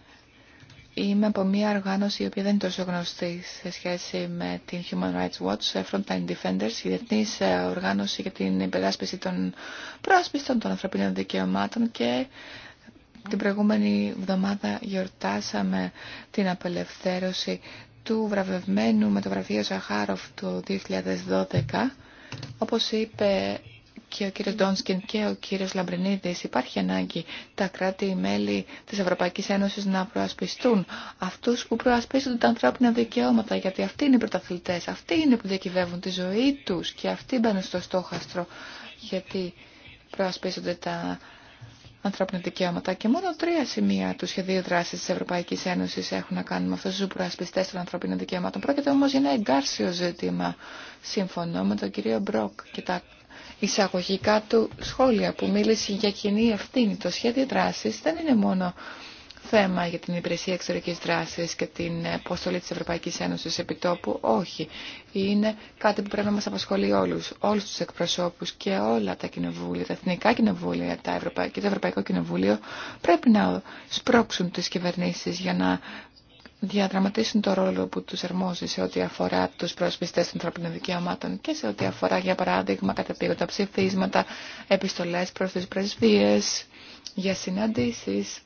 είμαι από μια οργάνωση η οποία δεν είναι τόσο γνωστή σε σχέση με την Human Rights Watch, Frontline Defenders, η διεθνή ε, οργάνωση για την υπεράσπιση των πρόσπιστων των ανθρωπίνων δικαιωμάτων και την προηγούμενη εβδομάδα γιορτάσαμε την απελευθέρωση του βραβευμένου με το βραβείο Σαχάροφ το 2012. Όπως είπε και ο κύριος Ντόνσκιν και ο κύριος Λαμπρινίδης υπάρχει ανάγκη τα κράτη-μέλη της Ευρωπαϊκής Ένωσης να προασπιστούν αυτούς που προασπίζονται τα ανθρώπινα δικαιώματα γιατί αυτοί είναι οι πρωταθλητές, αυτοί είναι που διακυβεύουν τη ζωή τους και αυτοί μπαίνουν στο στόχαστρο γιατί προασπίζονται τα ανθρώπινα δικαιώματα και μόνο τρία σημεία του σχεδίου δράση τη Ευρωπαϊκή Ένωση έχουν να κάνουν με αυτού του προασπιστέ των ανθρώπινων δικαιωμάτων. Πρόκειται όμω για ένα εγκάρσιο ζήτημα. Σύμφωνο με τον κύριο Μπροκ και τα εισαγωγικά του σχόλια που μίλησε για κοινή ευθύνη. Το σχέδιο δράσης δεν είναι μόνο θέμα για την υπηρεσία εξωτερική δράση και την αποστολή της Ευρωπαϊκής Ένωσης επιτόπου. Όχι. Είναι κάτι που πρέπει να μας απασχολεί όλους, όλου τους εκπροσώπους και όλα τα κοινοβούλια, τα εθνικά κοινοβούλια τα και το Ευρωπαϊκό Κοινοβούλιο πρέπει να σπρώξουν τι κυβερνήσει για να διαδραματίσουν το ρόλο που τους ερμόζει σε ό,τι αφορά τους προσπιστές των ανθρώπινων δικαιωμάτων και σε ό,τι αφορά, για παράδειγμα, καταπήγοντα ψηφίσματα, επιστολές προς τις πρεσβείες, για συναντήσεις,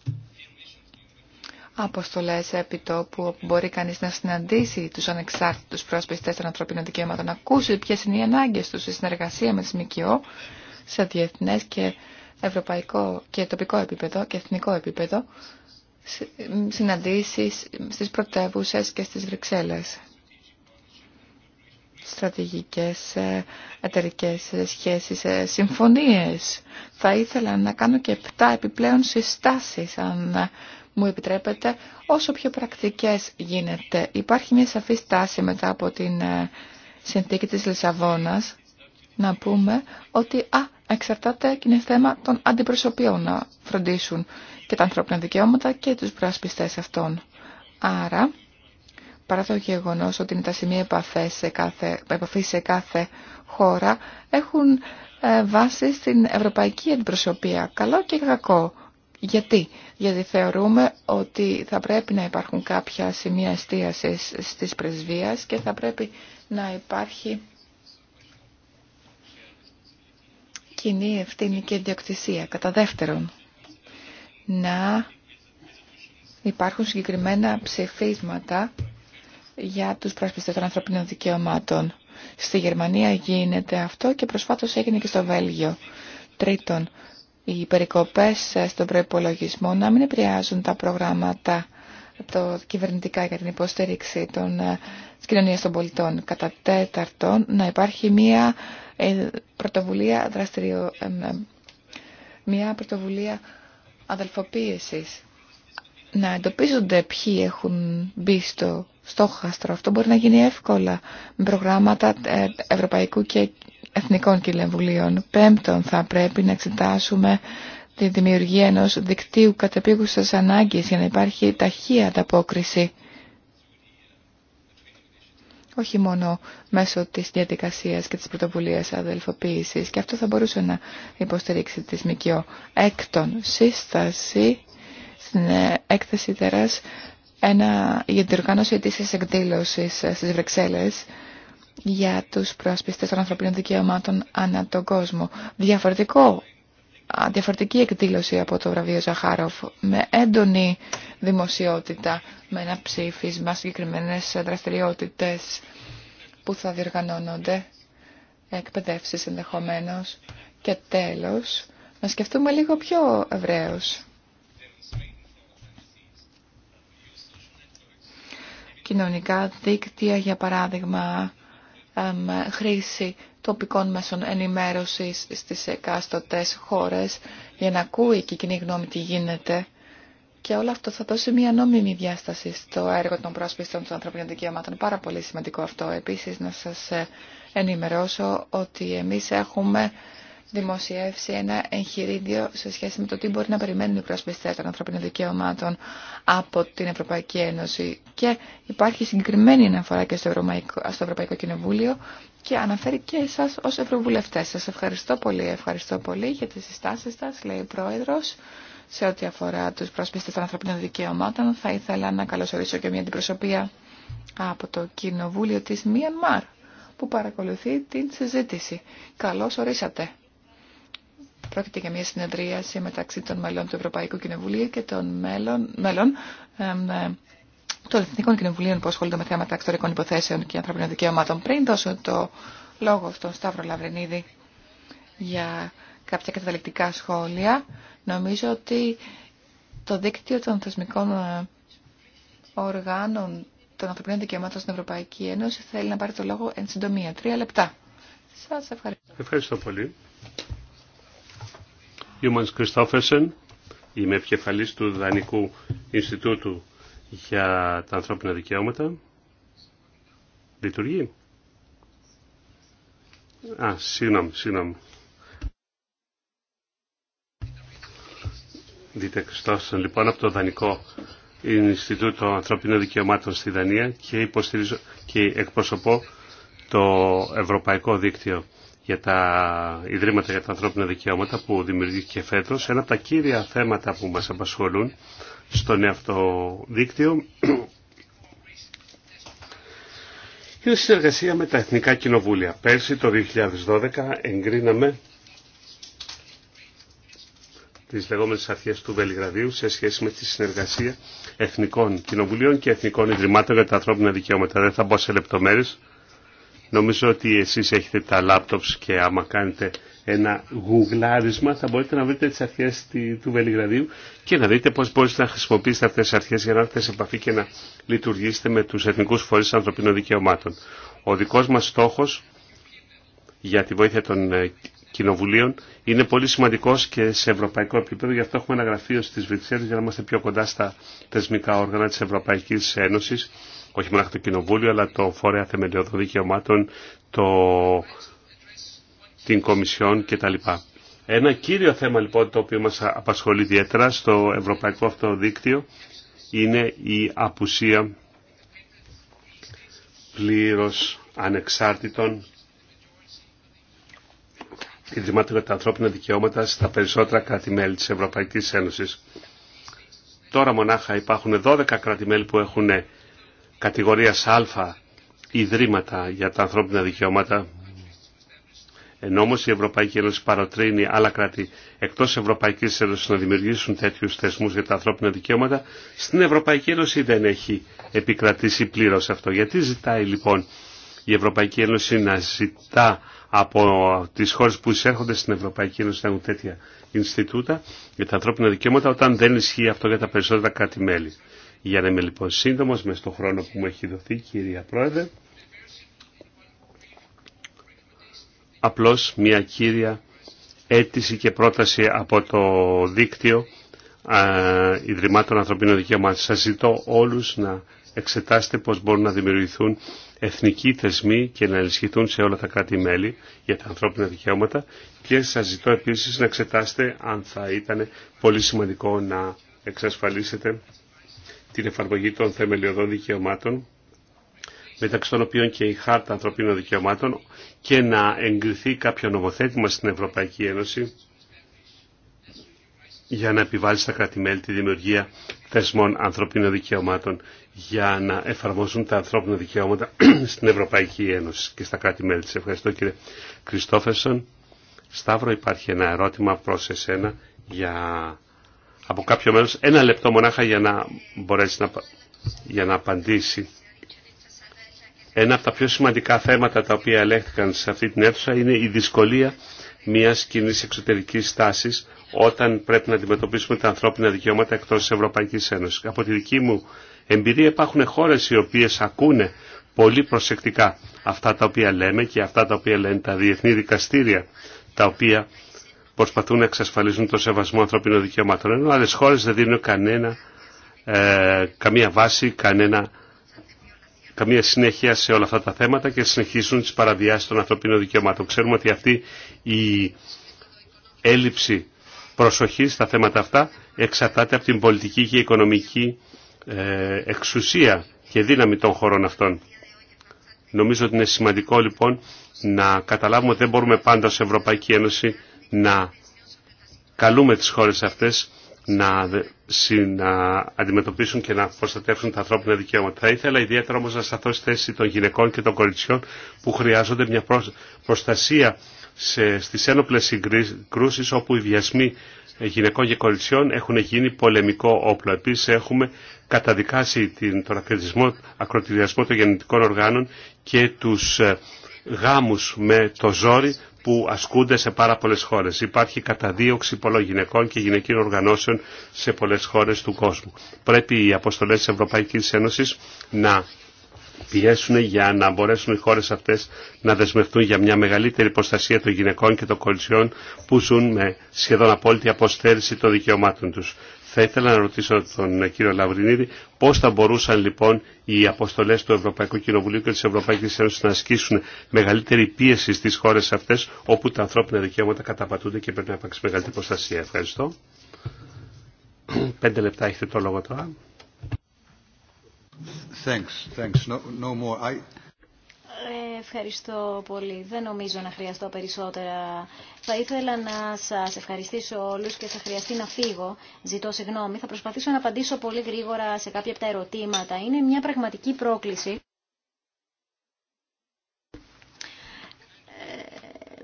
αποστολές τόπου όπου μπορεί κανείς να συναντήσει τους ανεξάρτητους προσπιστές των ανθρώπινων δικαιωμάτων, να ακούσει ποιες είναι οι ανάγκες τους, στη συνεργασία με τις ΜΚΟ σε διεθνές και ευρωπαϊκό και τοπικό επίπεδο και εθνικό επίπεδο συναντήσεις στις πρωτεύουσες και στις Βρυξέλλες. Στρατηγικές, ε, εταιρικέ ε, σχέσεις, ε, συμφωνίες. Θα ήθελα να κάνω και 7 επιπλέον συστάσεις, αν μου επιτρέπετε, όσο πιο πρακτικές γίνεται. Υπάρχει μια σαφή στάση μετά από την συνθήκη της Λισαβόνας να πούμε ότι α, εξαρτάται και είναι θέμα των αντιπροσωπείων να φροντίσουν και τα ανθρώπινα δικαιώματα και τους πράσπιστές αυτών. Άρα, παρά το γεγονός ότι είναι τα σημεία επαφής σε κάθε, σε κάθε χώρα, έχουν ε, βάση στην ευρωπαϊκή αντιπροσωπεία. Καλό και κακό. Γιατί? Γιατί θεωρούμε ότι θα πρέπει να υπάρχουν κάποια σημεία εστίασης στις πρεσβείας και θα πρέπει να υπάρχει κοινή ευθύνη και ιδιοκτησία. Κατά δεύτερον, να υπάρχουν συγκεκριμένα ψηφίσματα για τους πρασπιστές των ανθρωπίνων δικαιωμάτων. Στη Γερμανία γίνεται αυτό και προσφάτως έγινε και στο Βέλγιο. Τρίτον, οι περικοπές στον προπολογισμό να μην επηρεάζουν τα προγράμματα το κυβερνητικά για την υποστήριξη των, ε, της των πολιτών. Κατά τέταρτον, να υπάρχει μία ε, πρωτοβουλία δραστηριο, ε, μία πρωτοβουλία αδελφοποίησης. Να εντοπίζονται ποιοι έχουν μπει στο στόχαστρο. Αυτό μπορεί να γίνει εύκολα με προγράμματα ευρωπαϊκού και εθνικών κοινοβουλίων. Πέμπτον, θα πρέπει να εξετάσουμε τη δημιουργία ενός δικτύου κατεπίγουσας ανάγκης για να υπάρχει ταχεία ανταπόκριση. Όχι μόνο μέσω της διαδικασίας και της πρωτοβουλίας αδελφοποίησης. Και αυτό θα μπορούσε να υποστηρίξει τη ΣΜΚΙΟ. Έκτον, σύσταση στην ε, έκθεση τεράς ένα, για την οργάνωση της εκδήλωσης ε, στις Βρεξέλλες για τους προασπιστές των ανθρωπίνων δικαιωμάτων ανά τον κόσμο. Διαφορετικό διαφορετική εκδήλωση από το βραβείο Ζαχάροφ, με έντονη δημοσιότητα, με ένα ψήφισμα, συγκεκριμένε δραστηριότητε που θα διοργανώνονται, εκπαιδεύσει ενδεχομένω. Και τέλος, να σκεφτούμε λίγο πιο ευρέω. Κοινωνικά δίκτυα, για παράδειγμα, χρήση τοπικών μέσων ενημέρωσης στις εκάστοτες χώρες για να ακούει και η κοινή γνώμη τι γίνεται. Και όλο αυτό θα δώσει μια νόμιμη διάσταση στο έργο των πρόσπιστων των ανθρωπίνων δικαιωμάτων. Πάρα πολύ σημαντικό αυτό. Επίσης να σας ενημερώσω ότι εμείς έχουμε δημοσιεύσει ένα εγχειρίδιο σε σχέση με το τι μπορεί να περιμένουν οι προσπιστές των ανθρωπίνων δικαιωμάτων από την Ευρωπαϊκή Ένωση. Και υπάρχει συγκεκριμένη αναφορά και στο Ευρωπαϊκό, στο Ευρωπαϊκό Κοινοβούλιο και αναφέρει και εσάς ω ευρωβουλευτέ. Σα ευχαριστώ πολύ, ευχαριστώ πολύ για τι συστάσει σα, λέει ο Πρόεδρο, Σε ό,τι αφορά του προσπιστέ των ανθρωπίνων δικαιωμάτων, θα ήθελα να καλωσορίσω και μια αντιπροσωπεία από το Κοινοβούλιο της Μιανμάρ που παρακολουθεί την συζήτηση. Καλώ ορίσατε. Πρόκειται για μια συνεδρίαση μεταξύ των μελών του Ευρωπαϊκού Κοινοβουλίου και των μέλων, μέλων ε, των Εθνικών Κοινοβουλίων που ασχολούνται με θέματα εξωτερικών υποθέσεων και ανθρωπίνων δικαιωμάτων. Πριν δώσω το λόγο στον Σταύρο Λαβρενίδη για κάποια καταληκτικά σχόλια, νομίζω ότι το δίκτυο των θεσμικών ε, οργάνων των ανθρωπίνων δικαιωμάτων στην Ευρωπαϊκή Ένωση θέλει να πάρει το λόγο εν συντομία. Τρία λεπτά. Σας ευχαριστώ. Ευχαριστώ πολύ. Ο Κριστόφερσεν, Είμαι επικεφαλής του Δανικού Ινστιτούτου για τα ανθρώπινα δικαιώματα. Λειτουργεί. Α, συγγνώμη, συγγνώμη. Δείτε Κριστόφερσεν λοιπόν, από το Δανικό Ινστιτούτο Ανθρωπίνων Δικαιωμάτων στη Δανία και, υποστηρίζω, και εκπροσωπώ το Ευρωπαϊκό Δίκτυο για τα Ιδρύματα για τα Ανθρώπινα Δικαιώματα που δημιουργήθηκε φέτος. Ένα από τα κύρια θέματα που μας απασχολούν στον εαυτό δίκτυο είναι συνεργασία με τα Εθνικά Κοινοβούλια. Πέρσι το 2012 εγκρίναμε τις λεγόμενες αρχές του Βελιγραδίου σε σχέση με τη συνεργασία Εθνικών Κοινοβουλίων και Εθνικών Ιδρυμάτων για τα Ανθρώπινα Δικαιώματα. Δεν θα μπω σε λεπτομέρειες. Νομίζω ότι εσείς έχετε τα λάπτοψ και άμα κάνετε ένα γουγλάρισμα θα μπορείτε να βρείτε τις αρχές του Βελιγραδίου και να δείτε πώς μπορείτε να χρησιμοποιήσετε αυτές τις αρχές για να έρθετε σε επαφή και να λειτουργήσετε με τους Εθνικούς Φορείς Ανθρωπίνων Δικαιωμάτων. Ο δικός μας στόχος για τη βοήθεια των ε, κοινοβουλίων είναι πολύ σημαντικό και σε ευρωπαϊκό επίπεδο. Γι' αυτό έχουμε ένα γραφείο στις Βρυξέλλες για να είμαστε πιο κοντά στα θεσμικά όργανα της Ευρωπαϊκή Ένωση όχι μόνο το Κοινοβούλιο, αλλά το Φορέα Θεμελιωδών Δικαιωμάτων, το, την Κομισιόν κτλ. Ένα κύριο θέμα λοιπόν το οποίο μας απασχολεί ιδιαίτερα στο Ευρωπαϊκό αυτό δίκτυο είναι η απουσία πλήρως ανεξάρτητων Ιδρυμάτων για τα ανθρώπινα δικαιώματα στα περισσότερα κράτη-μέλη της Ευρωπαϊκής Ένωσης. Τώρα μονάχα υπάρχουν 12 κράτη-μέλη που έχουν Κατηγορία Α ιδρύματα για τα ανθρώπινα δικαιώματα. Ενώ όμως η Ευρωπαϊκή Ένωση παροτρύνει άλλα κράτη εκτός Ευρωπαϊκής Ένωσης να δημιουργήσουν τέτοιους θεσμούς για τα ανθρώπινα δικαιώματα, στην Ευρωπαϊκή Ένωση δεν έχει επικρατήσει πλήρως αυτό. Γιατί ζητάει λοιπόν η Ευρωπαϊκή Ένωση να ζητά από τις χώρες που εισέρχονται στην Ευρωπαϊκή Ένωση να έχουν τέτοια Ινστιτούτα για τα ανθρώπινα δικαιώματα όταν δεν ισχύει αυτό για τα περισσότερα κράτη-μέλη. Για να είμαι λοιπόν σύντομο με στον χρόνο που μου έχει δοθεί, κυρία Πρόεδρε, απλώς μια κύρια αίτηση και πρόταση από το δίκτυο α, Ιδρυμάτων Ανθρωπίνων Δικαιωμάτων. Σας ζητώ όλους να εξετάσετε πώς μπορούν να δημιουργηθούν εθνικοί θεσμοί και να ενισχυθούν σε όλα τα κράτη-μέλη για τα ανθρώπινα δικαιώματα και σας ζητώ επίσης να εξετάσετε αν θα ήταν πολύ σημαντικό να εξασφαλίσετε την εφαρμογή των θεμελιωδών δικαιωμάτων, μεταξύ των οποίων και η Χάρτα Ανθρωπίνων Δικαιωμάτων, και να εγκριθεί κάποιο νομοθέτημα στην Ευρωπαϊκή Ένωση για να επιβάλλει στα κρατη τη δημιουργία θεσμών ανθρωπίνων δικαιωμάτων για να εφαρμόσουν τα ανθρώπινα δικαιώματα στην Ευρωπαϊκή Ένωση και στα κράτη-μέλη της. Ευχαριστώ κύριε Κριστόφερσον. Σταύρο, υπάρχει ένα ερώτημα προς εσένα για από κάποιο μέρος ένα λεπτό μονάχα για να μπορέσει να, για να απαντήσει. Ένα από τα πιο σημαντικά θέματα τα οποία ελέγχθηκαν σε αυτή την αίθουσα είναι η δυσκολία μιας κοινή εξωτερικής στάσης όταν πρέπει να αντιμετωπίσουμε τα ανθρώπινα δικαιώματα εκτός της Ευρωπαϊκής Ένωσης. Από τη δική μου εμπειρία υπάρχουν χώρες οι οποίες ακούνε πολύ προσεκτικά αυτά τα οποία λέμε και αυτά τα οποία λένε τα διεθνή δικαστήρια τα οποία προσπαθούν να εξασφαλίσουν το σεβασμό ανθρωπίνων δικαιωμάτων. Ενώ άλλε χώρε δεν δίνουν κανένα, ε, καμία βάση, κανένα, καμία συνέχεια σε όλα αυτά τα θέματα και συνεχίζουν τι παραβιάσεις των ανθρωπίνων δικαιωμάτων. Ξέρουμε ότι αυτή η έλλειψη προσοχή στα θέματα αυτά εξαρτάται από την πολιτική και οικονομική ε, εξουσία και δύναμη των χωρών αυτών. Νομίζω ότι είναι σημαντικό λοιπόν να καταλάβουμε ότι δεν μπορούμε πάντα ως Ευρωπαϊκή Ένωση να καλούμε τις χώρες αυτές να, να αντιμετωπίσουν και να προστατεύσουν τα ανθρώπινα δικαιώματα. Θα ήθελα ιδιαίτερα όμως να σταθώ στη θέση των γυναικών και των κοριτσιών που χρειάζονται μια προστασία σε, στις ένοπλες συγκρούσεις όπου οι βιασμοί γυναικών και κοριτσιών έχουν γίνει πολεμικό όπλο. Επίσης έχουμε καταδικάσει την, τον ακροτηριασμό των γεννητικών οργάνων και τους ε, γάμους με το ζόρι που ασκούνται σε πάρα πολλές χώρες. Υπάρχει καταδίωξη πολλών γυναικών και γυναικείων οργανώσεων σε πολλές χώρες του κόσμου. Πρέπει οι αποστολές της Ευρωπαϊκής Ένωσης να πιέσουν για να μπορέσουν οι χώρες αυτές να δεσμευτούν για μια μεγαλύτερη προστασία των γυναικών και των κολλησιών που ζουν με σχεδόν απόλυτη αποστέρηση των δικαιωμάτων τους. Θα ήθελα να ρωτήσω τον κύριο Λαβρινίδη πώς θα μπορούσαν λοιπόν οι αποστολές του Ευρωπαϊκού Κοινοβουλίου και της Ευρωπαϊκής Ένωσης να ασκήσουν μεγαλύτερη πίεση στις χώρες αυτές όπου τα ανθρώπινα δικαιώματα καταπατούνται και πρέπει να υπάρξει μεγαλύτερη προστασία. Ευχαριστώ. Πέντε λεπτά έχετε το λόγο τώρα. Thanks, thanks. No, no more. I... Ευχαριστώ πολύ. Δεν νομίζω να χρειαστώ περισσότερα. Θα ήθελα να σας ευχαριστήσω όλους και θα χρειαστεί να φύγω. Ζητώ συγγνώμη. Θα προσπαθήσω να απαντήσω πολύ γρήγορα σε κάποια από τα ερωτήματα. Είναι μια πραγματική πρόκληση.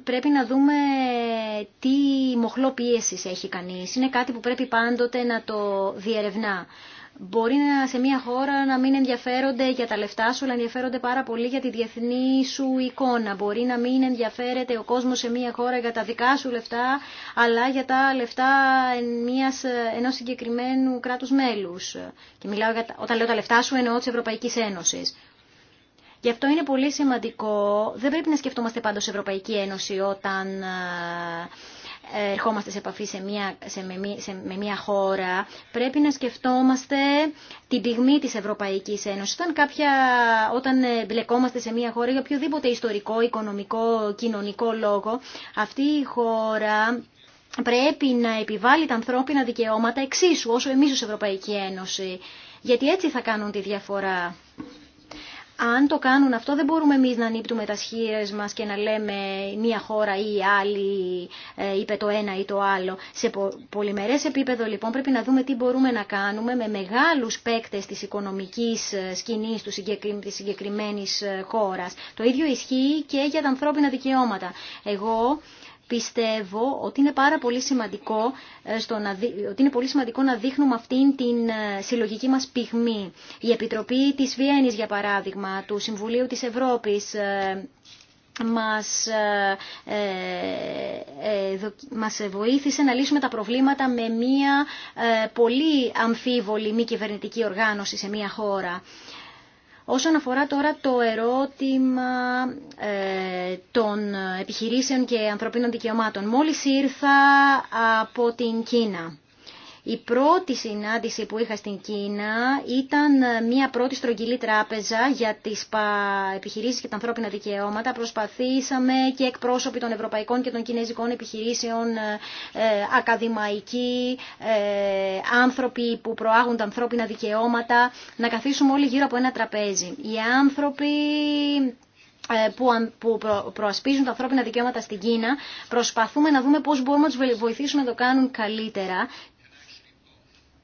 πρέπει να δούμε τι μοχλό πίεση έχει κανείς. Είναι κάτι που πρέπει πάντοτε να το διερευνά. Μπορεί να, σε μια χώρα να μην ενδιαφέρονται για τα λεφτά σου, αλλά ενδιαφέρονται πάρα πολύ για τη διεθνή σου εικόνα. Μπορεί να μην ενδιαφέρεται ο κόσμος σε μια χώρα για τα δικά σου λεφτά, αλλά για τα λεφτά μιας, ενός συγκεκριμένου κράτους μέλους. Και μιλάω για, όταν λέω τα λεφτά σου εννοώ της Ευρωπαϊκής Ένωσης. Γι' αυτό είναι πολύ σημαντικό, δεν πρέπει να σκεφτόμαστε πάντως Ευρωπαϊκή Ένωση όταν ε, ερχόμαστε σε επαφή σε μια, σε, με, μια χώρα, πρέπει να σκεφτόμαστε την πυγμή της Ευρωπαϊκής Ένωσης. Όταν, κάποια, όταν ε, μπλεκόμαστε σε μια χώρα για οποιοδήποτε ιστορικό, οικονομικό, κοινωνικό λόγο, αυτή η χώρα πρέπει να επιβάλλει τα ανθρώπινα δικαιώματα εξίσου όσο εμείς ως Ευρωπαϊκή Ένωση. Γιατί έτσι θα κάνουν τη διαφορά αν το κάνουν αυτό δεν μπορούμε εμείς να νύπτουμε τα σχήρες μας και να λέμε μία χώρα ή η αλλη ε, είπε το ένα ή το άλλο. Σε πολυμερές επίπεδο λοιπόν πρέπει να δούμε τι μπορούμε να κάνουμε με μεγάλους παίκτες της οικονομικής ε, σκηνής του της συγκεκριμένης ε, χώρας. Το ίδιο ισχύει και για τα ανθρώπινα δικαιώματα. Εγώ πιστεύω ότι είναι πάρα πολύ σημαντικό, ε, στο να, ότι είναι πολύ σημαντικό να δείχνουμε αυτήν την ε, συλλογική μας πυγμή. Η Επιτροπή της Βιέννης, για παράδειγμα, του Συμβουλίου της Ευρώπης, ε, μας, μας βοήθησε να λύσουμε τα προβλήματα με μια πολύ αμφίβολη μη κυβερνητική οργάνωση σε μια χώρα. Όσον αφορά τώρα το ερώτημα ε, των επιχειρήσεων και ανθρωπίνων δικαιωμάτων, μόλις ήρθα από την Κίνα. Η πρώτη συνάντηση που είχα στην Κίνα ήταν ε, μια πρώτη στρογγυλή τράπεζα για τις επιχειρήσεις και τα ανθρώπινα δικαιώματα. Προσπαθήσαμε και εκπρόσωποι των ευρωπαϊκών και των κινέζικων επιχειρήσεων, ε, ε, ακαδημαϊκοί, άνθρωποι που προάγουν τα ανθρώπινα δικαιώματα, να καθίσουμε όλοι γύρω από ένα τραπέζι. Οι άνθρωποι που προασπίζουν τα ανθρώπινα δικαιώματα στην Κίνα, προσπαθούμε να δούμε πώς μπορούμε να τους βοηθήσουμε να το κάνουν καλύτερα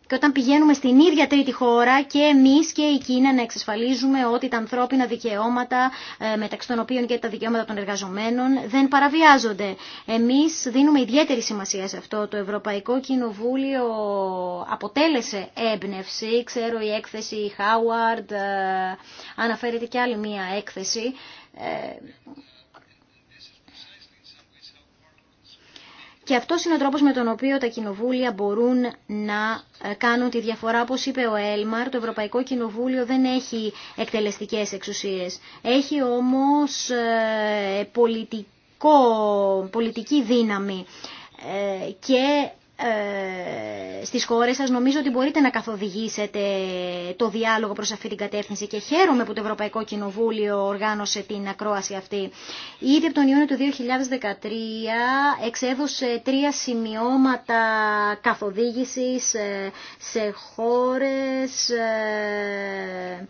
και όταν πηγαίνουμε στην ίδια τρίτη χώρα και εμείς και η Κίνα να εξασφαλίζουμε ότι τα ανθρώπινα δικαιώματα ε, μεταξύ των οποίων και τα δικαιώματα των εργαζομένων δεν παραβιάζονται. Εμείς δίνουμε ιδιαίτερη σημασία σε αυτό. Το Ευρωπαϊκό Κοινοβούλιο αποτέλεσε έμπνευση. Ξέρω η έκθεση Χάουαρντ, ε, αναφέρεται και άλλη μία έκθεση ε, Και αυτό είναι ο τρόπο με τον οποίο τα κοινοβούλια μπορούν να ε, κάνουν τη διαφορά. Όπως είπε ο Έλμαρ, το Ευρωπαϊκό Κοινοβούλιο δεν έχει εκτελεστικές εξουσίες. Έχει όμως ε, πολιτική δύναμη ε, και ε, στις χώρες σας νομίζω ότι μπορείτε να καθοδηγήσετε το διάλογο προς αυτή την κατεύθυνση και χαίρομαι που το Ευρωπαϊκό Κοινοβούλιο οργάνωσε την ακρόαση αυτή. Ήδη από τον Ιούνιο του 2013 εξέδωσε τρία σημειώματα καθοδήγησης ε, σε χώρες ε,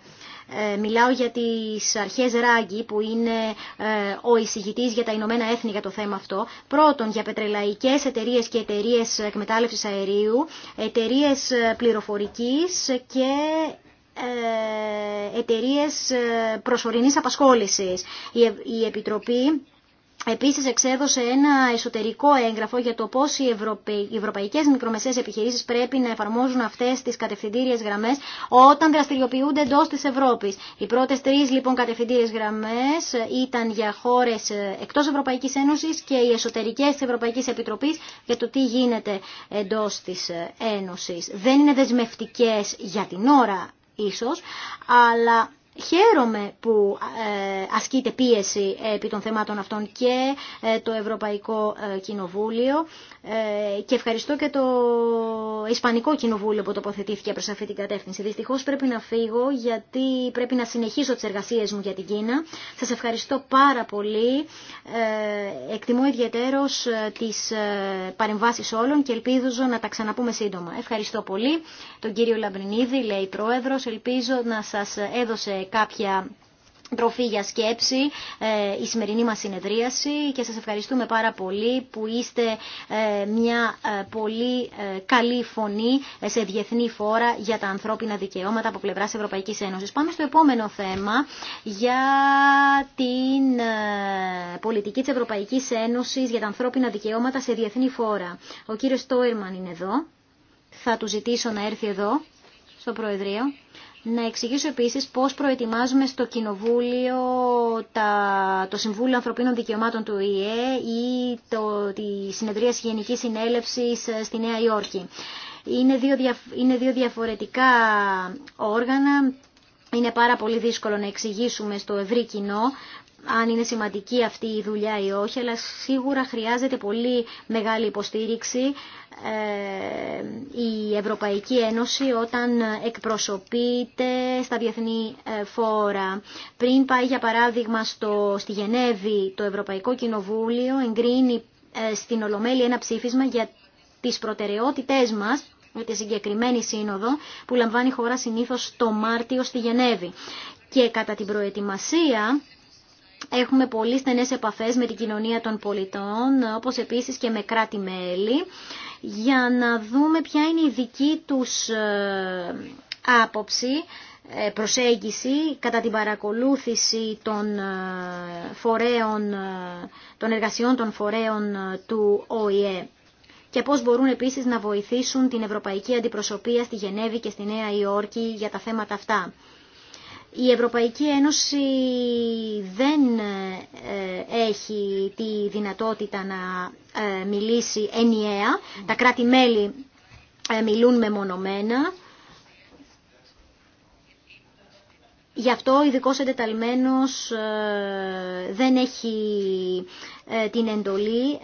ε, μιλάω για τις αρχές Ράγκη που είναι ε, ο εισηγητής για τα Ηνωμένα Έθνη για το θέμα αυτό. Πρώτον για πετρελαϊκές εταιρείες και εταιρείες εκμετάλλευσης αερίου, εταιρείες ε, πληροφορικής και εταιρείες προσωρινής απασχόλησης. Η Επιτροπή Επίσης εξέδωσε ένα εσωτερικό έγγραφο για το πώς οι, ευρωπαϊκές μικρομεσαίες επιχειρήσεις πρέπει να εφαρμόζουν αυτές τις κατευθυντήριες γραμμές όταν δραστηριοποιούνται εντός της Ευρώπης. Οι πρώτες τρεις λοιπόν κατευθυντήριες γραμμές ήταν για χώρες εκτός Ευρωπαϊκής Ένωσης και οι εσωτερικές της Ευρωπαϊκής Επιτροπής για το τι γίνεται εντός της Ένωσης. Δεν είναι δεσμευτικές για την ώρα ίσως, αλλά Χαίρομαι που ε, ασκείται πίεση επί των θεμάτων αυτών και ε, το Ευρωπαϊκό ε, Κοινοβούλιο και ευχαριστώ και το Ισπανικό Κοινοβούλιο που τοποθετήθηκε προς αυτή την κατεύθυνση. Δυστυχώς πρέπει να φύγω γιατί πρέπει να συνεχίσω τις εργασίες μου για την Κίνα. Σας ευχαριστώ πάρα πολύ. Εκτιμώ ιδιαίτερος τις παρεμβάσεις όλων και ελπίζω να τα ξαναπούμε σύντομα. Ευχαριστώ πολύ τον κύριο Λαμπρινίδη, λέει πρόεδρος. Ελπίζω να σας έδωσε κάποια τροφή για σκέψη ε, η σημερινή μας συνεδρίαση και σας ευχαριστούμε πάρα πολύ που είστε ε, μια ε, πολύ καλή φωνή σε διεθνή φόρα για τα ανθρώπινα δικαιώματα από πλευράς Ευρωπαϊκής Ένωσης. Πάμε στο επόμενο θέμα για την πολιτική της Ευρωπαϊκής Ένωσης για τα ανθρώπινα δικαιώματα σε διεθνή φόρα. Ο κύριος Τόιρμαν είναι εδώ. Θα του ζητήσω να έρθει εδώ στο Προεδρείο. Να εξηγήσω επίσης πώς προετοιμάζουμε στο Κοινοβούλιο τα, το Συμβούλιο Ανθρωπίνων Δικαιωμάτων του ΙΕ ή το, τη Συνεδρία Γενικής Συνέλευσης ε, στη Νέα Υόρκη. Είναι δύο, είναι δύο διαφορετικά όργανα. Είναι πάρα πολύ δύσκολο να εξηγήσουμε στο ευρύ κοινό αν είναι σημαντική αυτή η δουλειά ή όχι, αλλά σίγουρα χρειάζεται πολύ μεγάλη υποστήριξη ε, η Ευρωπαϊκή Ένωση όταν εκπροσωπείται στα διεθνή ε, φόρα. Πριν πάει, για παράδειγμα, στο, στη Γενέβη το Ευρωπαϊκό Κοινοβούλιο εγκρίνει ε, στην Ολομέλη ένα ψήφισμα για τις προτεραιότητές μας με τη συγκεκριμένη σύνοδο που λαμβάνει η χώρα συνήθως το Μάρτιο στη Γενέβη. Και κατά την προετοιμασία Έχουμε πολύ στενές επαφές με την κοινωνία των πολιτών, όπως επίσης και με κράτη-μέλη, για να δούμε ποια είναι η δική τους ε, άποψη, ε, προσέγγιση κατά την παρακολούθηση των, ε, φορέων, των εργασιών των φορέων του ΟΗΕ και πώς μπορούν επίσης να βοηθήσουν την Ευρωπαϊκή Αντιπροσωπεία στη Γενέβη και στη Νέα Υόρκη για τα θέματα αυτά. Η Ευρωπαϊκή Ένωση δεν ε, έχει τη δυνατότητα να ε, μιλήσει ενιαία. Τα κράτη-μέλη ε, μιλούν μεμονωμένα. Γι' αυτό ο ειδικό εντεταλμένος δεν έχει την εντολή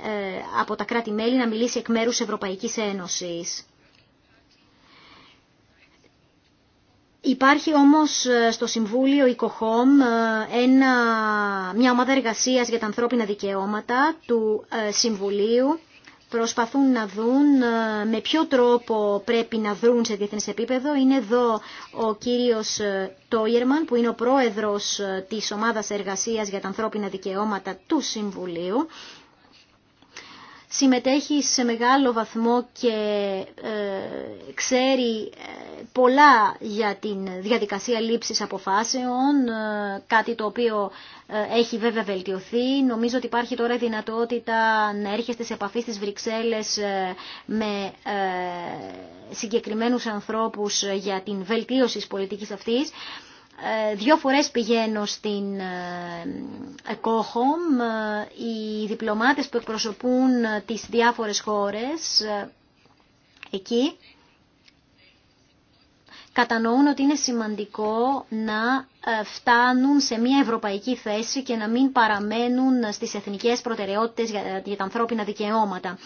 από τα κράτη-μέλη να μιλήσει εκ μέρους Ευρωπαϊκής Ένωσης. Υπάρχει όμως ε, στο Συμβούλιο ΙΚΟΧΟΜ ε, ένα, μια ομάδα εργασίας για τα ανθρώπινα δικαιώματα του ε, Συμβουλίου. Προσπαθούν να δουν με ποιο τρόπο πρέπει να δρουν σε διεθνές επίπεδο. Είναι εδώ ο κύριος Τόιερμαν που είναι ο πρόεδρος της ομάδας εργασίας για τα ανθρώπινα δικαιώματα του Συμβουλίου συμμετέχει σε μεγάλο βαθμό και ε, ξέρει ε, πολλά για την διαδικασία λήψης αποφάσεων, ε, κάτι το οποίο έχει βέβαια βελτιωθεί. Νομίζω ότι υπάρχει τώρα δυνατότητα να έρχεστε σε επαφή στις Βρυξέλλες με συγκεκριμένους ανθρώπους για την βελτίωση της πολιτικής αυτής. Ε, δύο φορές πηγαίνω στην ΕΚΟΧΟΜ, ε, ε, οι διπλωμάτες που εκπροσωπούν τις διάφορες χώρες εκεί κατανοούν ότι είναι σημαντικό να φτάνουν σε μια ευρωπαϊκή θέση και να μην παραμένουν στις εθνικές προτεραιότητες για τα ανθρώπινα δικαιώματα.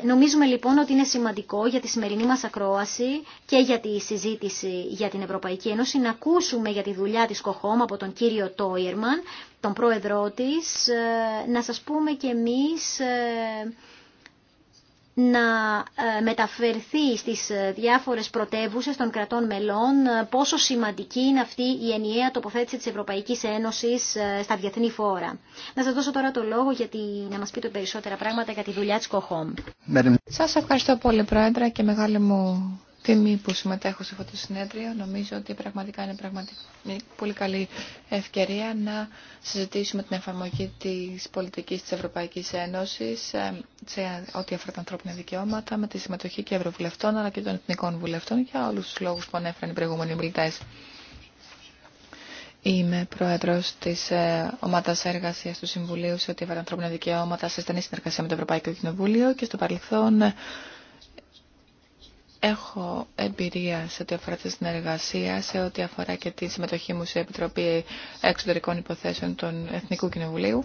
Ε, νομίζουμε λοιπόν ότι είναι σημαντικό για τη σημερινή μας ακρόαση και για τη συζήτηση για την Ευρωπαϊκή Ένωση να ακούσουμε για τη δουλειά της ΚΟΧΟΜ από τον κύριο Τόιερμαν, τον πρόεδρό της, ε, να σας πούμε και εμείς ε, να ε, μεταφερθεί στις ε, διάφορες πρωτεύουσες των κρατών μελών ε, πόσο σημαντική είναι αυτή η ενιαία τοποθέτηση της Ευρωπαϊκής Ένωσης στα διεθνή φόρα. Να σας δώσω τώρα το λόγο γιατί να μας πείτε περισσότερα πράγματα για τη δουλειά της ΚΟΧΟΜ. Σας ευχαριστώ πολύ Πρόεδρε και μεγάλη μου τιμή που συμμετέχω σε αυτό το συνέδριο. Νομίζω ότι πραγματικά είναι πραγματικά πολύ καλή ευκαιρία να συζητήσουμε την εφαρμογή της πολιτικής της Ευρωπαϊκής Ένωσης ε, σε ό,τι αφορά τα ανθρώπινα δικαιώματα με τη συμμετοχή και ευρωβουλευτών αλλά και των εθνικών βουλευτών για όλους τους λόγους που ανέφεραν οι προηγούμενοι μιλητές. Είμαι πρόεδρο τη ε, ομάδα εργασία του Συμβουλίου σε ό,τι αφορά ανθρώπινα δικαιώματα σε στενή συνεργασία με το Ευρωπαϊκό Κοινοβούλιο και στο παρελθόν ε, Έχω εμπειρία σε ό,τι αφορά τη συνεργασία, σε ό,τι αφορά και τη συμμετοχή μου σε Επιτροπή Εξωτερικών Υποθέσεων των Εθνικού Κοινοβουλίου.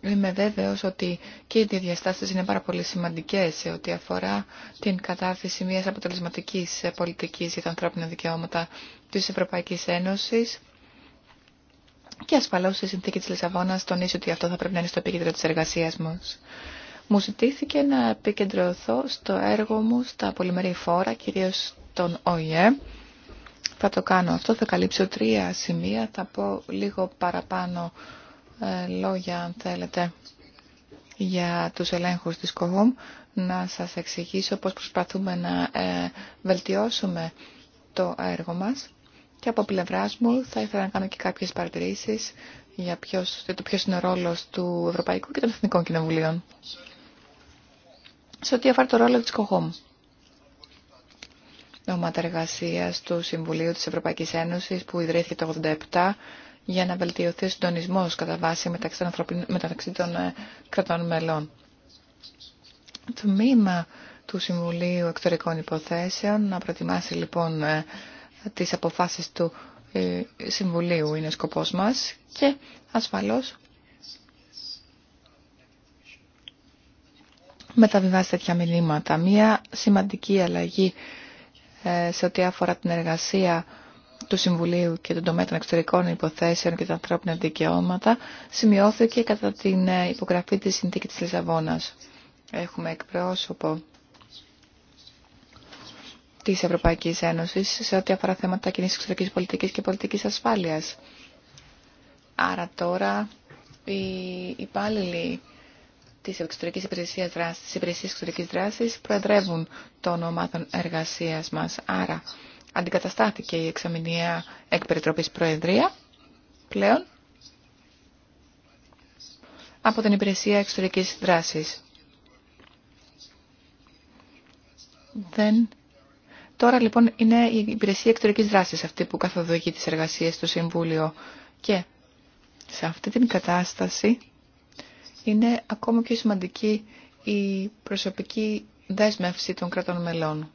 Είμαι βέβαιος ότι και οι διαστάσει είναι πάρα πολύ σημαντικέ σε ό,τι αφορά την κατάρτιση μια αποτελεσματική πολιτική ή τα ανθρώπινα δικαιώματα τη Ευρωπαϊκή Ένωση και ασφαλώ για τα ανθρώπινα δικαιώματα τη Λισαβόνα τον είσαι Και θα πρέπει η συνθήκη της Λισαβόνας τονίζει ότι αυτό θα πρέπει να είναι στο επίκεντρο τη εργασια μα. Μου ζητήθηκε να επικεντρωθώ στο έργο μου στα πολυμερή φόρα, κυρίως τον ΟΙΕ. Θα το κάνω αυτό, θα καλύψω τρία σημεία, θα πω λίγο παραπάνω ε, λόγια αν θέλετε για τους ελέγχους της ΚΟΓΟΜ, να σας εξηγήσω πώς προσπαθούμε να ε, βελτιώσουμε το έργο μας και από πλευρά μου θα ήθελα να κάνω και κάποιες παρατηρήσεις για, για το ποιος είναι ο ρόλος του Ευρωπαϊκού και των Εθνικών Κοινοβουλίων σε ό,τι αφορά το ρόλο της ΚΟΧΟΜ. νόματα του Συμβουλίου της Ευρωπαϊκής Ένωσης που ιδρύθηκε το 1987 για να βελτιωθεί ο συντονισμός κατά βάση μεταξύ των, μεταξύ των ε, κρατών μελών. Το του Συμβουλίου Εκτορικών Υποθέσεων να προετοιμάσει λοιπόν ε, τις αποφάσεις του ε, Συμβουλίου είναι σκοπός μας και ασφαλώς μεταβιβάσει τέτοια μηνύματα. Μία σημαντική αλλαγή ε, σε ό,τι αφορά την εργασία του Συμβουλίου και τον τομέα των εξωτερικών υποθέσεων και τα ανθρώπινων δικαιώματα σημειώθηκε κατά την ε, υπογραφή της συνθήκης της Λισαβόνας. Έχουμε εκπρόσωπο της Ευρωπαϊκής Ένωσης σε ό,τι αφορά θέματα κοινής εξωτερικής πολιτικής και πολιτικής ασφάλειας. Άρα τώρα οι υπάλληλοι Τη εξωτερική υπηρεσία δράση τη Υπηρεσία εξωτερική δράση προεδρεύουν των ομάδων εργασίας μας. Άρα αντικαταστάθηκε η εξαμηνία εκπεριτροπή προεδρία πλέον από την Υπηρεσία εξωτερική δράση. Δεν... Τώρα λοιπόν είναι η Υπηρεσία Εξωτερικής Δράσης αυτή που καθοδογεί τις εργασίες του Συμβούλιο και σε αυτή την κατάσταση είναι ακόμα πιο σημαντική η προσωπική δέσμευση των κρατών μελών.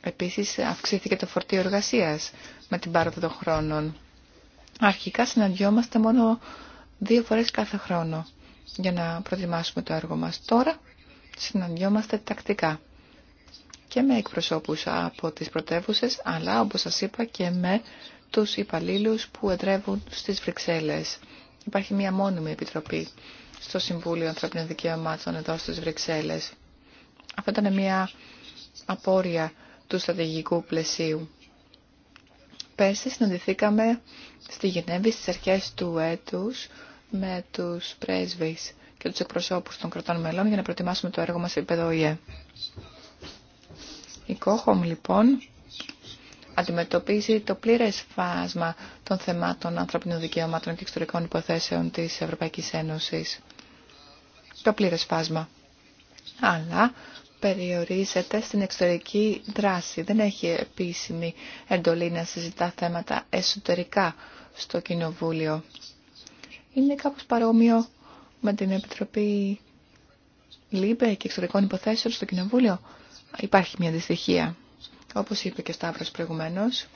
Επίσης αυξήθηκε το φορτίο εργασίας με την πάροδο των χρόνων. Αρχικά συναντιόμαστε μόνο δύο φορές κάθε χρόνο για να προετοιμάσουμε το έργο μας. Τώρα συναντιόμαστε τακτικά και με εκπροσώπους από τις πρωτεύουσε, αλλά όπως σας είπα και με τους υπαλλήλους που εδρεύουν στις Βρυξέλλες. Υπάρχει μία μόνιμη επιτροπή στο Συμβούλιο Ανθρωπίνων Δικαιωμάτων εδώ στις Βρυξέλλες. Αυτό ήταν μία απόρρια του στρατηγικού πλαισίου. Πέρσι συναντηθήκαμε στη Γενέβη στις αρχές του έτους με τους πρέσβεις και τους εκπροσώπους των κρατών μελών για να προετοιμάσουμε το έργο μας σε επίπεδο ΟΗΕ. Η Κόχομ λοιπόν αντιμετωπίζει το πλήρες φάσμα των θεμάτων ανθρωπινών δικαιωμάτων και εξωτερικών υποθέσεων της Ευρωπαϊκής Ένωσης. Το πλήρες φάσμα. Αλλά περιορίζεται στην εξωτερική δράση. Δεν έχει επίσημη εντολή να συζητά θέματα εσωτερικά στο Κοινοβούλιο. Είναι κάπως παρόμοιο με την Επιτροπή ΛΥΜΠΕ και εξωτερικών υποθέσεων στο Κοινοβούλιο. Υπάρχει μια αντιστοιχία. Όπως είπε και ο Σταύρος προηγουμένως,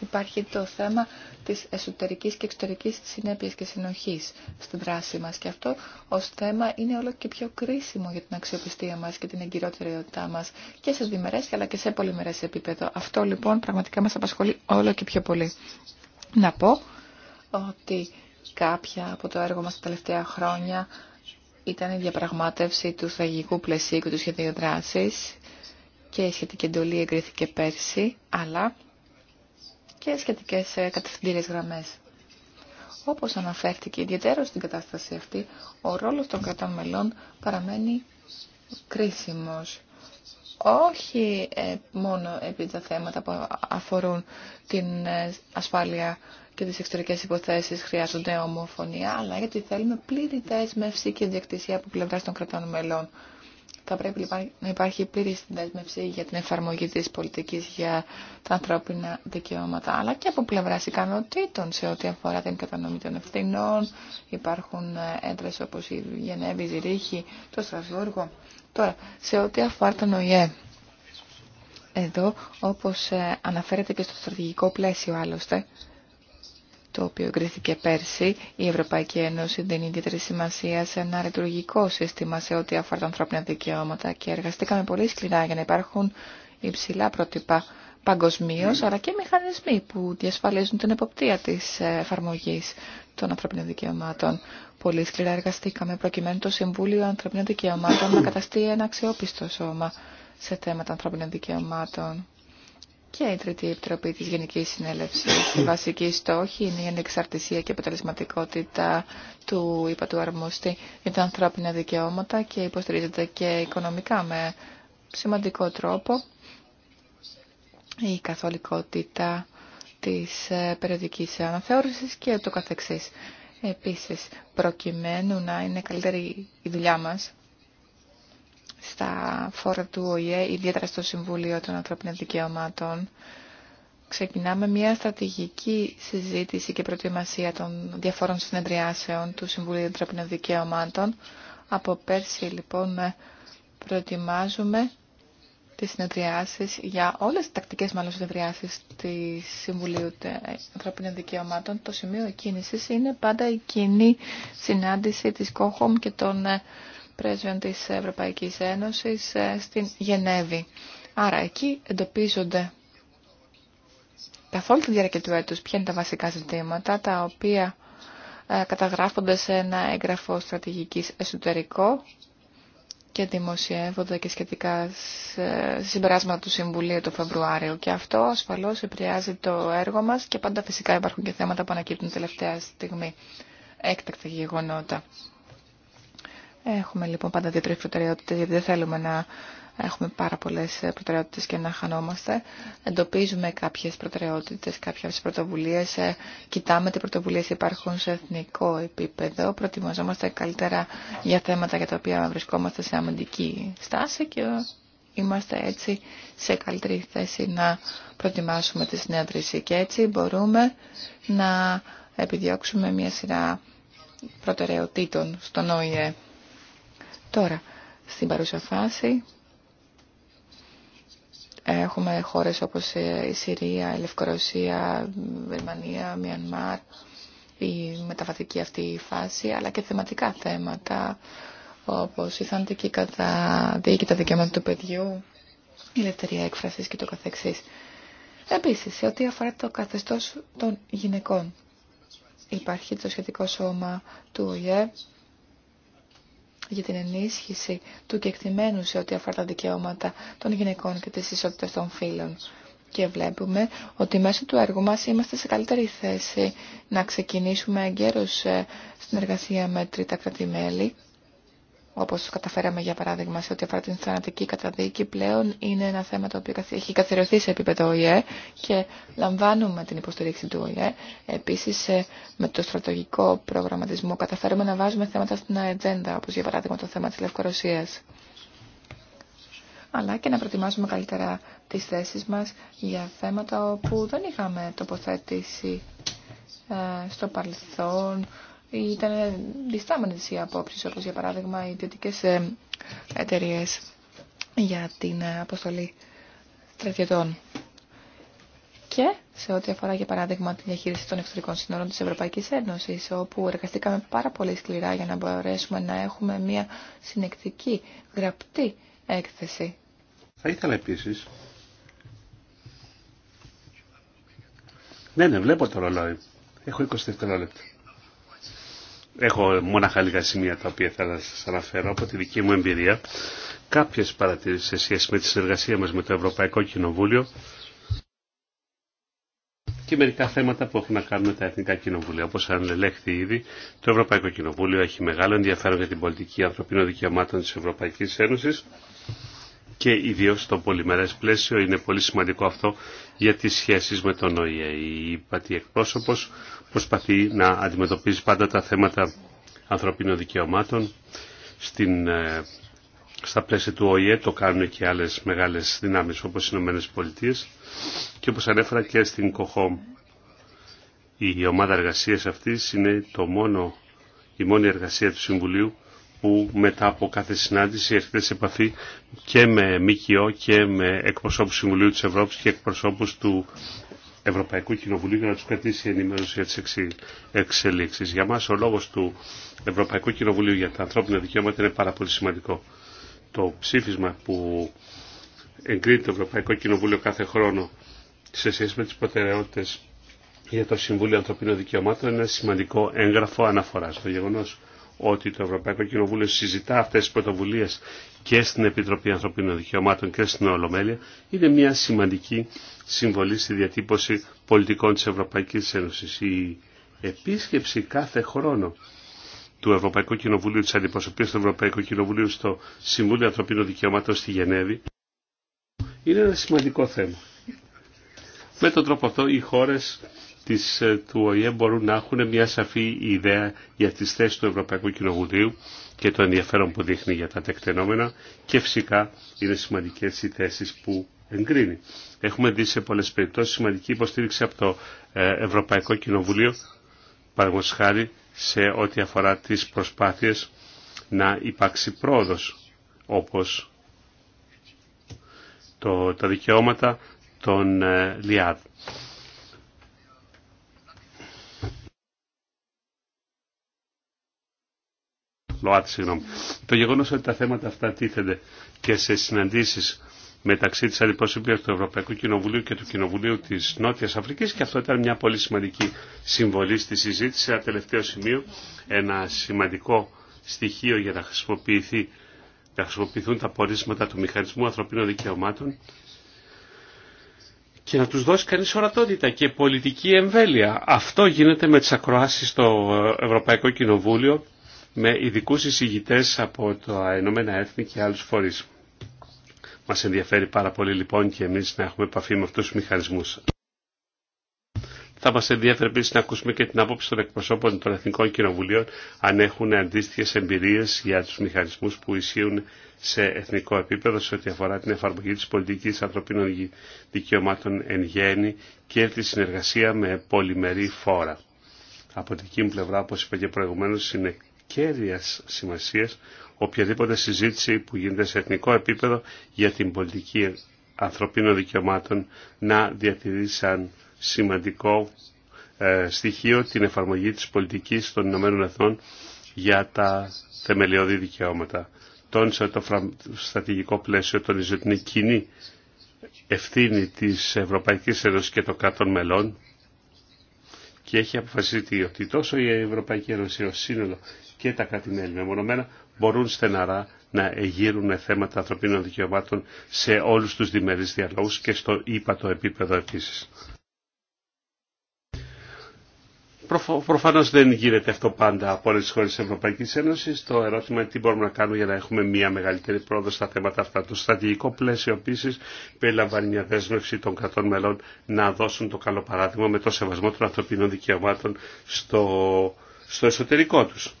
υπάρχει το θέμα της εσωτερικής και εξωτερικής συνέπειας και συνοχής στην δράση μας και αυτό ως θέμα είναι όλο και πιο κρίσιμο για την αξιοπιστία μας και την εγκυρότητα μας και σε διμερές αλλά και σε πολυμερές επίπεδο. Αυτό λοιπόν πραγματικά μας απασχολεί όλο και πιο πολύ. Να πω ότι κάποια από το έργο μας τα τελευταία χρόνια ήταν η διαπραγμάτευση του θεγικού πλαισίου και του σχεδίου δράσης και η σχετική εντολή εγκρίθηκε πέρσι, αλλά και σχετικές ε, κατευθυντήριες γραμμές. Όπως αναφέρθηκε ιδιαίτερα στην κατάσταση αυτή, ο ρόλος των κρατών μελών παραμένει κρίσιμος. Όχι ε, μόνο επί τα θέματα που αφορούν την ε, ασφάλεια και τις εξωτερικές υποθέσεις χρειάζονται ομοφωνία, αλλά γιατί θέλουμε πλήρη δέσμευση και διακτησία από πλευρά των κρατών μελών θα πρέπει λοιπόν να υπάρχει πλήρη συνδέσμευση για την εφαρμογή της πολιτικής για τα ανθρώπινα δικαιώματα, αλλά και από πλευρά ικανοτήτων σε ό,τι αφορά την κατανομή των ευθυνών. Υπάρχουν ε, έντρες όπως η Γενέβη, η Ζηρίχη, το Στρασβούργο. Τώρα, σε ό,τι αφορά τον ΟΗΕ, εδώ, όπως ε, αναφέρεται και στο στρατηγικό πλαίσιο άλλωστε, το οποίο εγκρίθηκε πέρσι, η Ευρωπαϊκή Ένωση δίνει ιδιαίτερη σημασία σε ένα λειτουργικό σύστημα σε ό,τι αφορά τα ανθρώπινα δικαιώματα και εργαστήκαμε πολύ σκληρά για να υπάρχουν υψηλά πρότυπα παγκοσμίω, ναι. αλλά και μηχανισμοί που διασφαλίζουν την εποπτεία τη εφαρμογή των ανθρωπίνων δικαιωμάτων. Πολύ σκληρά εργαστήκαμε προκειμένου το Συμβούλιο Ανθρωπίνων Δικαιωμάτων να καταστεί ένα αξιόπιστο σώμα σε θέματα ανθρωπίνων δικαιωμάτων. Και η Τρίτη Επιτροπή της Γενικής Συνέλευσης. Η βασική στόχη είναι η ανεξαρτησία και αποτελεσματικότητα του ΥΠΑ του για τα ανθρώπινα δικαιώματα και υποστηρίζεται και οικονομικά με σημαντικό τρόπο η καθολικότητα της ε, περιοδικής αναθεώρησης και το καθεξής. Επίσης, προκειμένου να είναι καλύτερη η δουλειά μας, στα φόρα του ΟΗΕ, ιδιαίτερα στο Συμβούλιο των Ανθρωπίνων Δικαιωμάτων. Ξεκινάμε μια στρατηγική συζήτηση και προετοιμασία των διαφόρων συνεδριάσεων του Συμβουλίου Ανθρωπίνων Δικαιωμάτων. Από πέρσι λοιπόν προετοιμάζουμε τις συνεδριάσεις για όλες τις τακτικές μάλλον συνεδριάσεις της Συμβουλίου Ανθρωπίνων Δικαιωμάτων. Το σημείο κίνησης είναι πάντα η κοινή συνάντηση της ΚΟΧΟΜ και των ε, πρέσβεων της Ευρωπαϊκής Ένωσης ε, στην Γενέβη. Άρα εκεί εντοπίζονται καθ' όλη τη διάρκεια του έτους ποια είναι τα βασικά ζητήματα τα οποία ε, καταγράφονται σε ένα έγγραφο στρατηγικής εσωτερικό και δημοσιεύονται και σχετικά ε, συμπεράσματα του Συμβουλίου το Φεβρουάριο. Και αυτό ασφαλώς επηρεάζει το έργο μας και πάντα φυσικά υπάρχουν και θέματα που ανακύπτουν τελευταία στιγμή έκτακτα γεγονότα. Έχουμε λοιπόν πάντα δύο-τρει προτεραιότητε, γιατί δεν θέλουμε να έχουμε πάρα πολλέ προτεραιότητε και να χανόμαστε. Εντοπίζουμε κάποιε προτεραιότητε, κάποιε πρωτοβουλίε, ε, κοιτάμε τι πρωτοβουλίε υπάρχουν σε εθνικό επίπεδο, προετοιμαζόμαστε καλύτερα για θέματα για τα οποία βρισκόμαστε σε αμυντική στάση και είμαστε έτσι σε καλύτερη θέση να προετοιμάσουμε τη συνέδριση και έτσι μπορούμε να επιδιώξουμε μια σειρά προτεραιοτήτων στον ΟΗΕ. Τώρα, στην παρούσα φάση έχουμε χώρες όπως ε, η Συρία, η Λευκορωσία, η Βερμανία, η Μιανμάρ, η μεταβατική αυτή φάση, αλλά και θεματικά θέματα όπως η θαντική καταδίκη και τα δικαιώματα του παιδιού, η ελευθερία έκφρασης και το καθεξής. Επίσης, σε ό,τι αφορά το καθεστώς των γυναικών, υπάρχει το σχετικό σώμα του ΟΙΕ για την ενίσχυση του κεκτημένου σε ό,τι αφορά τα δικαιώματα των γυναικών και τις ισότητες των φύλων. Και βλέπουμε ότι μέσω του έργου μας είμαστε σε καλύτερη θέση να ξεκινήσουμε εγκαίρως ε, συνεργασία με τρίτα κρατημέλη Όπω καταφέραμε για παράδειγμα σε ό,τι αφορά την θανατική καταδίκη, πλέον είναι ένα θέμα το οποίο έχει καθιερωθεί σε επίπεδο ΟΗΕ και λαμβάνουμε την υποστηρίξη του ΟΗΕ. Επίσης, ε, με το στρατογικό προγραμματισμό καταφέρουμε να βάζουμε θέματα στην ατζέντα, όπως για παράδειγμα το θέμα της Λευκορωσίας. Αλλά και να προετοιμάσουμε καλύτερα τι θέσει μα για θέματα όπου δεν είχαμε τοποθέτηση ε, στο παρελθόν, ήταν διστάμενες οι απόψεις, όπως για παράδειγμα οι ιδιωτικέ ε, εταιρείε για την ε, αποστολή στρατιωτών. Και σε ό,τι αφορά για παράδειγμα τη διαχείριση των εξωτερικών σύνορων της Ευρωπαϊκής Ένωσης, όπου εργαστήκαμε πάρα πολύ σκληρά για να μπορέσουμε να έχουμε μια συνεκτική, γραπτή έκθεση. Θα ήθελα επίσης... Ναι, ναι, βλέπω το ρολόι. Έχω 20 δευτερόλεπτα. Έχω μόναχα λίγα σημεία τα οποία θα σας αναφέρω από τη δική μου εμπειρία. Κάποιες παρατηρήσεις σε σχέση με τη συνεργασία μας με το Ευρωπαϊκό Κοινοβούλιο και μερικά θέματα που έχουν να κάνουν με τα Εθνικά Κοινοβούλια. Όπως ανελέχθη ήδη, το Ευρωπαϊκό Κοινοβούλιο έχει μεγάλο ενδιαφέρον για την πολιτική ανθρωπίνων δικαιωμάτων της Ευρωπαϊκής Ένωσης και ιδίως στο πολυμερές πλαίσιο είναι πολύ σημαντικό αυτό για τις σχέσεις με τον ΟΗΕ. Η Πατή εκπρόσωπος προσπαθεί να αντιμετωπίζει πάντα τα θέματα ανθρωπίνων δικαιωμάτων στην, ε, στα πλαίσια του ΟΗΕ το κάνουν και άλλες μεγάλες δυνάμεις όπως οι ΗΠΑ. και όπως ανέφερα και στην ΚΟΧΟΜ η ομάδα εργασίας αυτής είναι το μόνο, η μόνη εργασία του Συμβουλίου που μετά από κάθε συνάντηση έρχεται σε επαφή και με ΜΚΟ και με εκπροσώπους Συμβουλίου της Ευρώπης και εκπροσώπους του Ευρωπαϊκού Κοινοβουλίου για να τους κρατήσει ενημέρωση για τις εξελίξεις. Για μας ο λόγος του Ευρωπαϊκού Κοινοβουλίου για τα ανθρώπινα δικαιώματα είναι πάρα πολύ σημαντικό. Το ψήφισμα που εγκρίνει το Ευρωπαϊκό Κοινοβούλιο κάθε χρόνο σε σχέση με τις προτεραιότητες για το Συμβούλιο Ανθρωπίνων Δικαιωμάτων είναι ένα σημαντικό έγγραφο αναφοράς. Το γεγονός ότι το Ευρωπαϊκό Κοινοβούλιο συζητά αυτές τις πρωτοβουλίες και στην Επιτροπή Ανθρωπίνων Δικαιωμάτων και στην Ολομέλεια είναι μια σημαντική συμβολή στη διατύπωση πολιτικών της Ευρωπαϊκής Ένωσης. Η επίσκεψη κάθε χρόνο του Ευρωπαϊκού Κοινοβουλίου, της αντιπροσωπείας του Ευρωπαϊκού Κοινοβουλίου στο Συμβούλιο Ανθρωπίνων Δικαιωμάτων στη Γενέβη είναι ένα σημαντικό θέμα. Με τον τρόπο αυτό οι χώρες της, ε, του ΟΗΕ μπορούν να έχουν μια σαφή ιδέα για τις θέσεις του Ευρωπαϊκού Κοινοβουλίου και το ενδιαφέρον που δείχνει για τα τεκτενόμενα και φυσικά είναι σημαντικές οι θέσεις που εγκρίνει. Έχουμε δει σε πολλές περιπτώσεις σημαντική υποστήριξη από το ε, Ευρωπαϊκό Κοινοβουλίο παραγωγός σε ό,τι αφορά τις προσπάθειες να υπάρξει πρόοδος όπως το, τα δικαιώματα των ε, ΛΙΑΔ. ΛΟΑΤ, Το γεγονό ότι τα θέματα αυτά τίθενται και σε συναντήσει μεταξύ τη αντιπρόσωπη του Ευρωπαϊκού Κοινοβουλίου και του Κοινοβουλίου τη Νότια Αφρική και αυτό ήταν μια πολύ σημαντική συμβολή στη συζήτηση. Ένα τελευταίο σημείο, ένα σημαντικό στοιχείο για να χρησιμοποιηθεί να χρησιμοποιηθούν τα πορίσματα του Μηχανισμού Ανθρωπίνων Δικαιωμάτων και να τους δώσει κανείς ορατότητα και πολιτική εμβέλεια. Αυτό γίνεται με τις ακροάσεις στο Ευρωπαϊκό Κοινοβούλιο με ειδικού εισηγητές από το Ηνωμένα Έθνη και άλλους φορείς. Μας ενδιαφέρει πάρα πολύ λοιπόν και εμείς να έχουμε επαφή με αυτούς τους μηχανισμούς. Θα μας ενδιαφέρει επίσης να ακούσουμε και την άποψη των εκπροσώπων των Εθνικών Κοινοβουλίων αν έχουν αντίστοιχε εμπειρίες για τους μηχανισμούς που ισχύουν σε εθνικό επίπεδο σε ό,τι αφορά την εφαρμογή της πολιτικής ανθρωπίνων δικαιωμάτων εν γέννη και τη συνεργασία με πολυμερή φόρα. Από την δική πλευρά, όπως είπα και προηγουμένω είναι κέρδιας σημασίας οποιαδήποτε συζήτηση που γίνεται σε εθνικό επίπεδο για την πολιτική ανθρωπίνων δικαιωμάτων να διατηρεί σαν σημαντικό ε, στοιχείο την εφαρμογή της πολιτικής των Ηνωμένων Εθνών για τα θεμελιώδη δικαιώματα. Τόνισε το στρατηγικό πλαίσιο, τόνισε την κοινή ευθύνη της Ευρωπαϊκής και των κρατών μελών και έχει αποφασίσει ότι τόσο η Ευρωπαϊκή Ένωση ως σύνολο και τα κράτη-μέλη μεμονωμένα μπορούν στεναρά να εγείρουν θέματα ανθρωπίνων δικαιωμάτων σε όλους τους διμερείς διαλόγους και στο ύπατο επίπεδο επίσης. Προφανώ προφανώς δεν γίνεται αυτό πάντα από όλες τις χώρες της Ευρωπαϊκής Ένωσης. Το ερώτημα είναι τι μπορούμε να κάνουμε για να έχουμε μια μεγαλύτερη πρόοδο στα θέματα αυτά. Το στρατηγικό πλαίσιο επίση περιλαμβάνει μια δέσμευση των κρατών μελών να δώσουν το καλό παράδειγμα με το σεβασμό των ανθρωπίνων δικαιωμάτων στο, στο εσωτερικό τους.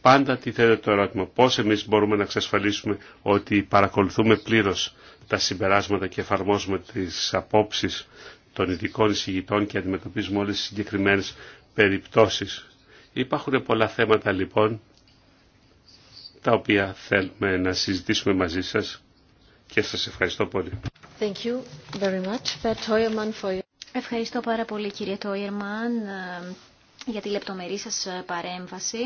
Πάντα τίθεται το ερώτημα πώς εμείς μπορούμε να εξασφαλίσουμε ότι παρακολουθούμε πλήρως τα συμπεράσματα και εφαρμόζουμε τις απόψεις των ειδικών εισηγητών και αντιμετωπίζουμε όλες τις συγκεκριμένες περιπτώσεις. Υπάρχουν πολλά θέματα λοιπόν τα οποία θέλουμε να συζητήσουμε μαζί σας και σας ευχαριστώ πολύ. Thank you very much. Ευχαριστώ πάρα πολύ κύριε Τόιερμαν για τη λεπτομερή σας παρέμβαση.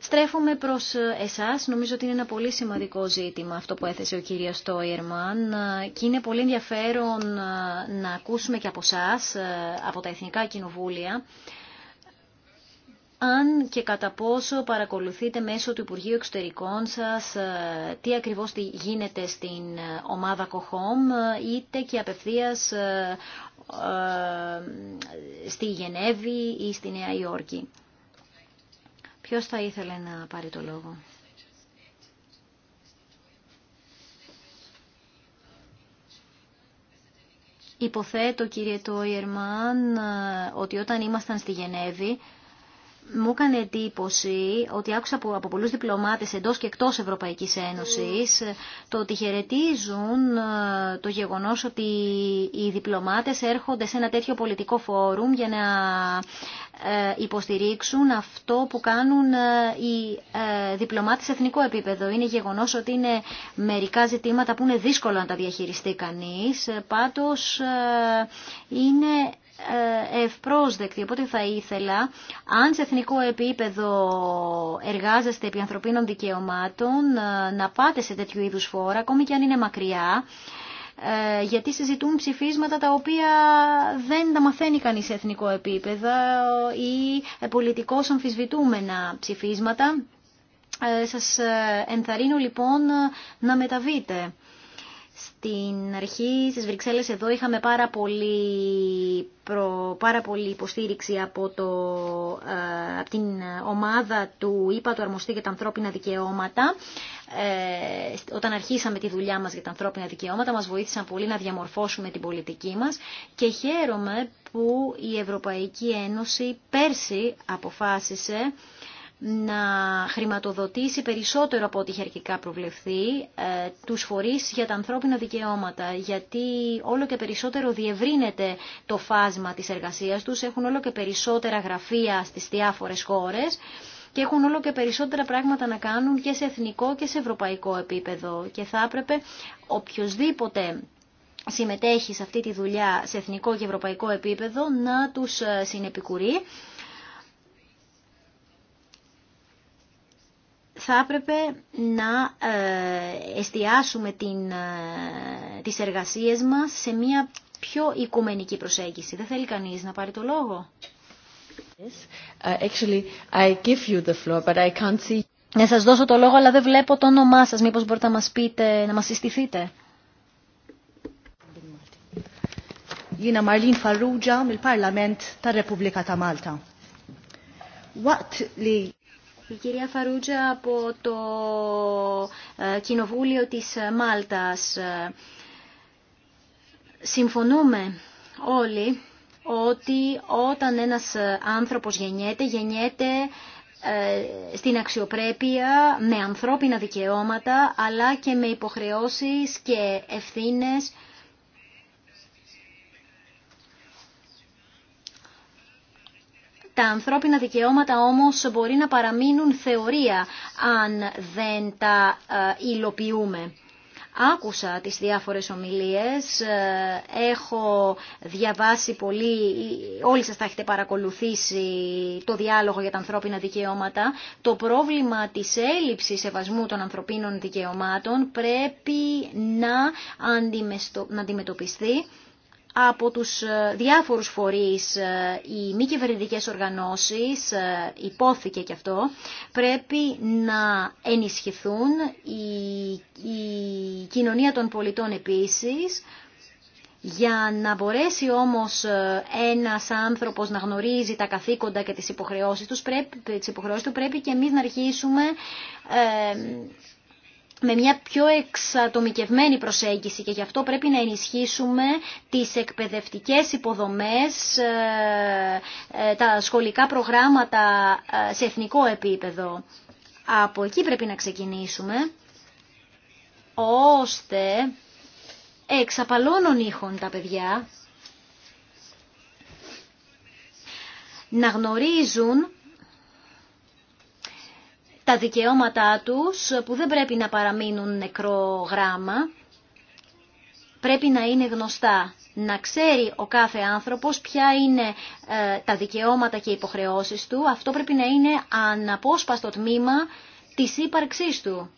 Στρέφουμε προς εσάς, νομίζω ότι είναι ένα πολύ σημαντικό ζήτημα αυτό που έθεσε ο κύριος Στόιερμαν και είναι πολύ ενδιαφέρον ε, να ακούσουμε και από εσά, ε, από τα Εθνικά Κοινοβούλια, αν και κατά πόσο παρακολουθείτε μέσω του Υπουργείου Εξωτερικών σας ε, τι ακριβώς γίνεται στην ομάδα Κοχόμ, είτε και απευθείας στη Γενέβη ή στη Νέα Υόρκη. Ποιος θα ήθελε να πάρει το λόγο. Υποθέτω κύριε Τόιερμαν ότι όταν ήμασταν στη Γενέβη μου έκανε εντύπωση ότι άκουσα από, από πολλούς διπλωμάτες εντός και εκτός Ευρωπαϊκής Ένωσης το ότι χαιρετίζουν ε, το γεγονός ότι οι διπλωμάτες έρχονται σε ένα τέτοιο πολιτικό φόρουμ για να ε, υποστηρίξουν αυτό που κάνουν ε, οι ε, διπλωμάτες σε εθνικό επίπεδο. Είναι γεγονός ότι είναι μερικά ζητήματα που είναι δύσκολο να τα διαχειριστεί κανείς, πάντως είναι ευπρόσδεκτη. Οπότε θα ήθελα, αν σε εθνικό επίπεδο εργάζεστε επί ανθρωπίνων δικαιωμάτων, να πάτε σε τέτοιου είδους φόρα, ακόμη και αν είναι μακριά, ε, γιατί συζητούν ψηφίσματα τα οποία δεν τα μαθαίνει κανείς σε εθνικό επίπεδο ή ε, πολιτικώς αμφισβητούμενα ψηφίσματα. Ε, σας ενθαρρύνω λοιπόν να μεταβείτε. Στην αρχή στις Βρυξέλλες εδώ είχαμε πάρα πολύ, πάρα πολύ υποστήριξη από, το, ε, από την ομάδα του ΙΠΑ του Αρμοστή για τα ανθρώπινα δικαιώματα. Ε, όταν αρχίσαμε τη δουλειά μας για τα ανθρώπινα δικαιώματα μας βοήθησαν πολύ να διαμορφώσουμε την πολιτική μας και χαίρομαι που η Ευρωπαϊκή Ένωση πέρσι αποφάσισε να χρηματοδοτήσει περισσότερο από ό,τι είχε αρχικά προβλεφθεί ε, τους φορείς για τα ανθρώπινα δικαιώματα, γιατί όλο και περισσότερο διευρύνεται το φάσμα της εργασίας τους, έχουν όλο και περισσότερα γραφεία στις διάφορες χώρες και έχουν όλο και περισσότερα πράγματα να κάνουν και σε εθνικό και σε ευρωπαϊκό επίπεδο και θα έπρεπε οποιοδήποτε συμμετέχει σε αυτή τη δουλειά σε εθνικό και ευρωπαϊκό επίπεδο να τους ε, συνεπικουρεί θα έπρεπε να ε, εστιάσουμε την, ε, τις εργασίες μας σε μια πιο οικουμενική προσέγγιση. Δεν θέλει κανείς να πάρει το λόγο. Yes, uh, actually I I give you the floor, but can't see. Να σας δώσω το λόγο, αλλά δεν βλέπω το όνομά σας. Μήπως μπορείτε να μας πείτε, να μας συστηθείτε. Jina Marlin Farrugia mill-Parlament tar-Repubblika ta' Malta. Waqt li η κυρία Φαρούτζα από το ε, Κοινοβούλιο της Μάλτας. Συμφωνούμε όλοι ότι όταν ένας άνθρωπος γεννιέται, γεννιέται ε, στην αξιοπρέπεια, με ανθρώπινα δικαιώματα, αλλά και με υποχρεώσεις και ευθύνες Τα ανθρώπινα δικαιώματα όμως μπορεί να παραμείνουν θεωρία αν δεν τα ε, υλοποιούμε. Άκουσα τις διάφορες ομιλίες, ε, έχω διαβάσει πολύ, όλοι σας θα έχετε παρακολουθήσει το διάλογο για τα ανθρώπινα δικαιώματα. Το πρόβλημα της έλλειψης σεβασμού των ανθρωπίνων δικαιωμάτων πρέπει να αντιμετωπιστεί από τους ε, διάφορους φορείς, ε, οι μη κυβερνητικέ οργανώσεις, ε, υπόθηκε και αυτό, πρέπει να ενισχυθούν, η, η κοινωνία των πολιτών επίσης, για να μπορέσει όμως ένας άνθρωπος να γνωρίζει τα καθήκοντα και τις υποχρεώσεις, τους, πρέπει, τις υποχρεώσεις του, πρέπει και εμείς να αρχίσουμε με μια πιο εξατομικευμένη προσέγγιση και γι' αυτό πρέπει να ενισχύσουμε τις εκπαιδευτικές υποδομές, ε, ε, τα σχολικά προγράμματα ε, σε εθνικό επίπεδο. Από εκεί πρέπει να ξεκινήσουμε, ώστε εξαπαλώνων ήχων τα παιδιά να γνωρίζουν τα δικαιώματά τους που δεν πρέπει να παραμείνουν νεκρό γράμμα, πρέπει να είναι γνωστά. Να ξέρει ο κάθε άνθρωπος ποια είναι ε, τα δικαιώματα και οι υποχρεώσεις του. Αυτό πρέπει να είναι αναπόσπαστο τμήμα της ύπαρξής του.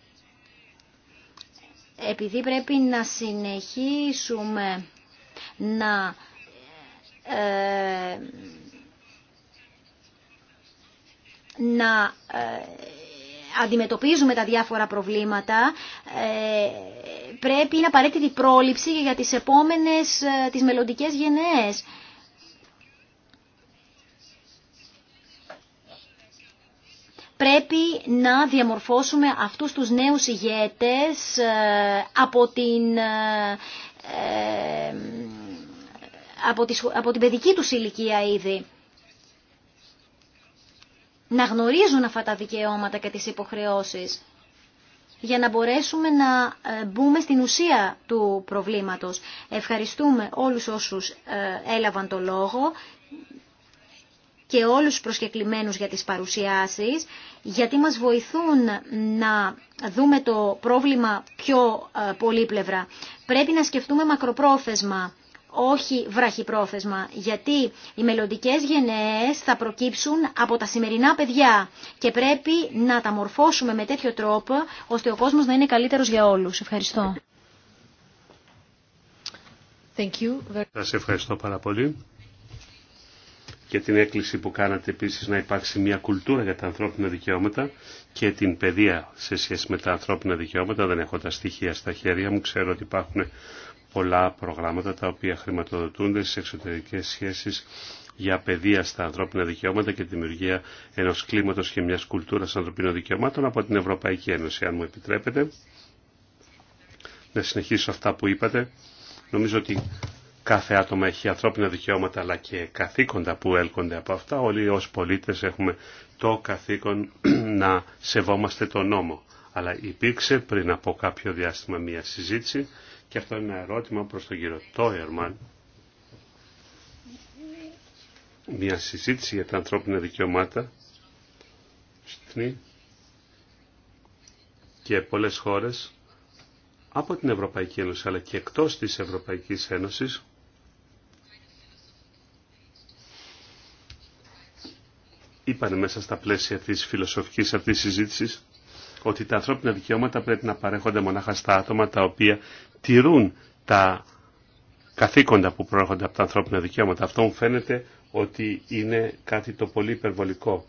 Επειδή πρέπει να συνεχίσουμε να... Ε, ε, να αντιμετωπίζουμε τα διάφορα προβλήματα, ε, πρέπει, να απαραίτητη πρόληψη για τις επόμενες, ε, τις μελλοντικές γενναίες. πρέπει να διαμορφώσουμε αυτούς τους νέους ηγέτες ε, από την, από, από την παιδική τους ηλικία ήδη να γνωρίζουν αυτά τα δικαιώματα και τις υποχρεώσεις για να μπορέσουμε να ε, μπούμε στην ουσία του προβλήματος. Ευχαριστούμε όλους όσους ε, έλαβαν το λόγο και όλους τους προσκεκλημένους για τις παρουσιάσεις, γιατί μας βοηθούν να δούμε το πρόβλημα πιο ε, πολύπλευρα. Πρέπει να σκεφτούμε μακροπρόθεσμα όχι βραχυπρόθεσμα, γιατί οι μελλοντικέ γενναίες θα προκύψουν από τα σημερινά παιδιά και πρέπει να τα μορφώσουμε με τέτοιο τρόπο, ώστε ο κόσμος να είναι καλύτερος για όλους. Ευχαριστώ. Thank Σας ευχαριστώ πάρα πολύ και την έκκληση που κάνατε επίσης να υπάρξει μια κουλτούρα για τα ανθρώπινα δικαιώματα και την παιδεία σε σχέση με τα ανθρώπινα δικαιώματα. Δεν έχω τα στοιχεία στα χέρια μου, ξέρω ότι υπάρχουν πολλά προγράμματα τα οποία χρηματοδοτούνται στις εξωτερικές σχέσεις για παιδεία στα ανθρώπινα δικαιώματα και τη δημιουργία ενός κλίματος και μιας κουλτούρας ανθρωπίνων δικαιωμάτων από την Ευρωπαϊκή Ένωση, αν μου επιτρέπετε. Να συνεχίσω αυτά που είπατε. Νομίζω ότι κάθε άτομα έχει ανθρώπινα δικαιώματα αλλά και καθήκοντα που έλκονται από αυτά. Όλοι ως πολίτες έχουμε το καθήκον να σεβόμαστε τον νόμο. Αλλά υπήρξε πριν από κάποιο διάστημα μια συζήτηση και αυτό είναι ένα ερώτημα προς τον κύριο Τόιερμαν. Μια συζήτηση για τα ανθρώπινα δικαιωμάτα και πολλές χώρες από την Ευρωπαϊκή Ένωση αλλά και εκτός της Ευρωπαϊκής Ένωσης είπαν μέσα στα πλαίσια της φιλοσοφικής αυτής συζήτησης ότι τα ανθρώπινα δικαιώματα πρέπει να παρέχονται μονάχα στα άτομα τα οποία τηρούν τα καθήκοντα που προέρχονται από τα ανθρώπινα δικαιώματα. Αυτό μου φαίνεται ότι είναι κάτι το πολύ υπερβολικό.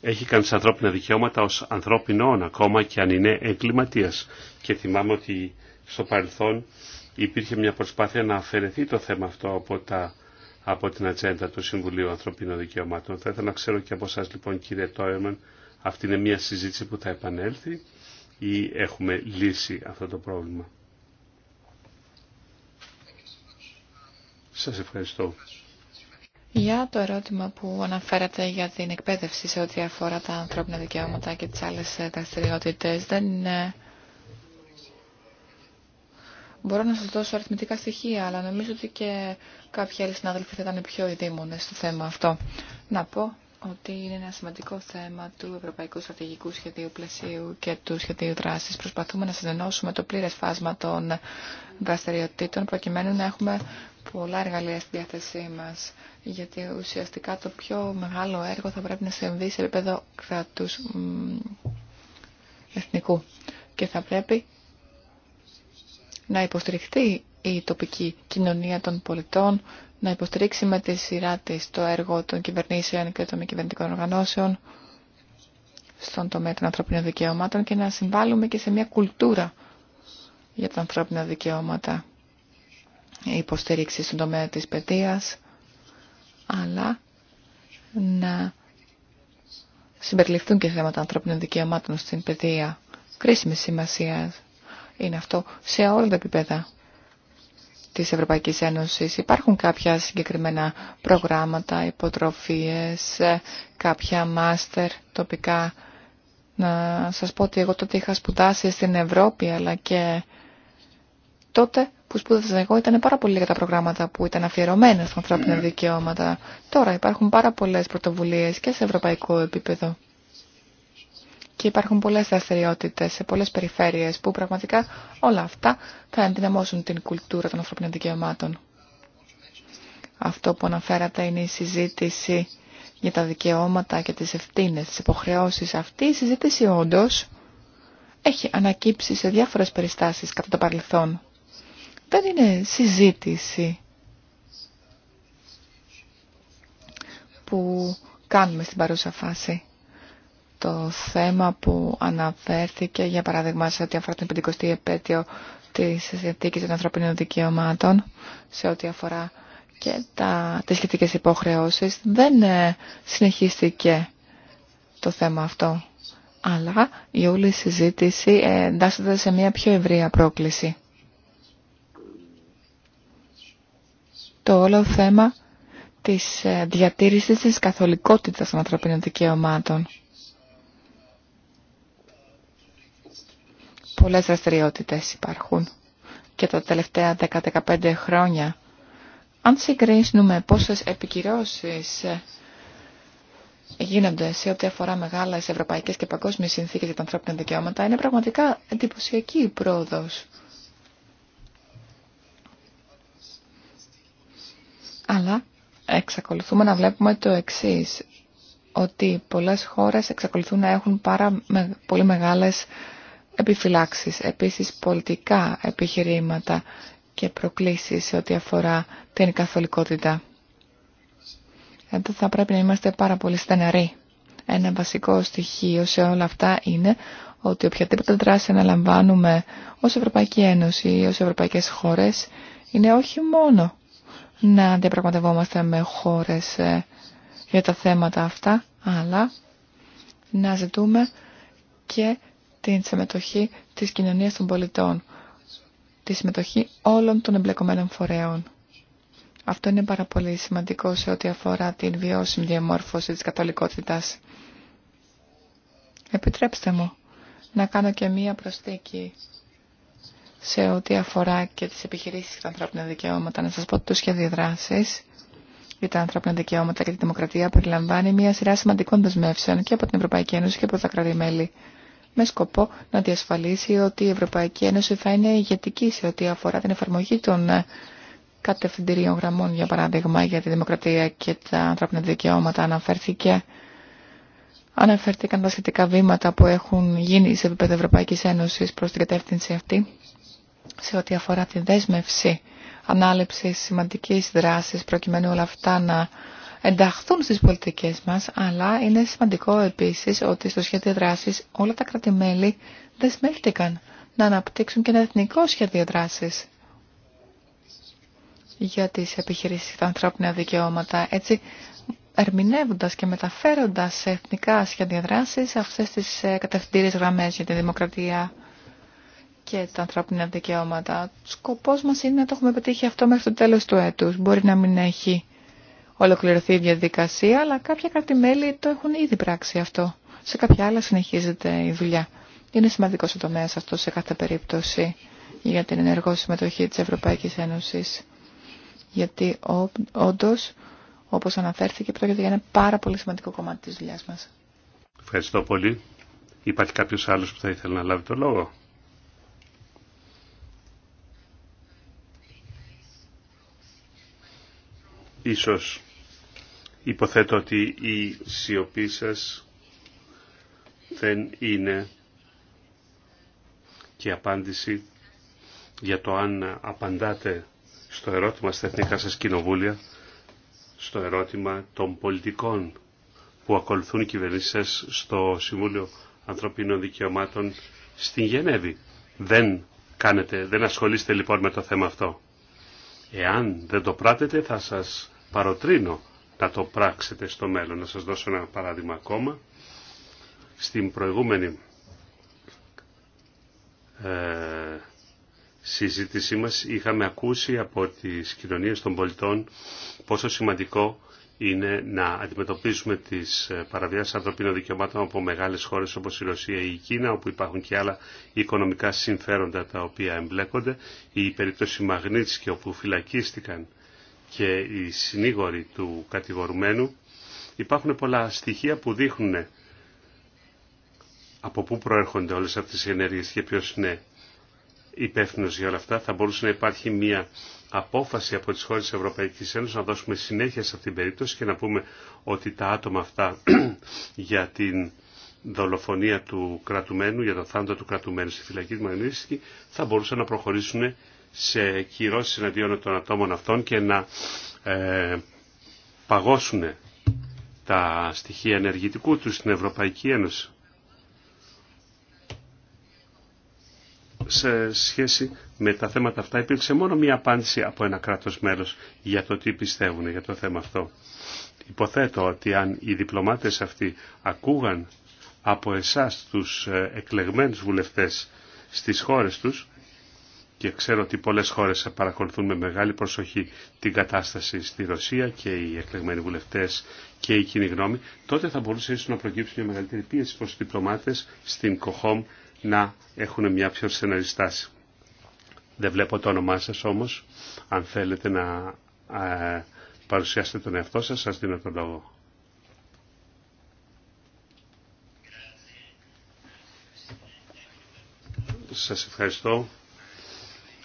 Έχει κάνει ανθρώπινα δικαιώματα ως ανθρώπινο ακόμα και αν είναι εγκληματίας. Και θυμάμαι ότι στο παρελθόν υπήρχε μια προσπάθεια να αφαιρεθεί το θέμα αυτό από, τα, από την ατζέντα του Συμβουλίου Ανθρωπίνων Δικαιωμάτων. Θα ήθελα να ξέρω και από εσά λοιπόν κύριε Τόεμαν αυτή είναι μια συζήτηση που θα επανέλθει ή έχουμε λύσει αυτό το πρόβλημα. Σας ευχαριστώ. Για το ερώτημα που αναφέρατε για την εκπαίδευση σε ό,τι αφορά τα ανθρώπινα δικαιώματα και τις άλλες δραστηριότητε, δεν είναι... Μπορώ να σας δώσω αριθμητικά στοιχεία, αλλά νομίζω ότι και κάποιοι άλλοι συνάδελφοι θα ήταν πιο ειδήμονες στο θέμα αυτό. Να πω ότι είναι ένα σημαντικό θέμα του Ευρωπαϊκού Στρατηγικού Σχεδίου Πλαισίου και του Σχεδίου Δράση. Προσπαθούμε να συνενώσουμε το πλήρες φάσμα των δραστηριοτήτων προκειμένου να έχουμε πολλά εργαλεία στη διάθεσή μα, Γιατί ουσιαστικά το πιο μεγάλο έργο θα πρέπει να συμβεί σε επίπεδο κράτους εθνικού. Και θα πρέπει να υποστηριχθεί η τοπική κοινωνία των πολιτών να υποστηρίξει με τη σειρά της το έργο των κυβερνήσεων και των μη κυβερνητικών οργανώσεων στον τομέα των ανθρωπίνων δικαιωμάτων και να συμβάλλουμε και σε μια κουλτούρα για τα ανθρώπινα δικαιώματα. Η υποστήριξη στον τομέα της παιδείας, αλλά να συμπεριληφθούν και θέματα ανθρώπινων δικαιωμάτων στην παιδεία. Κρίσιμη σημασία είναι αυτό σε όλα τα επίπεδα της Ευρωπαϊκής Ένωσης. Υπάρχουν κάποια συγκεκριμένα προγράμματα, υποτροφίες, κάποια μάστερ τοπικά. Να σας πω ότι εγώ τότε είχα σπουδάσει στην Ευρώπη, αλλά και τότε που σπούδασα εγώ ήταν πάρα πολύ λίγα τα προγράμματα που ήταν αφιερωμένα στα ανθρώπινα δικαιώματα. Τώρα υπάρχουν πάρα πολλές πρωτοβουλίες και σε ευρωπαϊκό επίπεδο και υπάρχουν πολλές δραστηριότητε σε πολλές περιφέρειες που πραγματικά όλα αυτά θα ενδυναμώσουν την κουλτούρα των ανθρωπίνων δικαιωμάτων. Αυτό που αναφέρατε είναι η συζήτηση για τα δικαιώματα και τις ευθύνες, τις υποχρεώσεις. Αυτή η συζήτηση όντω έχει ανακύψει σε διάφορες περιστάσεις κατά το παρελθόν. Δεν είναι συζήτηση που κάνουμε στην παρούσα φάση το θέμα που αναφέρθηκε, για παράδειγμα, σε ό,τι αφορά την 50η επέτειο της συνθήκη των ανθρωπίνων δικαιωμάτων, σε ό,τι αφορά και τα, τις σχετικές υποχρεώσεις, δεν ε, συνεχίστηκε το θέμα αυτό. Αλλά η όλη συζήτηση ε, εντάσσεται σε μια πιο ευρεία πρόκληση. Το όλο θέμα της ε, διατήρησης της καθολικότητας των ανθρωπίνων δικαιωμάτων. Πολλές δραστηριότητες υπάρχουν και τα τελευταία 10-15 χρόνια. Αν συγκρίσουμε πόσες επικυρώσεις ε, γίνονται σε ό,τι αφορά μεγάλες ευρωπαϊκές και παγκόσμιες συνθήκες για τα ανθρώπινα δικαιώματα, είναι πραγματικά εντυπωσιακή η πρόοδος. Αλλά εξακολουθούμε να βλέπουμε το εξής, ότι πολλές χώρες εξακολουθούν να έχουν πάρα πολύ μεγάλες επιφυλάξεις, επίσης πολιτικά επιχειρήματα και προκλήσεις σε ό,τι αφορά την καθολικότητα. Εδώ θα πρέπει να είμαστε πάρα πολύ στεναροί. Ένα βασικό στοιχείο σε όλα αυτά είναι ότι οποιαδήποτε δράση αναλαμβάνουμε ως Ευρωπαϊκή Ένωση ή ως Ευρωπαϊκές χώρες είναι όχι μόνο να διαπραγματευόμαστε με χώρες ε, για τα θέματα αυτά, αλλά να ζητούμε και την συμμετοχή της κοινωνίας των πολιτών, τη συμμετοχή όλων των εμπλεκομένων φορέων. Αυτό είναι πάρα πολύ σημαντικό σε ό,τι αφορά την βιώσιμη διαμόρφωση της καθολικότητας. Επιτρέψτε μου να κάνω και μία προσθήκη σε ό,τι αφορά και τις επιχειρήσεις και τα ανθρώπινα δικαιώματα. Να σας πω ότι το σχέδιο δράσης για τα ανθρώπινα δικαιώματα και τη δημοκρατία περιλαμβάνει μία σειρά σημαντικών δεσμεύσεων και από την Ευρωπαϊκή Ένωση και από τα κράτη-μέλη με σκοπό να διασφαλίσει ότι η Ευρωπαϊκή Ένωση θα είναι ηγετική σε ό,τι αφορά την εφαρμογή των ε, κατευθυντηρίων γραμμών, για παράδειγμα, για τη δημοκρατία και τα ανθρώπινα δικαιώματα αναφέρθηκε. Αναφέρθηκαν τα σχετικά βήματα που έχουν γίνει σε επίπεδο Ευρωπαϊκή Ένωση προς την κατεύθυνση αυτή σε ό,τι αφορά τη δέσμευση ανάληψη σημαντική δράση προκειμένου όλα αυτά να ενταχθούν στις πολιτικές μας, αλλά είναι σημαντικό επίσης ότι στο σχέδιο δράσης όλα τα κρατημέλη δεσμεύτηκαν να αναπτύξουν και ένα εθνικό σχέδιο δράσης για τις επιχειρήσεις τα ανθρώπινα δικαιώματα. Έτσι, ερμηνεύοντας και μεταφέροντας σε εθνικά σχέδια δράσης αυτές τις ε, κατευθυντήριες γραμμές για τη δημοκρατία και τα ανθρώπινα δικαιώματα. σκοπός μας είναι να το έχουμε πετύχει αυτό μέχρι το τέλος του έτους. Μπορεί να μην έχει ολοκληρωθεί η διαδικασία, αλλά κάποια κρατημέλη το έχουν ήδη πράξει αυτό. Σε κάποια άλλα συνεχίζεται η δουλειά. Είναι σημαντικό ο τομέα αυτό σε κάθε περίπτωση για την ενεργό συμμετοχή τη Ευρωπαϊκή Ένωση, Γιατί όντω, όπως αναφέρθηκε, πρόκειται για ένα πάρα πολύ σημαντικό κομμάτι τη δουλειά μα. Ευχαριστώ πολύ. Υπάρχει κάποιο άλλο που θα ήθελε να λάβει το λόγο. Ίσως υποθέτω ότι η σιωπή σας δεν είναι και η απάντηση για το αν απαντάτε στο ερώτημα στα εθνικά σας κοινοβούλια, στο ερώτημα των πολιτικών που ακολουθούν οι κυβερνήσεις σας στο Συμβούλιο Ανθρωπίνων Δικαιωμάτων στην Γενέβη. Δεν κάνετε, δεν ασχολείστε λοιπόν με το θέμα αυτό. Εάν δεν το πράτετε θα σας παροτρύνω να το πράξετε στο μέλλον. Να σας δώσω ένα παράδειγμα ακόμα. Στην προηγούμενη ε, συζήτησή μας είχαμε ακούσει από τις κοινωνίες των πολιτών πόσο σημαντικό είναι να αντιμετωπίσουμε τις ε, παραβιάσεις ανθρωπίνων δικαιωμάτων από μεγάλες χώρες όπως η Ρωσία ή η Κίνα, όπου υπάρχουν και άλλα οικονομικά συμφέροντα τα οποία εμπλέκονται. Η περίπτωση Μαγνίτσκη, όπου φυλακίστηκαν και οι συνήγοροι του κατηγορουμένου υπάρχουν πολλά στοιχεία που δείχνουν από πού προέρχονται όλες αυτές οι ενέργειες και ποιος είναι υπεύθυνο για όλα αυτά. Θα μπορούσε να υπάρχει μια απόφαση από τις χώρες της Ευρωπαϊκής Ένωσης να δώσουμε συνέχεια σε αυτήν την περίπτωση και να πούμε ότι τα άτομα αυτά για την δολοφονία του κρατουμένου, για τον θάνατο του κρατουμένου στη φυλακή του Μαγνήσικη, θα μπορούσαν να προχωρήσουν σε κυρώσεις εναντίον των ατόμων αυτών και να ε, παγώσουν τα στοιχεία ενεργητικού τους στην Ευρωπαϊκή Ένωση. σε σχέση με τα θέματα αυτά υπήρξε μόνο μία απάντηση από ένα κράτος μέλος για το τι πιστεύουν για το θέμα αυτό. Υποθέτω ότι αν οι διπλωμάτες αυτοί ακούγαν από εσάς τους ε, εκλεγμένους βουλευτές στις χώρες τους, και ξέρω ότι πολλές χώρες παρακολουθούν με μεγάλη προσοχή την κατάσταση στη Ρωσία και οι εκλεγμένοι βουλευτές και η κοινή γνώμη, τότε θα μπορούσε ίσως να προκύψει μια μεγαλύτερη πίεση προς τους διπλωμάτες στην ΚΟΧΟΜ να έχουν μια πιο στεναρή Δεν βλέπω το όνομά σας όμως. Αν θέλετε να παρουσιάσετε τον εαυτό σας, σας δίνω τον λόγο. Σας ευχαριστώ.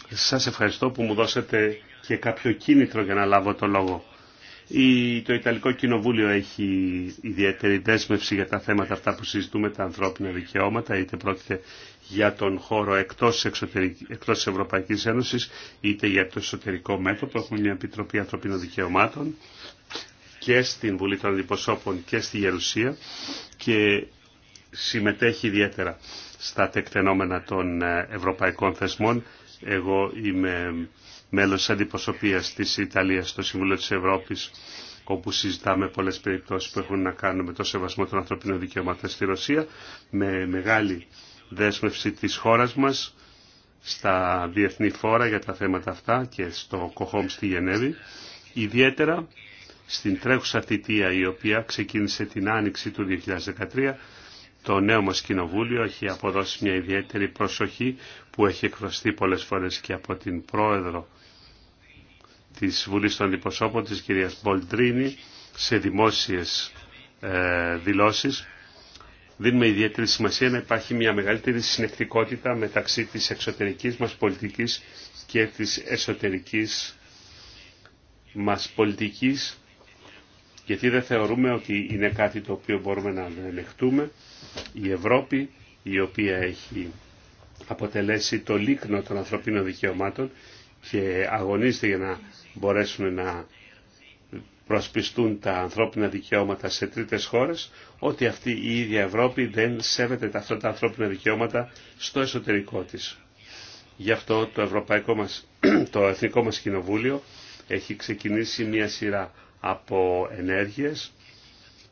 Σας ευχαριστώ που μου δώσατε και κάποιο κίνητρο για να λάβω το λόγο. Η, το Ιταλικό Κοινοβούλιο έχει ιδιαίτερη δέσμευση για τα θέματα αυτά που συζητούμε, τα ανθρώπινα δικαιώματα, είτε πρόκειται για τον χώρο εκτός, εξωτερική, εκτός της Ευρωπαϊκής Ένωσης, είτε για το εσωτερικό μέτωπο. Έχουμε μια Επιτροπή Ανθρωπίνων Δικαιωμάτων και στην Βουλή των Αντιποσώπων και στη Γερουσία και συμμετέχει ιδιαίτερα στα τεκτενόμενα των ε, ευρωπαϊκών θεσμών εγώ είμαι μέλος της αντιπροσωπείας της Ιταλίας στο Συμβουλίο της Ευρώπης όπου συζητάμε πολλές περιπτώσεις που έχουν να κάνουν με το σεβασμό των ανθρωπίνων δικαιωμάτων στη Ρωσία με μεγάλη δέσμευση της χώρας μας στα διεθνή φόρα για τα θέματα αυτά και στο Κοχόμ στη Γενέβη ιδιαίτερα στην τρέχουσα θητεία η οποία ξεκίνησε την άνοιξη του 2013 το νέο μας κοινοβούλιο έχει αποδώσει μια ιδιαίτερη προσοχή που έχει εκφραστεί πολλές φορές και από την πρόεδρο της Βουλής των Αντιπροσώπων της κυρίας Μπολτρίνη σε δημόσιες ε, δηλώσεις δίνουμε ιδιαίτερη σημασία να υπάρχει μια μεγαλύτερη συνεκτικότητα μεταξύ της εξωτερικής μας πολιτικής και της εσωτερικής μας πολιτικής γιατί δεν θεωρούμε ότι είναι κάτι το οποίο μπορούμε να ελεγχτούμε η Ευρώπη η οποία έχει αποτελέσει το λίκνο των ανθρωπίνων δικαιωμάτων και αγωνίζεται για να μπορέσουν να προσπιστούν τα ανθρώπινα δικαιώματα σε τρίτες χώρες, ότι αυτή η ίδια Ευρώπη δεν σέβεται αυτά τα ανθρώπινα δικαιώματα στο εσωτερικό της. Γι' αυτό το, Ευρωπαϊκό μας, το Εθνικό μας Κοινοβούλιο έχει ξεκινήσει μια σειρά από ενέργειες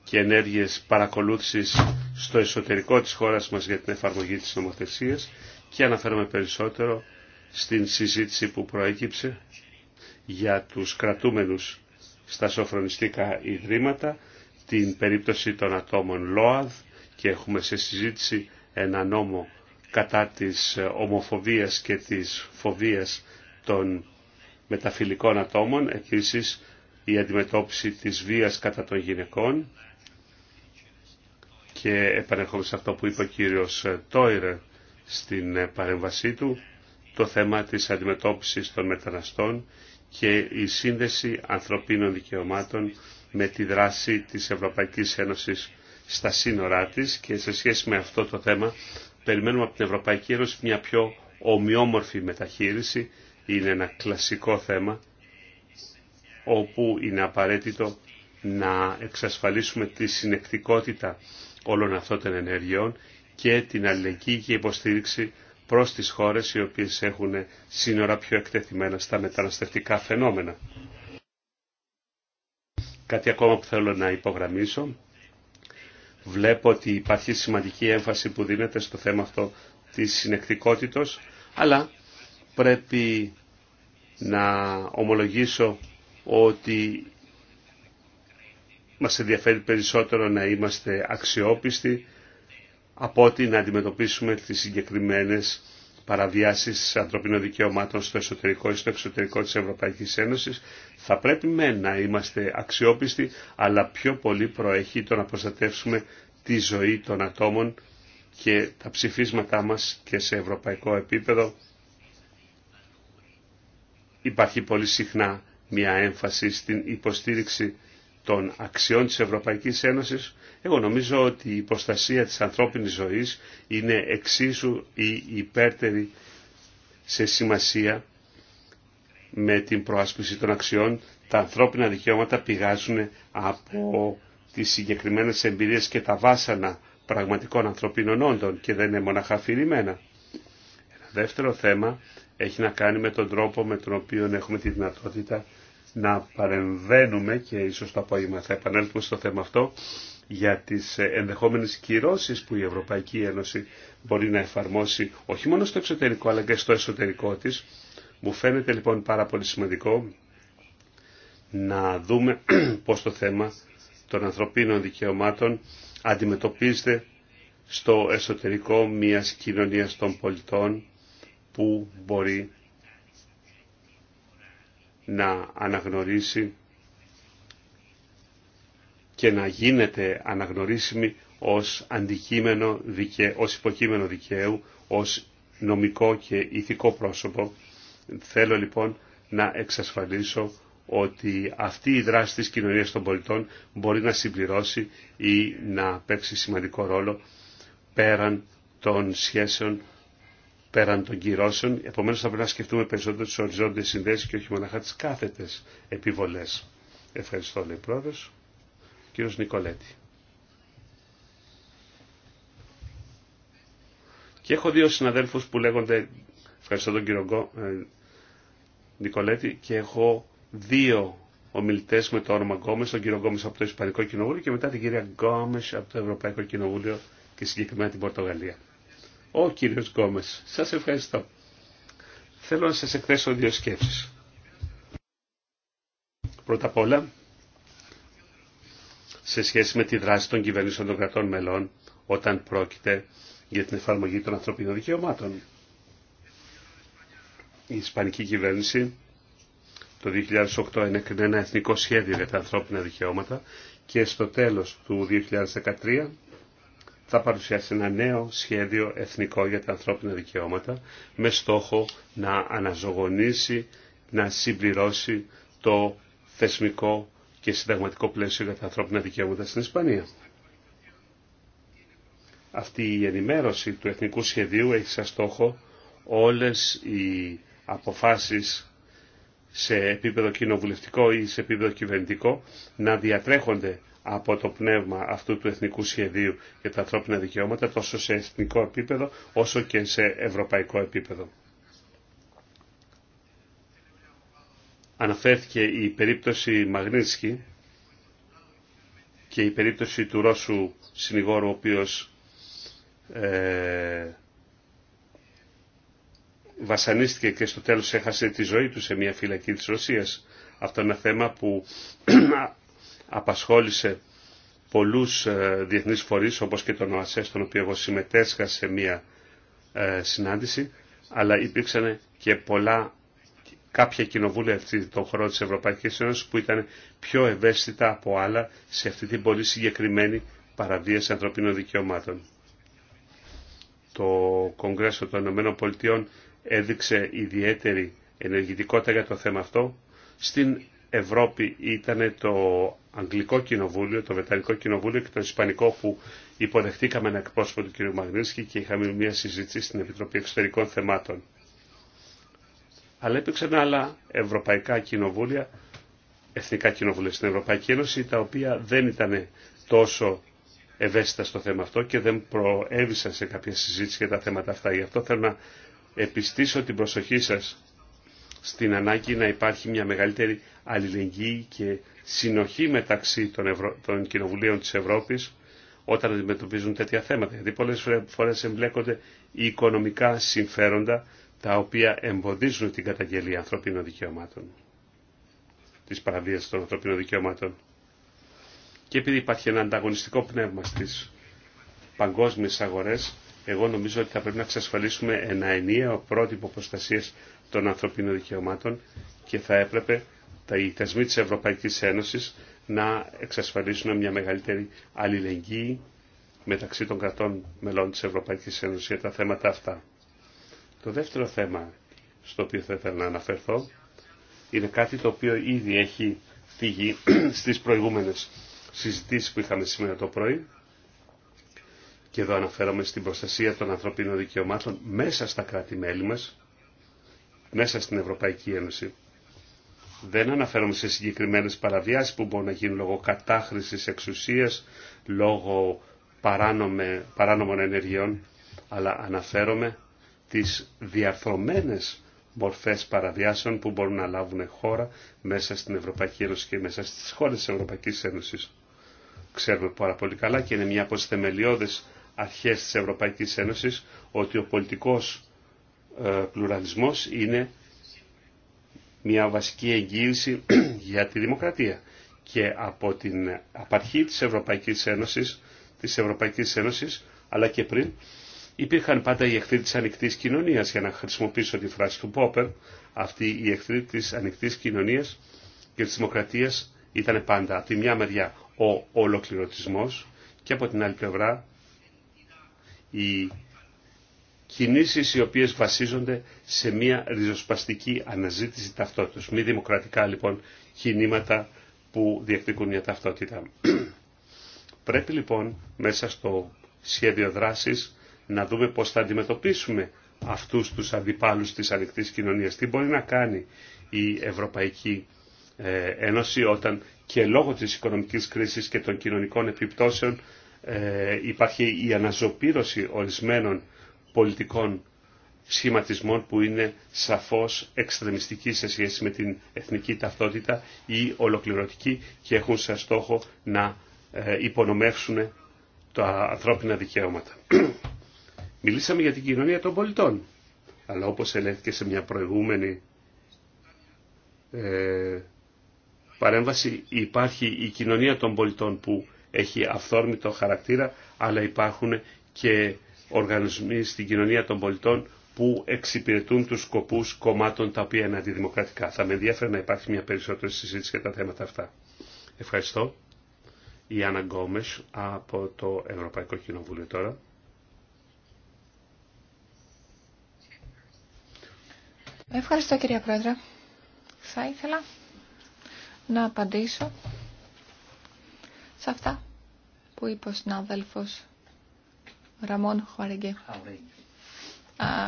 και ενέργειες παρακολούθησης στο εσωτερικό της χώρας μας για την εφαρμογή της νομοθεσίας και αναφέρομαι περισσότερο στην συζήτηση που προέκυψε για τους κρατούμενους στα σοφρονιστικά ιδρύματα, την περίπτωση των ατόμων ΛΟΑΔ και έχουμε σε συζήτηση ένα νόμο κατά της ομοφοβίας και της φοβίας των μεταφυλικών ατόμων, επίσης η αντιμετώπιση της βίας κατά των γυναικών και επανέρχομαι σε αυτό που είπε ο κύριος Τόιρε στην ε, παρέμβασή του, το θέμα της αντιμετώπισης των μεταναστών και η σύνδεση ανθρωπίνων δικαιωμάτων με τη δράση της Ευρωπαϊκής Ένωσης στα σύνορά της και σε σχέση με αυτό το θέμα περιμένουμε από την Ευρωπαϊκή Ένωση μια πιο ομοιόμορφη μεταχείριση. Είναι ένα κλασικό θέμα όπου είναι απαραίτητο να εξασφαλίσουμε τη συνεκτικότητα όλων αυτών των ενεργειών και την αλληλεγγύη και υποστήριξη προς τις χώρες οι οποίες έχουν σύνορα πιο εκτεθειμένα στα μεταναστευτικά φαινόμενα. Κάτι ακόμα που θέλω να υπογραμμίσω. Βλέπω ότι υπάρχει σημαντική έμφαση που δίνεται στο θέμα αυτό της συνεκτικότητος, αλλά πρέπει να ομολογήσω ότι μας ενδιαφέρει περισσότερο να είμαστε αξιόπιστοι από ότι να αντιμετωπίσουμε τις συγκεκριμένες παραβιάσεις ανθρωπίνων δικαιωμάτων στο εσωτερικό ή στο εξωτερικό της Ευρωπαϊκής Ένωσης. Θα πρέπει με να είμαστε αξιόπιστοι, αλλά πιο πολύ προέχει το να προστατεύσουμε τη ζωή των ατόμων και τα ψηφίσματά μας και σε ευρωπαϊκό επίπεδο. Υπάρχει πολύ συχνά μια έμφαση στην υποστήριξη των αξιών της Ευρωπαϊκής Ένωσης, εγώ νομίζω ότι η προστασία της ανθρώπινης ζωής είναι εξίσου ή υπέρτερη σε σημασία με την προάσπιση των αξιών. Τα ανθρώπινα δικαιώματα πηγάζουν από τις συγκεκριμένες εμπειρίες και τα βάσανα πραγματικών ανθρωπίνων όντων και δεν είναι μοναχαφηρημένα. Ένα δεύτερο θέμα έχει να κάνει με τον τρόπο με τον οποίο έχουμε τη δυνατότητα να παρεμβαίνουμε και ίσως το απόγευμα θα επανέλθουμε στο θέμα αυτό για τις ενδεχόμενες κυρώσεις που η Ευρωπαϊκή Ένωση μπορεί να εφαρμόσει όχι μόνο στο εξωτερικό αλλά και στο εσωτερικό της. Μου φαίνεται λοιπόν πάρα πολύ σημαντικό να δούμε πώς το θέμα των ανθρωπίνων δικαιωμάτων αντιμετωπίζεται στο εσωτερικό μιας κοινωνίας των πολιτών που μπορεί να αναγνωρίσει και να γίνεται αναγνωρίσιμη ως, αντικείμενο ως υποκείμενο δικαίου, ως νομικό και ηθικό πρόσωπο. Θέλω λοιπόν να εξασφαλίσω ότι αυτή η δράση της κοινωνίας των πολιτών μπορεί να συμπληρώσει ή να παίξει σημαντικό ρόλο πέραν των σχέσεων πέραν των κυρώσεων. Επομένως θα πρέπει να σκεφτούμε περισσότερο τις οριζόντιες συνδέσεις και όχι μοναχά τις κάθετες επιβολές. Ευχαριστώ λέει πρόεδρος. Κύριος Νικολέτη. Και έχω δύο συναδέλφους που λέγονται, ευχαριστώ τον κύριο ε, Νικολέτη, και έχω δύο ομιλητέ με το όνομα Γκόμε, τον κύριο Γκόμε από το Ισπανικό Κοινοβούλιο και μετά την κυρία Γκόμε από το Ευρωπαϊκό Κοινοβούλιο και συγκεκριμένα την Πορτογαλία. Ο κύριο Γκόμες. Σας ευχαριστώ. Θέλω να σας εκθέσω δύο σκέψει. Πρώτα απ' όλα, σε σχέση με τη δράση των κυβερνήσεων των κρατών μελών όταν πρόκειται για την εφαρμογή των ανθρωπίνων δικαιωμάτων. Η Ισπανική κυβέρνηση το 2008 ενέκρινε ένα εθνικό σχέδιο για τα ανθρώπινα δικαιώματα και στο τέλος του 2013 θα παρουσιάσει ένα νέο σχέδιο εθνικό για τα ανθρώπινα δικαιώματα με στόχο να αναζωογονήσει, να συμπληρώσει το θεσμικό και συνταγματικό πλαίσιο για τα ανθρώπινα δικαιώματα στην Ισπανία. Αυτή η ενημέρωση του εθνικού σχεδίου έχει σαν στόχο όλες οι αποφάσεις σε επίπεδο κοινοβουλευτικό ή σε επίπεδο κυβερνητικό να διατρέχονται από το πνεύμα αυτού του εθνικού σχεδίου για τα ανθρώπινα δικαιώματα τόσο σε εθνικό επίπεδο όσο και σε ευρωπαϊκό επίπεδο. Αναφέρθηκε η περίπτωση Μαγνίσκη και η περίπτωση του Ρώσου συνηγόρου ο οποίος ε, βασανίστηκε και στο τέλος έχασε τη ζωή του σε μια φυλακή της Ρωσίας. Αυτό είναι ένα θέμα που απασχόλησε πολλούς ε, διεθνείς φορείς όπως και τον ΟΑΣΕ στον οποίο εγώ συμμετέσχα σε μία ε, συνάντηση αλλά υπήρξαν και πολλά κάποια κοινοβούλια αυτή των χωρών της Ευρωπαϊκής Ένωσης που ήταν πιο ευαίσθητα από άλλα σε αυτή την πολύ συγκεκριμένη παραβίαση ανθρωπίνων δικαιωμάτων. Το Κογκρέσο των Ηνωμένων Πολιτειών έδειξε ιδιαίτερη ενεργητικότητα για το θέμα αυτό. Στην Ευρώπη ήταν το Αγγλικό Κοινοβούλιο, το Βρετανικό Κοινοβούλιο και το Ισπανικό που υποδεχτήκαμε ένα εκπρόσωπο του κ. Μαγνίσκη και είχαμε μια συζήτηση στην Επιτροπή Εξωτερικών Θεμάτων. Αλλά έπαιξαν άλλα ευρωπαϊκά κοινοβούλια, εθνικά κοινοβούλια στην Ευρωπαϊκή Ένωση, τα οποία δεν ήταν τόσο ευαίσθητα στο θέμα αυτό και δεν προέβησαν σε κάποια συζήτηση για τα θέματα αυτά. Γι' αυτό θέλω να επιστήσω την προσοχή σας στην ανάγκη να υπάρχει μια μεγαλύτερη αλληλεγγύη και συνοχή μεταξύ των, Ευρω... των κοινοβουλίων της Ευρώπης όταν αντιμετωπίζουν τέτοια θέματα. Γιατί πολλές φορές εμπλέκονται οι οικονομικά συμφέροντα τα οποία εμποδίζουν την καταγγελία ανθρωπίνων δικαιωμάτων, της παραβίασης των ανθρωπίνων δικαιωμάτων. Και επειδή υπάρχει ένα ανταγωνιστικό πνεύμα στις παγκόσμιες αγορές, εγώ νομίζω ότι θα πρέπει να εξασφαλίσουμε ένα ενιαίο πρότυπο προστασία των ανθρωπίνων δικαιωμάτων και θα έπρεπε τα θεσμοί της Ευρωπαϊκής Ένωσης να εξασφαλίσουν μια μεγαλύτερη αλληλεγγύη μεταξύ των κρατών μελών της Ευρωπαϊκής Ένωσης για τα θέματα αυτά. Το δεύτερο θέμα στο οποίο θα ήθελα να αναφερθώ είναι κάτι το οποίο ήδη έχει φύγει στις προηγούμενες συζητήσεις που είχαμε σήμερα το πρωί και εδώ αναφέρομαι στην προστασία των ανθρωπίνων δικαιωμάτων μέσα στα κράτη-μέλη μας μέσα στην Ευρωπαϊκή Ένωση. Δεν αναφέρομαι σε συγκεκριμένες παραβιάσεις που μπορούν να γίνουν λόγω κατάχρησης εξουσίας, λόγω παράνομε, παράνομων ενεργειών, αλλά αναφέρομαι τις διαρθρωμένες μορφές παραβιάσεων που μπορούν να λάβουν χώρα μέσα στην Ευρωπαϊκή Ένωση και μέσα στις χώρες της Ευρωπαϊκής Ένωσης. Ξέρουμε πάρα πολύ καλά και είναι μια από τις θεμελιώδες αρχές της Ευρωπαϊκής Ένωσης ότι ο πολιτικός ε, πλουραλισμός είναι μια βασική εγγύηση για τη δημοκρατία. Και από την απαρχή της Ευρωπαϊκής Ένωσης, της Ευρωπαϊκής Ένωσης αλλά και πριν, υπήρχαν πάντα οι εχθροί της ανοιχτή κοινωνίας, για να χρησιμοποιήσω τη φράση του Πόπερ, αυτοί οι εχθροί της ανοιχτή κοινωνίας και της δημοκρατίας ήταν πάντα από τη μια μεριά ο ολοκληρωτισμός και από την άλλη πλευρά η κινήσεις οι οποίες βασίζονται σε μια ριζοσπαστική αναζήτηση ταυτότητας. Μη δημοκρατικά λοιπόν κινήματα που διεκδικούν μια ταυτότητα. Πρέπει λοιπόν μέσα στο σχέδιο δράσης να δούμε πώς θα αντιμετωπίσουμε αυτούς τους αντιπάλους της ανοιχτής κοινωνίας. Τι μπορεί να κάνει η Ευρωπαϊκή ε, Ένωση όταν και λόγω της οικονομικής κρίσης και των κοινωνικών επιπτώσεων ε, υπάρχει η αναζωπήρωση ορισμένων πολιτικών σχηματισμών που είναι σαφώς εξτρεμιστικοί σε σχέση με την εθνική ταυτότητα ή ολοκληρωτικοί και έχουν σαν στόχο να ε, υπονομεύσουν τα ανθρώπινα δικαιώματα. Μιλήσαμε για την κοινωνία των πολιτών, αλλά όπως ελέγχθηκε σε μια προηγούμενη ε, παρέμβαση υπάρχει η κοινωνία των πολιτών που έχει αυθόρμητο χαρακτήρα, αλλά υπάρχουν και οργανισμοί στην κοινωνία των πολιτών που εξυπηρετούν τους σκοπούς κομμάτων τα οποία είναι αντιδημοκρατικά. Θα με ενδιαφέρει να υπάρχει μια περισσότερη συζήτηση για τα θέματα αυτά. Ευχαριστώ. Η Άννα από το Ευρωπαϊκό Κοινοβούλιο τώρα. Ευχαριστώ κυρία Πρόεδρε. Θα ήθελα να απαντήσω σε αυτά που είπε ο συνάδελφος Ραμόν Χουαρεγκέ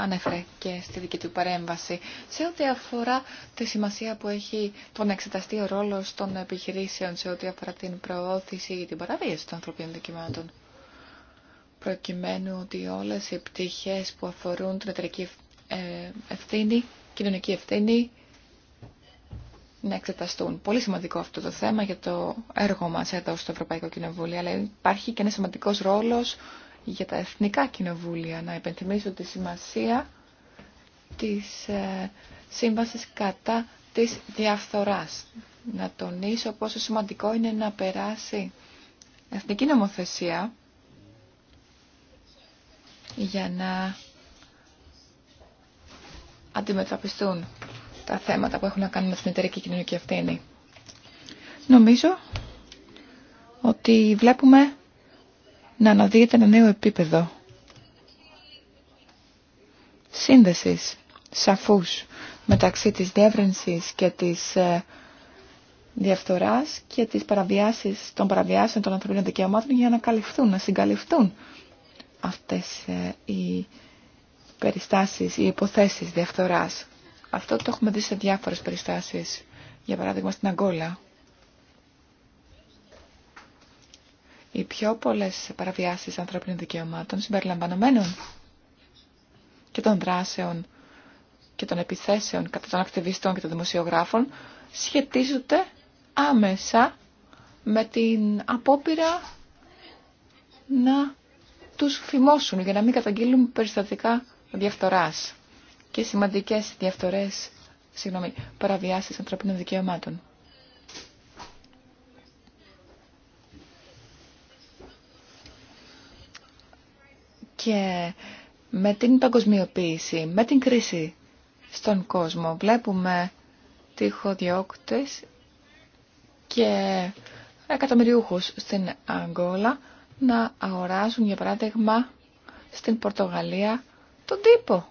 ανέφερε και στη δική του παρέμβαση σε ό,τι αφορά τη σημασία που έχει το να εξεταστεί ο ρόλο των επιχειρήσεων σε ό,τι αφορά την προώθηση ή την παραβίαση των ανθρωπίνων δικαιωμάτων προκειμένου ότι όλε οι πτυχέ που αφορούν την εταιρική ε, ευθύνη, κοινωνική ευθύνη να εξεταστούν. Πολύ σημαντικό αυτό το θέμα για το έργο μα εδώ στο Ευρωπαϊκό Κοινοβούλιο, αλλά υπάρχει και ένα σημαντικό ρόλο για τα εθνικά κοινοβούλια να υπενθυμίσω τη σημασία της ε, σύμβασης κατά της διαφθοράς. Να τονίσω πόσο σημαντικό είναι να περάσει εθνική νομοθεσία για να αντιμετωπιστούν τα θέματα που έχουν να κάνουν με την εταιρική κοινωνική ευθύνη. Νομίζω ότι βλέπουμε να αναδύεται ένα νέο επίπεδο σύνδεσης σαφούς μεταξύ της διεύρυνσης και της ε, διαφθοράς και της παραβίασης των παραβιάσεων των ανθρωπίνων δικαιωμάτων για να καλυφθούν, να συγκαλυφθούν αυτές ε, οι περιστάσεις, οι υποθέσεις διαφθοράς. Αυτό το έχουμε δει σε διάφορες περιστάσεις, για παράδειγμα στην Αγκόλα. οι πιο πολλές παραβιάσεις ανθρώπινων δικαιωμάτων συμπεριλαμβανομένων και των δράσεων και των επιθέσεων κατά των ακτιβιστών και των δημοσιογράφων σχετίζονται άμεσα με την απόπειρα να τους φημώσουν για να μην καταγγείλουν περιστατικά διαφθοράς και σημαντικές διαφθορές, συγγνώμη, παραβιάσεις ανθρώπινων δικαιωμάτων. Και με την παγκοσμιοποίηση, με την κρίση στον κόσμο, βλέπουμε τυχοδιώκτες και εκατομμυριούχους στην Αγγόλα να αγοράζουν, για παράδειγμα, στην Πορτογαλία τον τύπο.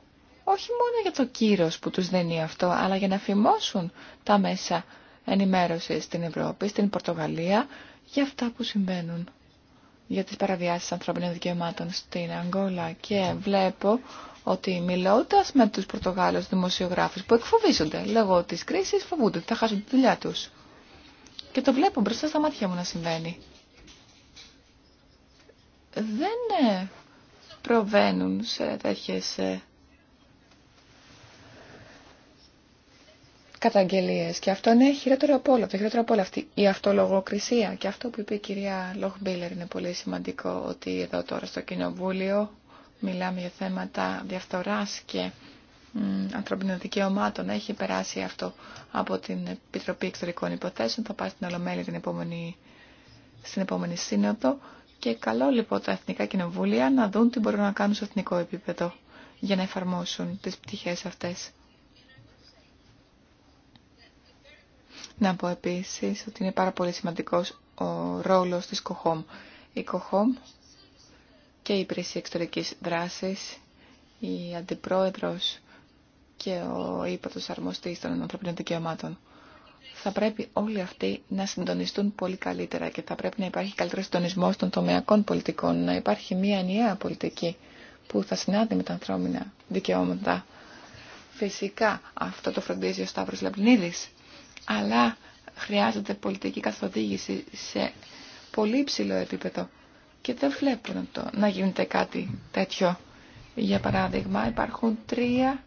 Όχι μόνο για το κύρος που τους δίνει αυτό, αλλά για να φημώσουν τα μέσα ενημέρωση στην Ευρώπη, στην Πορτογαλία, για αυτά που συμβαίνουν για τις παραβιάσεις ανθρώπινων δικαιωμάτων στην Αγγόλα και βλέπω ότι μιλώντας με τους Πορτογάλους δημοσιογράφους που εκφοβίζονται λόγω της κρίσης φοβούνται ότι θα χάσουν τη δουλειά τους. Και το βλέπω μπροστά στα μάτια μου να συμβαίνει. Δεν ε, προβαίνουν σε τέτοιες ε, καταγγελίες και αυτό είναι χειρότερο από όλα. Το χειρότερο από όλα αυτή η αυτολογοκρισία και αυτό που είπε η κυρία Λοχμπίλερ είναι πολύ σημαντικό ότι εδώ τώρα στο Κοινοβούλιο μιλάμε για θέματα διαφθορά και ανθρωπίνων δικαιωμάτων. Έχει περάσει αυτό από την Επιτροπή Εξωτερικών Υποθέσεων. Θα πάει στην Ολομέλη την επόμενη, στην επόμενη σύνοδο. Και καλό λοιπόν τα Εθνικά Κοινοβούλια να δουν τι μπορούν να κάνουν σε εθνικό επίπεδο για να εφαρμόσουν τις πτυχές αυτές. Να πω επίσης ότι είναι πάρα πολύ σημαντικός ο ρόλος της ΚΟΧΟΜ. Η ΚΟΧΟΜ και η Υπηρεσία Εξωτερικής Δράσης, η Αντιπρόεδρος και ο ύπατος αρμοστής των ανθρωπίνων δικαιωμάτων. Θα πρέπει όλοι αυτοί να συντονιστούν πολύ καλύτερα και θα πρέπει να υπάρχει καλύτερο συντονισμό των τομεακών πολιτικών, να υπάρχει μια ενιαία πολιτική που θα συνάδει με τα ανθρώπινα δικαιώματα. Φυσικά αυτό το φροντίζει ο Σταύρος Λαμπρινίδης αλλά χρειάζεται πολιτική καθοδήγηση σε πολύ υψηλό επίπεδο και δεν βλέπουν να, το, να γίνεται κάτι τέτοιο. Για παράδειγμα, υπάρχουν τρία,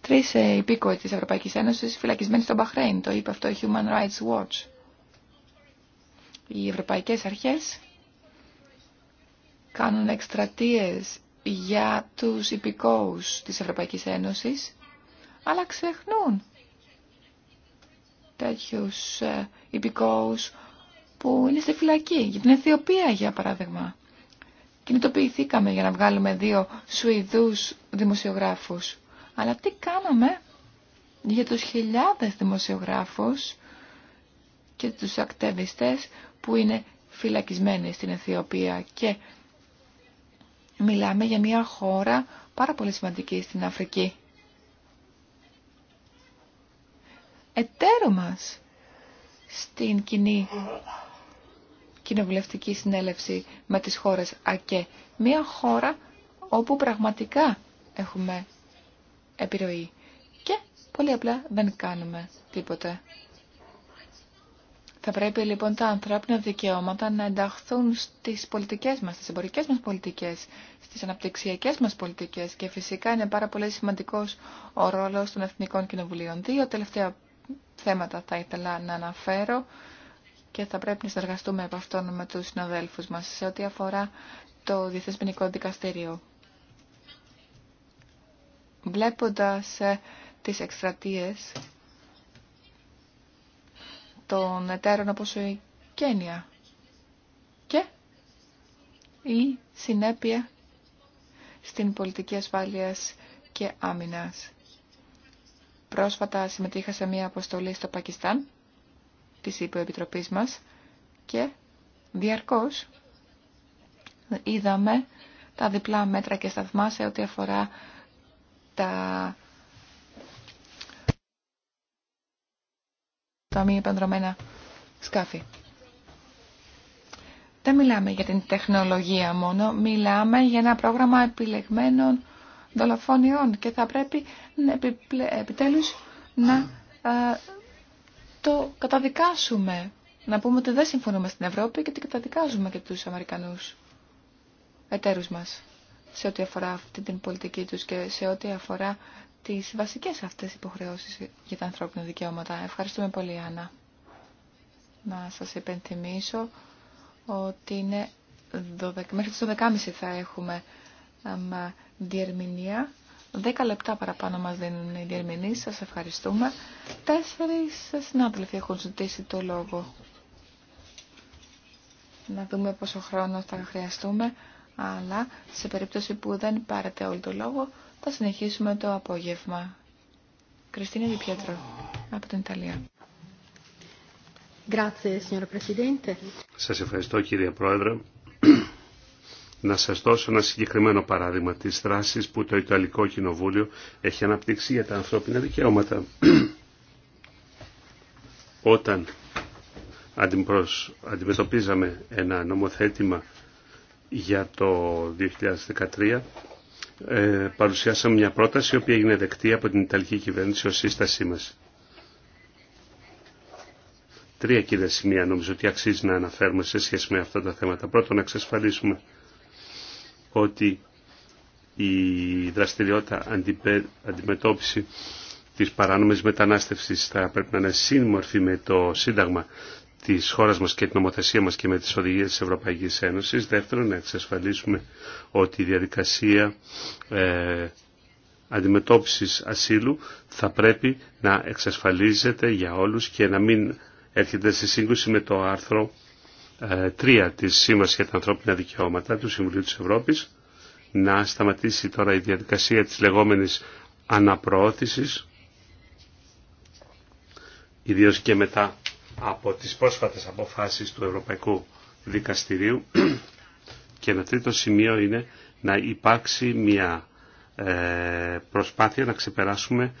τρεις ε, υπήκοοι της Ευρωπαϊκής Ένωσης φυλακισμένοι στο Μπαχρέιν. Το είπε αυτό η Human Rights Watch. Οι ευρωπαϊκές αρχές κάνουν εκστρατείες για τους υπηκόους της Ευρωπαϊκής Ένωσης, αλλά ξεχνούν τέτοιους ε, υπηκόους που είναι στη φυλακή, για την Αιθιοπία για παράδειγμα. Κινητοποιηθήκαμε για να βγάλουμε δύο Σουηδούς δημοσιογράφους. Αλλά τι κάναμε για τους χιλιάδες δημοσιογράφους και τους ακτεβιστές που είναι φυλακισμένοι στην Αιθιοπία και μιλάμε για μια χώρα πάρα πολύ σημαντική στην Αφρική. εταίρο μας στην κοινή κοινοβουλευτική συνέλευση με τις χώρες ΑΚΕ. Μια χώρα όπου πραγματικά έχουμε επιρροή. Και πολύ απλά δεν κάνουμε τίποτε. Θα πρέπει λοιπόν τα ανθρώπινα δικαιώματα να ενταχθούν στις πολιτικές μας, στις εμπορικές μας πολιτικές, στις αναπτυξιακές μας πολιτικές και φυσικά είναι πάρα πολύ σημαντικός ο ρόλος των Εθνικών Κοινοβουλίων. Δύο τελευταία θέματα θα ήθελα να αναφέρω και θα πρέπει να συνεργαστούμε από αυτόν με τους συναδέλφους μας σε ό,τι αφορά το Διεθνές Ποινικό Δικαστήριο. Βλέποντας ε, τις εκστρατείες των εταίρων όπως η Κένια και η συνέπεια στην πολιτική ασφάλειας και άμυνας. Πρόσφατα συμμετείχα σε μια αποστολή στο Πακιστάν της Υποεπιτροπής μας και διαρκώς είδαμε τα διπλά μέτρα και σταθμά σε ό,τι αφορά τα, τα μη επανδρομένα σκάφη. Δεν μιλάμε για την τεχνολογία μόνο, μιλάμε για ένα πρόγραμμα επιλεγμένων δολοφονιών και θα πρέπει να επιτέλους να ε, το καταδικάσουμε. Να πούμε ότι δεν συμφωνούμε στην Ευρώπη και ότι καταδικάζουμε και τους Αμερικανούς εταίρους μας σε ό,τι αφορά αυτή την πολιτική τους και σε ό,τι αφορά τις βασικές αυτές υποχρεώσεις για τα ανθρώπινα δικαιώματα. Ευχαριστούμε πολύ, Άννα. Να σας υπενθυμίσω ότι μέχρι τις 12.30 θα έχουμε διερμηνία. Δέκα λεπτά παραπάνω μας δίνουν οι διερμηνείς. Σας ευχαριστούμε. Τέσσερις συνάδελφοι έχουν ζητήσει το λόγο. Να δούμε πόσο χρόνο θα χρειαστούμε. Αλλά σε περίπτωση που δεν πάρετε όλο το λόγο, θα συνεχίσουμε το απόγευμα. Κριστίνα Διπιέτρο, από την Ιταλία. Σας ευχαριστώ κύριε Πρόεδρε. Να σας δώσω ένα συγκεκριμένο παράδειγμα της δράσης που το Ιταλικό Κοινοβούλιο έχει αναπτύξει για τα ανθρώπινα δικαιώματα. Όταν αντιμετωπίζαμε ένα νομοθέτημα για το 2013, ε, παρουσιάσαμε μια πρόταση η οποία έγινε δεκτή από την Ιταλική κυβέρνηση ως σύστασή μας. Τρία κύρια σημεία νομίζω ότι αξίζει να αναφέρουμε σε σχέση με αυτά τα θέματα. Πρώτον, να εξασφαλίσουμε ότι η δραστηριότητα αντιμετώπιση της παράνομης μετανάστευσης θα πρέπει να είναι σύμμορφη με το Σύνταγμα της χώρας μας και την νομοθεσία μας και με τις οδηγίες της Ευρωπαϊκής Ένωσης. Δεύτερον, να εξασφαλίσουμε ότι η διαδικασία ε, αντιμετώπισης ασύλου θα πρέπει να εξασφαλίζεται για όλους και να μην έρχεται σε σύγκρουση με το άρθρο 3 της Σύμβασης για τα Ανθρώπινα Δικαιώματα του Συμβουλίου της Ευρώπης να σταματήσει τώρα η διαδικασία της λεγόμενης αναπροώθησης ιδίως και μετά από τις πρόσφατες αποφάσεις του Ευρωπαϊκού Δικαστηρίου και ένα τρίτο σημείο είναι να υπάρξει μια ε, προσπάθεια να ξεπεράσουμε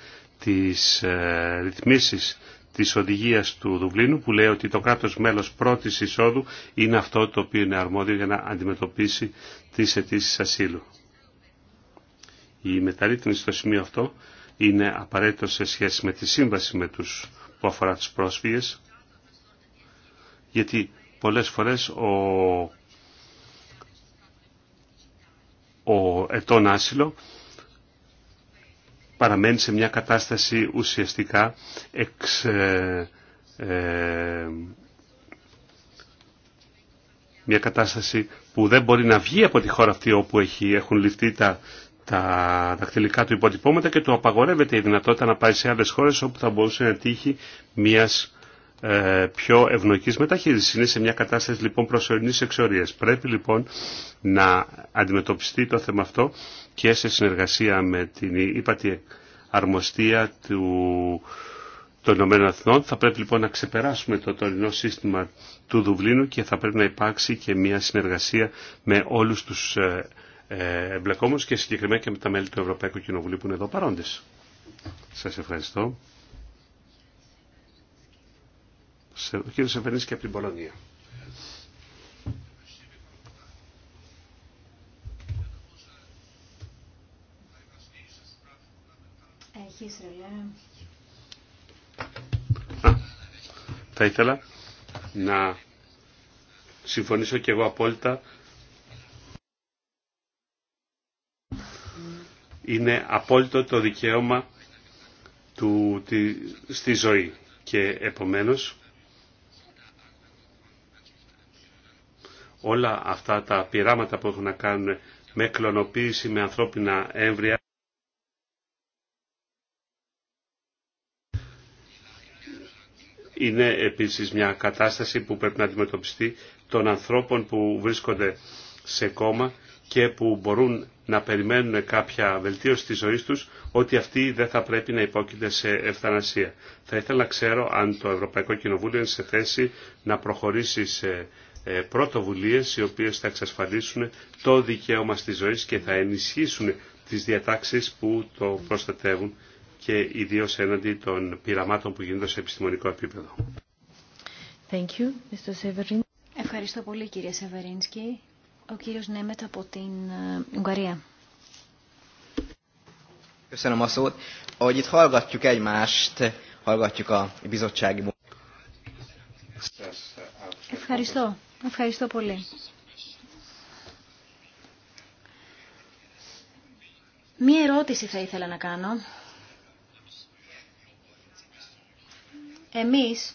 τις ε, ρυθμίσεις της οδηγία του Δουβλίνου που λέει ότι το κράτος μέλος πρώτης εισόδου είναι αυτό το οποίο είναι αρμόδιο για να αντιμετωπίσει τις αιτήσει ασύλου. Η μεταρρύθμιση στο σημείο αυτό είναι απαραίτητο σε σχέση με τη σύμβαση με τους που αφορά τους πρόσφυγες γιατί πολλές φορές ο, ο ετών άσυλο παραμένει σε μια κατάσταση ουσιαστικά ε, ε, μια κατάσταση που δεν μπορεί να βγει από τη χώρα αυτή όπου έχει, έχουν ληφθεί τα, τα δακτυλικά του υποτυπώματα και του απαγορεύεται η δυνατότητα να πάει σε άλλες χώρες όπου θα μπορούσε να τύχει μιας ε, πιο ευνοϊκής μεταχείρισης. Είναι σε μια κατάσταση λοιπόν προσωρινής εξορίας. Πρέπει λοιπόν να αντιμετωπιστεί το θέμα αυτό και σε συνεργασία με την ύπατη αρμοστία του, των Ηνωμένων Θα πρέπει λοιπόν να ξεπεράσουμε το τωρινό σύστημα του Δουβλίνου και θα πρέπει να υπάρξει και μια συνεργασία με όλους τους ε, ε, εμπλεκόμενους και συγκεκριμένα και με τα μέλη του Ευρωπαϊκού Κοινοβουλίου που είναι εδώ παρόντες. Σας ευχαριστώ. ο κύριος Σεφενής και από την Πολωνία. Έχεις Θα ήθελα να συμφωνήσω και εγώ απόλυτα. Είναι απόλυτο το δικαίωμα του, στη ζωή και επομένως όλα αυτά τα πειράματα που έχουν να κάνουν με κλωνοποίηση, με ανθρώπινα έμβρια. Είναι επίσης μια κατάσταση που πρέπει να αντιμετωπιστεί των ανθρώπων που βρίσκονται σε κόμμα και που μπορούν να περιμένουν κάποια βελτίωση της ζωής τους, ότι αυτοί δεν θα πρέπει να υπόκειται σε ευθανασία. Θα ήθελα να ξέρω αν το Ευρωπαϊκό Κοινοβούλιο είναι σε θέση να προχωρήσει σε ε, πρωτοβουλίες οι οποίες θα εξασφαλίσουν το δικαίωμα στη ζωή και θα ενισχύσουν τις διατάξεις που το προστατεύουν και ιδίως έναντι των πειραμάτων που γίνονται σε επιστημονικό επίπεδο. Thank you, Mr. Ευχαριστώ πολύ κύριε Σεβερίνσκι. Ο κύριος Νέμετ από την ε, Ουγγαρία. Σας Ευχαριστώ. Ευχαριστώ πολύ. Μία ερώτηση θα ήθελα να κάνω. Εμείς,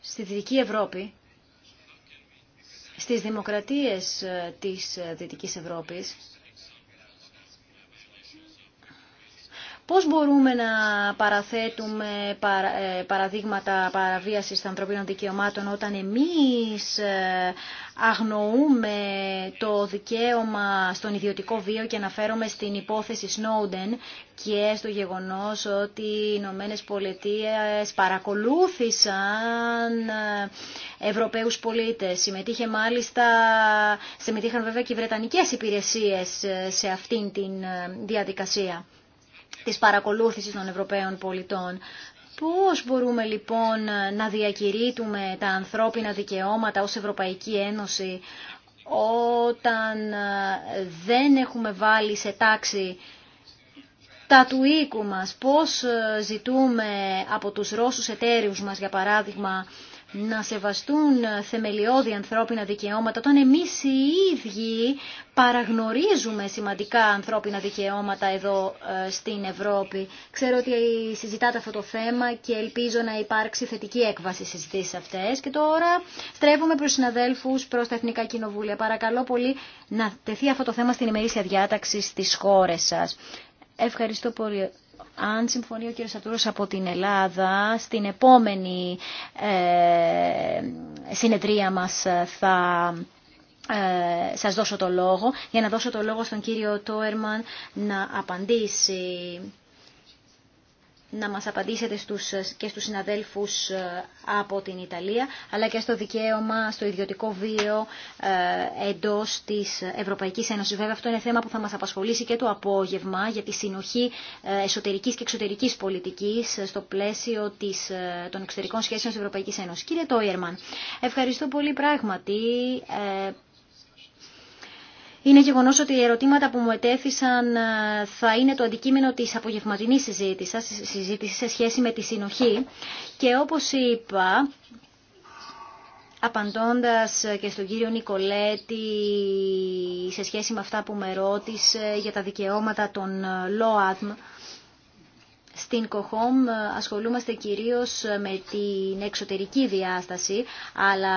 στη Δυτική Ευρώπη, στις δημοκρατίες ε, της ε, Δυτικής Ευρώπης, Πώς μπορούμε να παραθέτουμε ε, παραδείγματα παραβίασης των ανθρωπίνων δικαιωμάτων όταν εμείς ε, αγνοούμε το δικαίωμα στον ιδιωτικό βίο και αναφέρομαι στην υπόθεση Snowden και στο γεγονός ότι οι Ηνωμένε Πολιτείε παρακολούθησαν ε, Ευρωπαίους πολίτες. Συμμετείχε μάλιστα, συμμετείχαν βέβαια και οι Βρετανικές υπηρεσίες σε αυτήν την διαδικασία της παρακολούθησης των Ευρωπαίων πολιτών. Πώς μπορούμε λοιπόν να διακηρύττουμε τα ανθρώπινα δικαιώματα ως Ευρωπαϊκή Ένωση όταν ε, δεν έχουμε βάλει σε τάξη τα του οίκου μας, πώς ε, ζητούμε από τους Ρώσους εταίρους μας, για παράδειγμα, να σεβαστούν θεμελιώδη ανθρώπινα δικαιώματα όταν εμείς οι ίδιοι παραγνωρίζουμε σημαντικά ανθρώπινα δικαιώματα εδώ ε, στην Ευρώπη. Ξέρω ότι συζητάτε αυτό το θέμα και ελπίζω να υπάρξει θετική έκβαση στις αυτές. Και τώρα στρέφουμε προς συναδέλφους, προς τα Εθνικά Κοινοβούλια. Παρακαλώ πολύ να τεθεί αυτό το θέμα στην ημερήσια διάταξη στις χώρες σας. Ευχαριστώ πολύ αν συμφωνεί ο κύριος Σατούρος από την Ελλάδα, στην επόμενη ε, συνεδρία μας θα ε, σας δώσω το λόγο, για να δώσω το λόγο στον κύριο Τόερμαν να απαντήσει να μας απαντήσετε στους, και στους συναδέλφους ε, από την Ιταλία, αλλά και στο δικαίωμα, στο ιδιωτικό βίο ε, εντός της Ευρωπαϊκής Ένωσης. Βέβαια αυτό είναι θέμα που θα μας απασχολήσει και το απόγευμα για τη συνοχή ε, εσωτερικής και εξωτερικής πολιτικής στο πλαίσιο της, των εξωτερικών σχέσεων της Ευρωπαϊκής Ένωσης. Κύριε Τόιερμαν, ευχαριστώ πολύ πράγματι. Είναι γεγονός ότι οι ερωτήματα που μου ετέθησαν ε, θα είναι το αντικείμενο της απογευματινής συζήτηση σε σχέση με τη συνοχή και όπως είπα απαντώντα και στον κύριο Νικολέτη σε σχέση με αυτά που με ρώτησε για τα δικαιώματα των ΛΟΑΔΜ, στην ΚΟΧΟΜ ε, ασχολούμαστε κυρίως ε, με την εξωτερική διάσταση, αλλά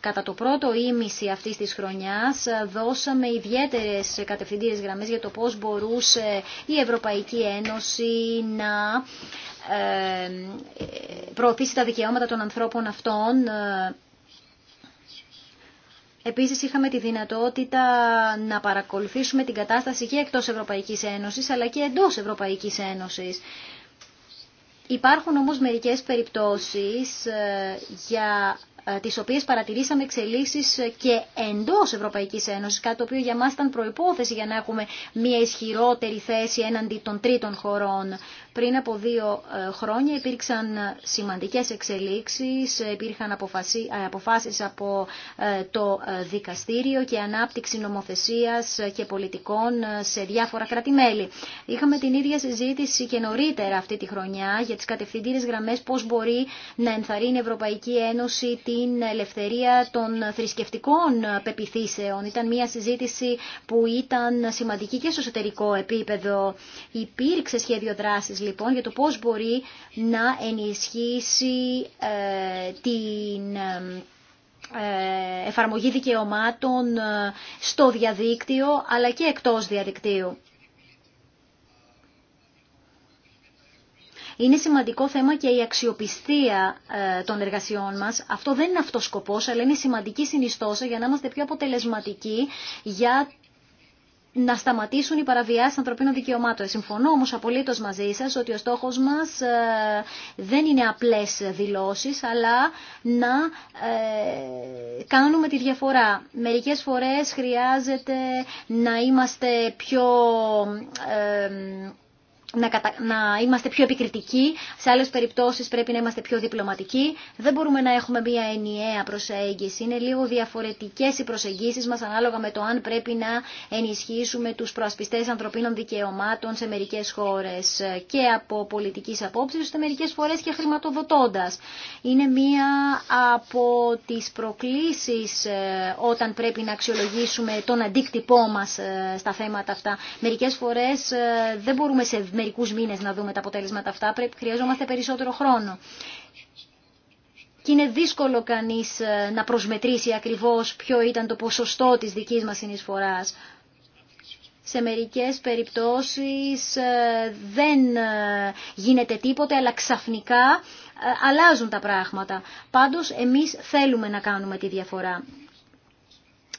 κατά το πρώτο ήμιση αυτής της χρονιάς ε, δώσαμε ιδιαίτερες κατευθυντήρες γραμμές για το πώς μπορούσε η Ευρωπαϊκή Ένωση να προωθήσει τα δικαιώματα των ανθρώπων αυτών Επίσης είχαμε τη δυνατότητα να παρακολουθήσουμε την κατάσταση και εκτός Ευρωπαϊκής Ένωσης αλλά και εντός Ευρωπαϊκής Ένωσης. Υπάρχουν όμως μερικές περιπτώσεις ε, για ε, τις οποίες παρατηρήσαμε εξελίξεις και εντός Ευρωπαϊκής Ένωσης, κάτι το οποίο για μας ήταν προϋπόθεση για να έχουμε μια ισχυρότερη θέση έναντι των τρίτων χωρών. Πριν από δύο ε, χρόνια υπήρξαν ε, σημαντικές εξελίξεις, ε, υπήρχαν αποφάσεις από το δικαστήριο και ανάπτυξη νομοθεσίας και πολιτικών σε διάφορα κράτη-μέλη. Είχαμε την ίδια συζήτηση και νωρίτερα αυτή τη χρονιά για τις κατευθυντήρες γραμμές πώς μπορεί να ενθαρρύνει η Ευρωπαϊκή Ένωση την ελευθερία των θρησκευτικών πεπιθήσεων. Ήταν μια συζήτηση που ήταν σημαντική και στο εσωτερικό επίπεδο. Υπήρξε σχέδιο δράσης λοιπόν για το πώς μπορεί να ενισχύσει ε, την ε, ε, εφαρμογή δικαιωμάτων στο διαδίκτυο αλλά και εκτός διαδικτύου. Είναι σημαντικό θέμα και η αξιοπιστία των εργασιών μας. Αυτό δεν είναι αυτός σκοπός, αλλά είναι σημαντική συνιστόσα για να είμαστε πιο αποτελεσματικοί για να σταματήσουν οι παραβιάσεις ανθρωπίνων δικαιωμάτων. Συμφωνώ όμως απολύτως μαζί σας ότι ο στόχος μας ε, δεν είναι απλές δηλώσεις, αλλά να ε, κάνουμε τη διαφορά. Μερικές φορές χρειάζεται να είμαστε πιο ε, να, να είμαστε πιο επικριτικοί, σε άλλες περιπτώσεις πρέπει να είμαστε πιο διπλωματικοί. Δεν μπορούμε να έχουμε μια ενιαία προσέγγιση. Είναι λίγο διαφορετικές οι προσεγγίσεις μας ανάλογα με το αν πρέπει να ενισχύσουμε τους προασπιστές ανθρωπίνων δικαιωμάτων σε μερικές χώρες και από πολιτικής απόψης, σε μερικές φορές και χρηματοδοτώντας. Είναι μία από τις προκλήσεις ε, όταν πρέπει να αξιολογήσουμε τον αντίκτυπό μας ε, στα θέματα αυτά. Μερικές φορές ε, δεν μπορούμε σε μερικούς μήνες να δούμε τα αποτέλεσματα αυτά, πρέπει, χρειαζόμαστε περισσότερο χρόνο. Και είναι δύσκολο κανείς ε, να προσμετρήσει ακριβώς ποιο ήταν το ποσοστό της δικής μας συνεισφοράς. Σε μερικές περιπτώσεις ε, δεν ε, γίνεται τίποτε, αλλά ξαφνικά αλλάζουν τα πράγματα. Πάντως εμείς θέλουμε να κάνουμε τη διαφορά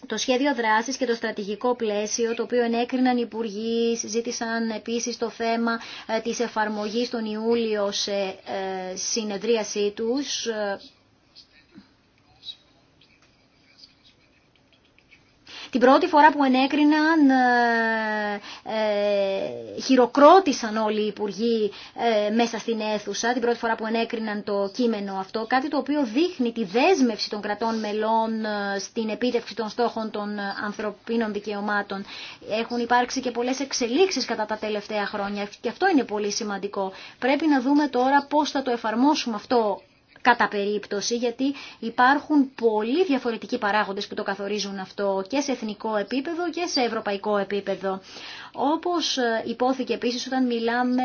το σχέδιο δράση και το στρατηγικό πλαίσιο το οποίο ενέκριναν οι υπουργοί, συζήτησαν επίσης το θέμα ε, της εφαρμογής τον Ιούλιο σε ε, συνεδρίασή τους ε, Την πρώτη φορά που ενέκριναν ε, ε, χειροκρότησαν όλοι οι υπουργοί ε, μέσα στην αίθουσα, την πρώτη φορά που ενέκριναν το κείμενο αυτό, κάτι το οποίο δείχνει τη δέσμευση των κρατών μελών στην επίτευξη των στόχων των ανθρωπίνων δικαιωμάτων. Έχουν υπάρξει και πολλές εξελίξεις κατά τα τελευταία χρόνια και αυτό είναι πολύ σημαντικό. Πρέπει να δούμε τώρα πώς θα το εφαρμόσουμε αυτό κατά περίπτωση, γιατί υπάρχουν πολύ διαφορετικοί παράγοντες που το καθορίζουν αυτό και σε εθνικό επίπεδο και σε ευρωπαϊκό επίπεδο. Όπως ε, υπόθηκε επίσης όταν μιλάμε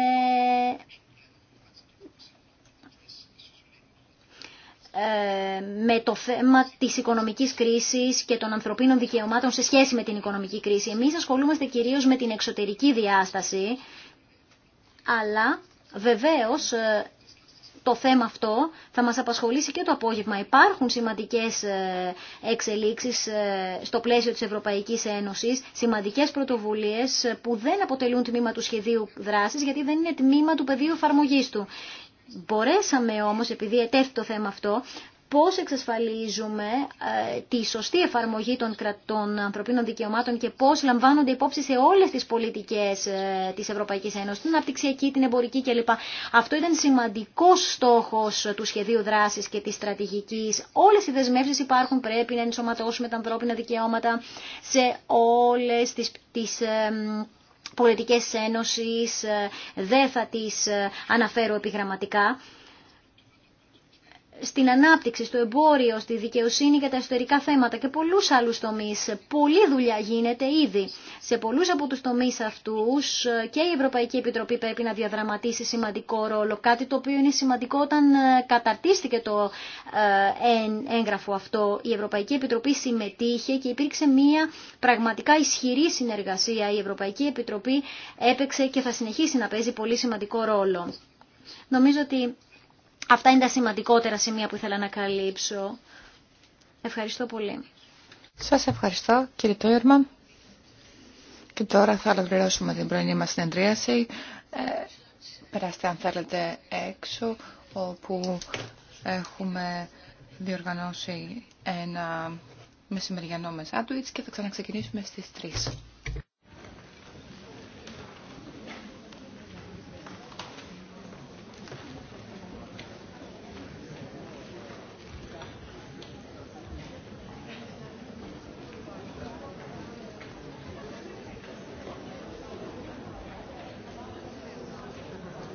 ε, με το θέμα της οικονομικής κρίσης και των ανθρωπίνων δικαιωμάτων σε σχέση με την οικονομική κρίση. Εμείς ασχολούμαστε κυρίως με την εξωτερική διάσταση, αλλά βεβαίως ε, το θέμα αυτό θα μας απασχολήσει και το απόγευμα. Υπάρχουν σημαντικές ε, εξελίξεις ε, στο πλαίσιο της Ευρωπαϊκής Ένωσης, σημαντικές πρωτοβουλίες ε, που δεν αποτελούν τμήμα του σχεδίου δράσης γιατί δεν είναι τμήμα του πεδίου εφαρμογή του. Μπορέσαμε όμως, επειδή ετέθη το θέμα αυτό, πώς εξασφαλίζουμε ε, τη σωστή εφαρμογή των κρατών ανθρωπίνων δικαιωμάτων και πώς λαμβάνονται υπόψη σε όλες τις πολιτικές ε, της Ευρωπαϊκής Ένωσης, την αναπτυξιακή, την εμπορική κλπ. Αυτό ήταν σημαντικός στόχος του σχεδίου δράσης και της στρατηγικής. Όλες οι δεσμεύσεις υπάρχουν, πρέπει να ενσωματώσουμε τα ανθρώπινα δικαιώματα σε όλες τις, τις ε, πολιτικές ένωσης, δεν θα τις αναφέρω επιγραμματικά στην ανάπτυξη, στο εμπόριο, στη δικαιοσύνη και τα εσωτερικά θέματα και πολλούς άλλους τομείς. Πολλή δουλειά γίνεται ήδη. Σε πολλούς από τους τομείς αυτούς ε, και η Ευρωπαϊκή Επιτροπή πρέπει να διαδραματίσει σημαντικό ρόλο, κάτι το οποίο είναι σημαντικό όταν ε, καταρτίστηκε το ε, έγγραφο αυτό. Η Ευρωπαϊκή Επιτροπή συμμετείχε και υπήρξε μια πραγματικά ισχυρή συνεργασία. Η Ευρωπαϊκή Επιτροπή έπαιξε και θα συνεχίσει να παίζει πολύ σημαντικό ρόλο. Νομίζω ότι Αυτά είναι τα σημαντικότερα σημεία που ήθελα να καλύψω. Ευχαριστώ πολύ. Σας ευχαριστώ κύριε Τόιρμαν. Και τώρα θα ολοκληρώσουμε την πρωινή μας συνεδρίαση. Ε, περάστε αν θέλετε έξω όπου έχουμε διοργανώσει ένα μεσημεριανό μεσάντουιτς και θα ξαναξεκινήσουμε στις 3.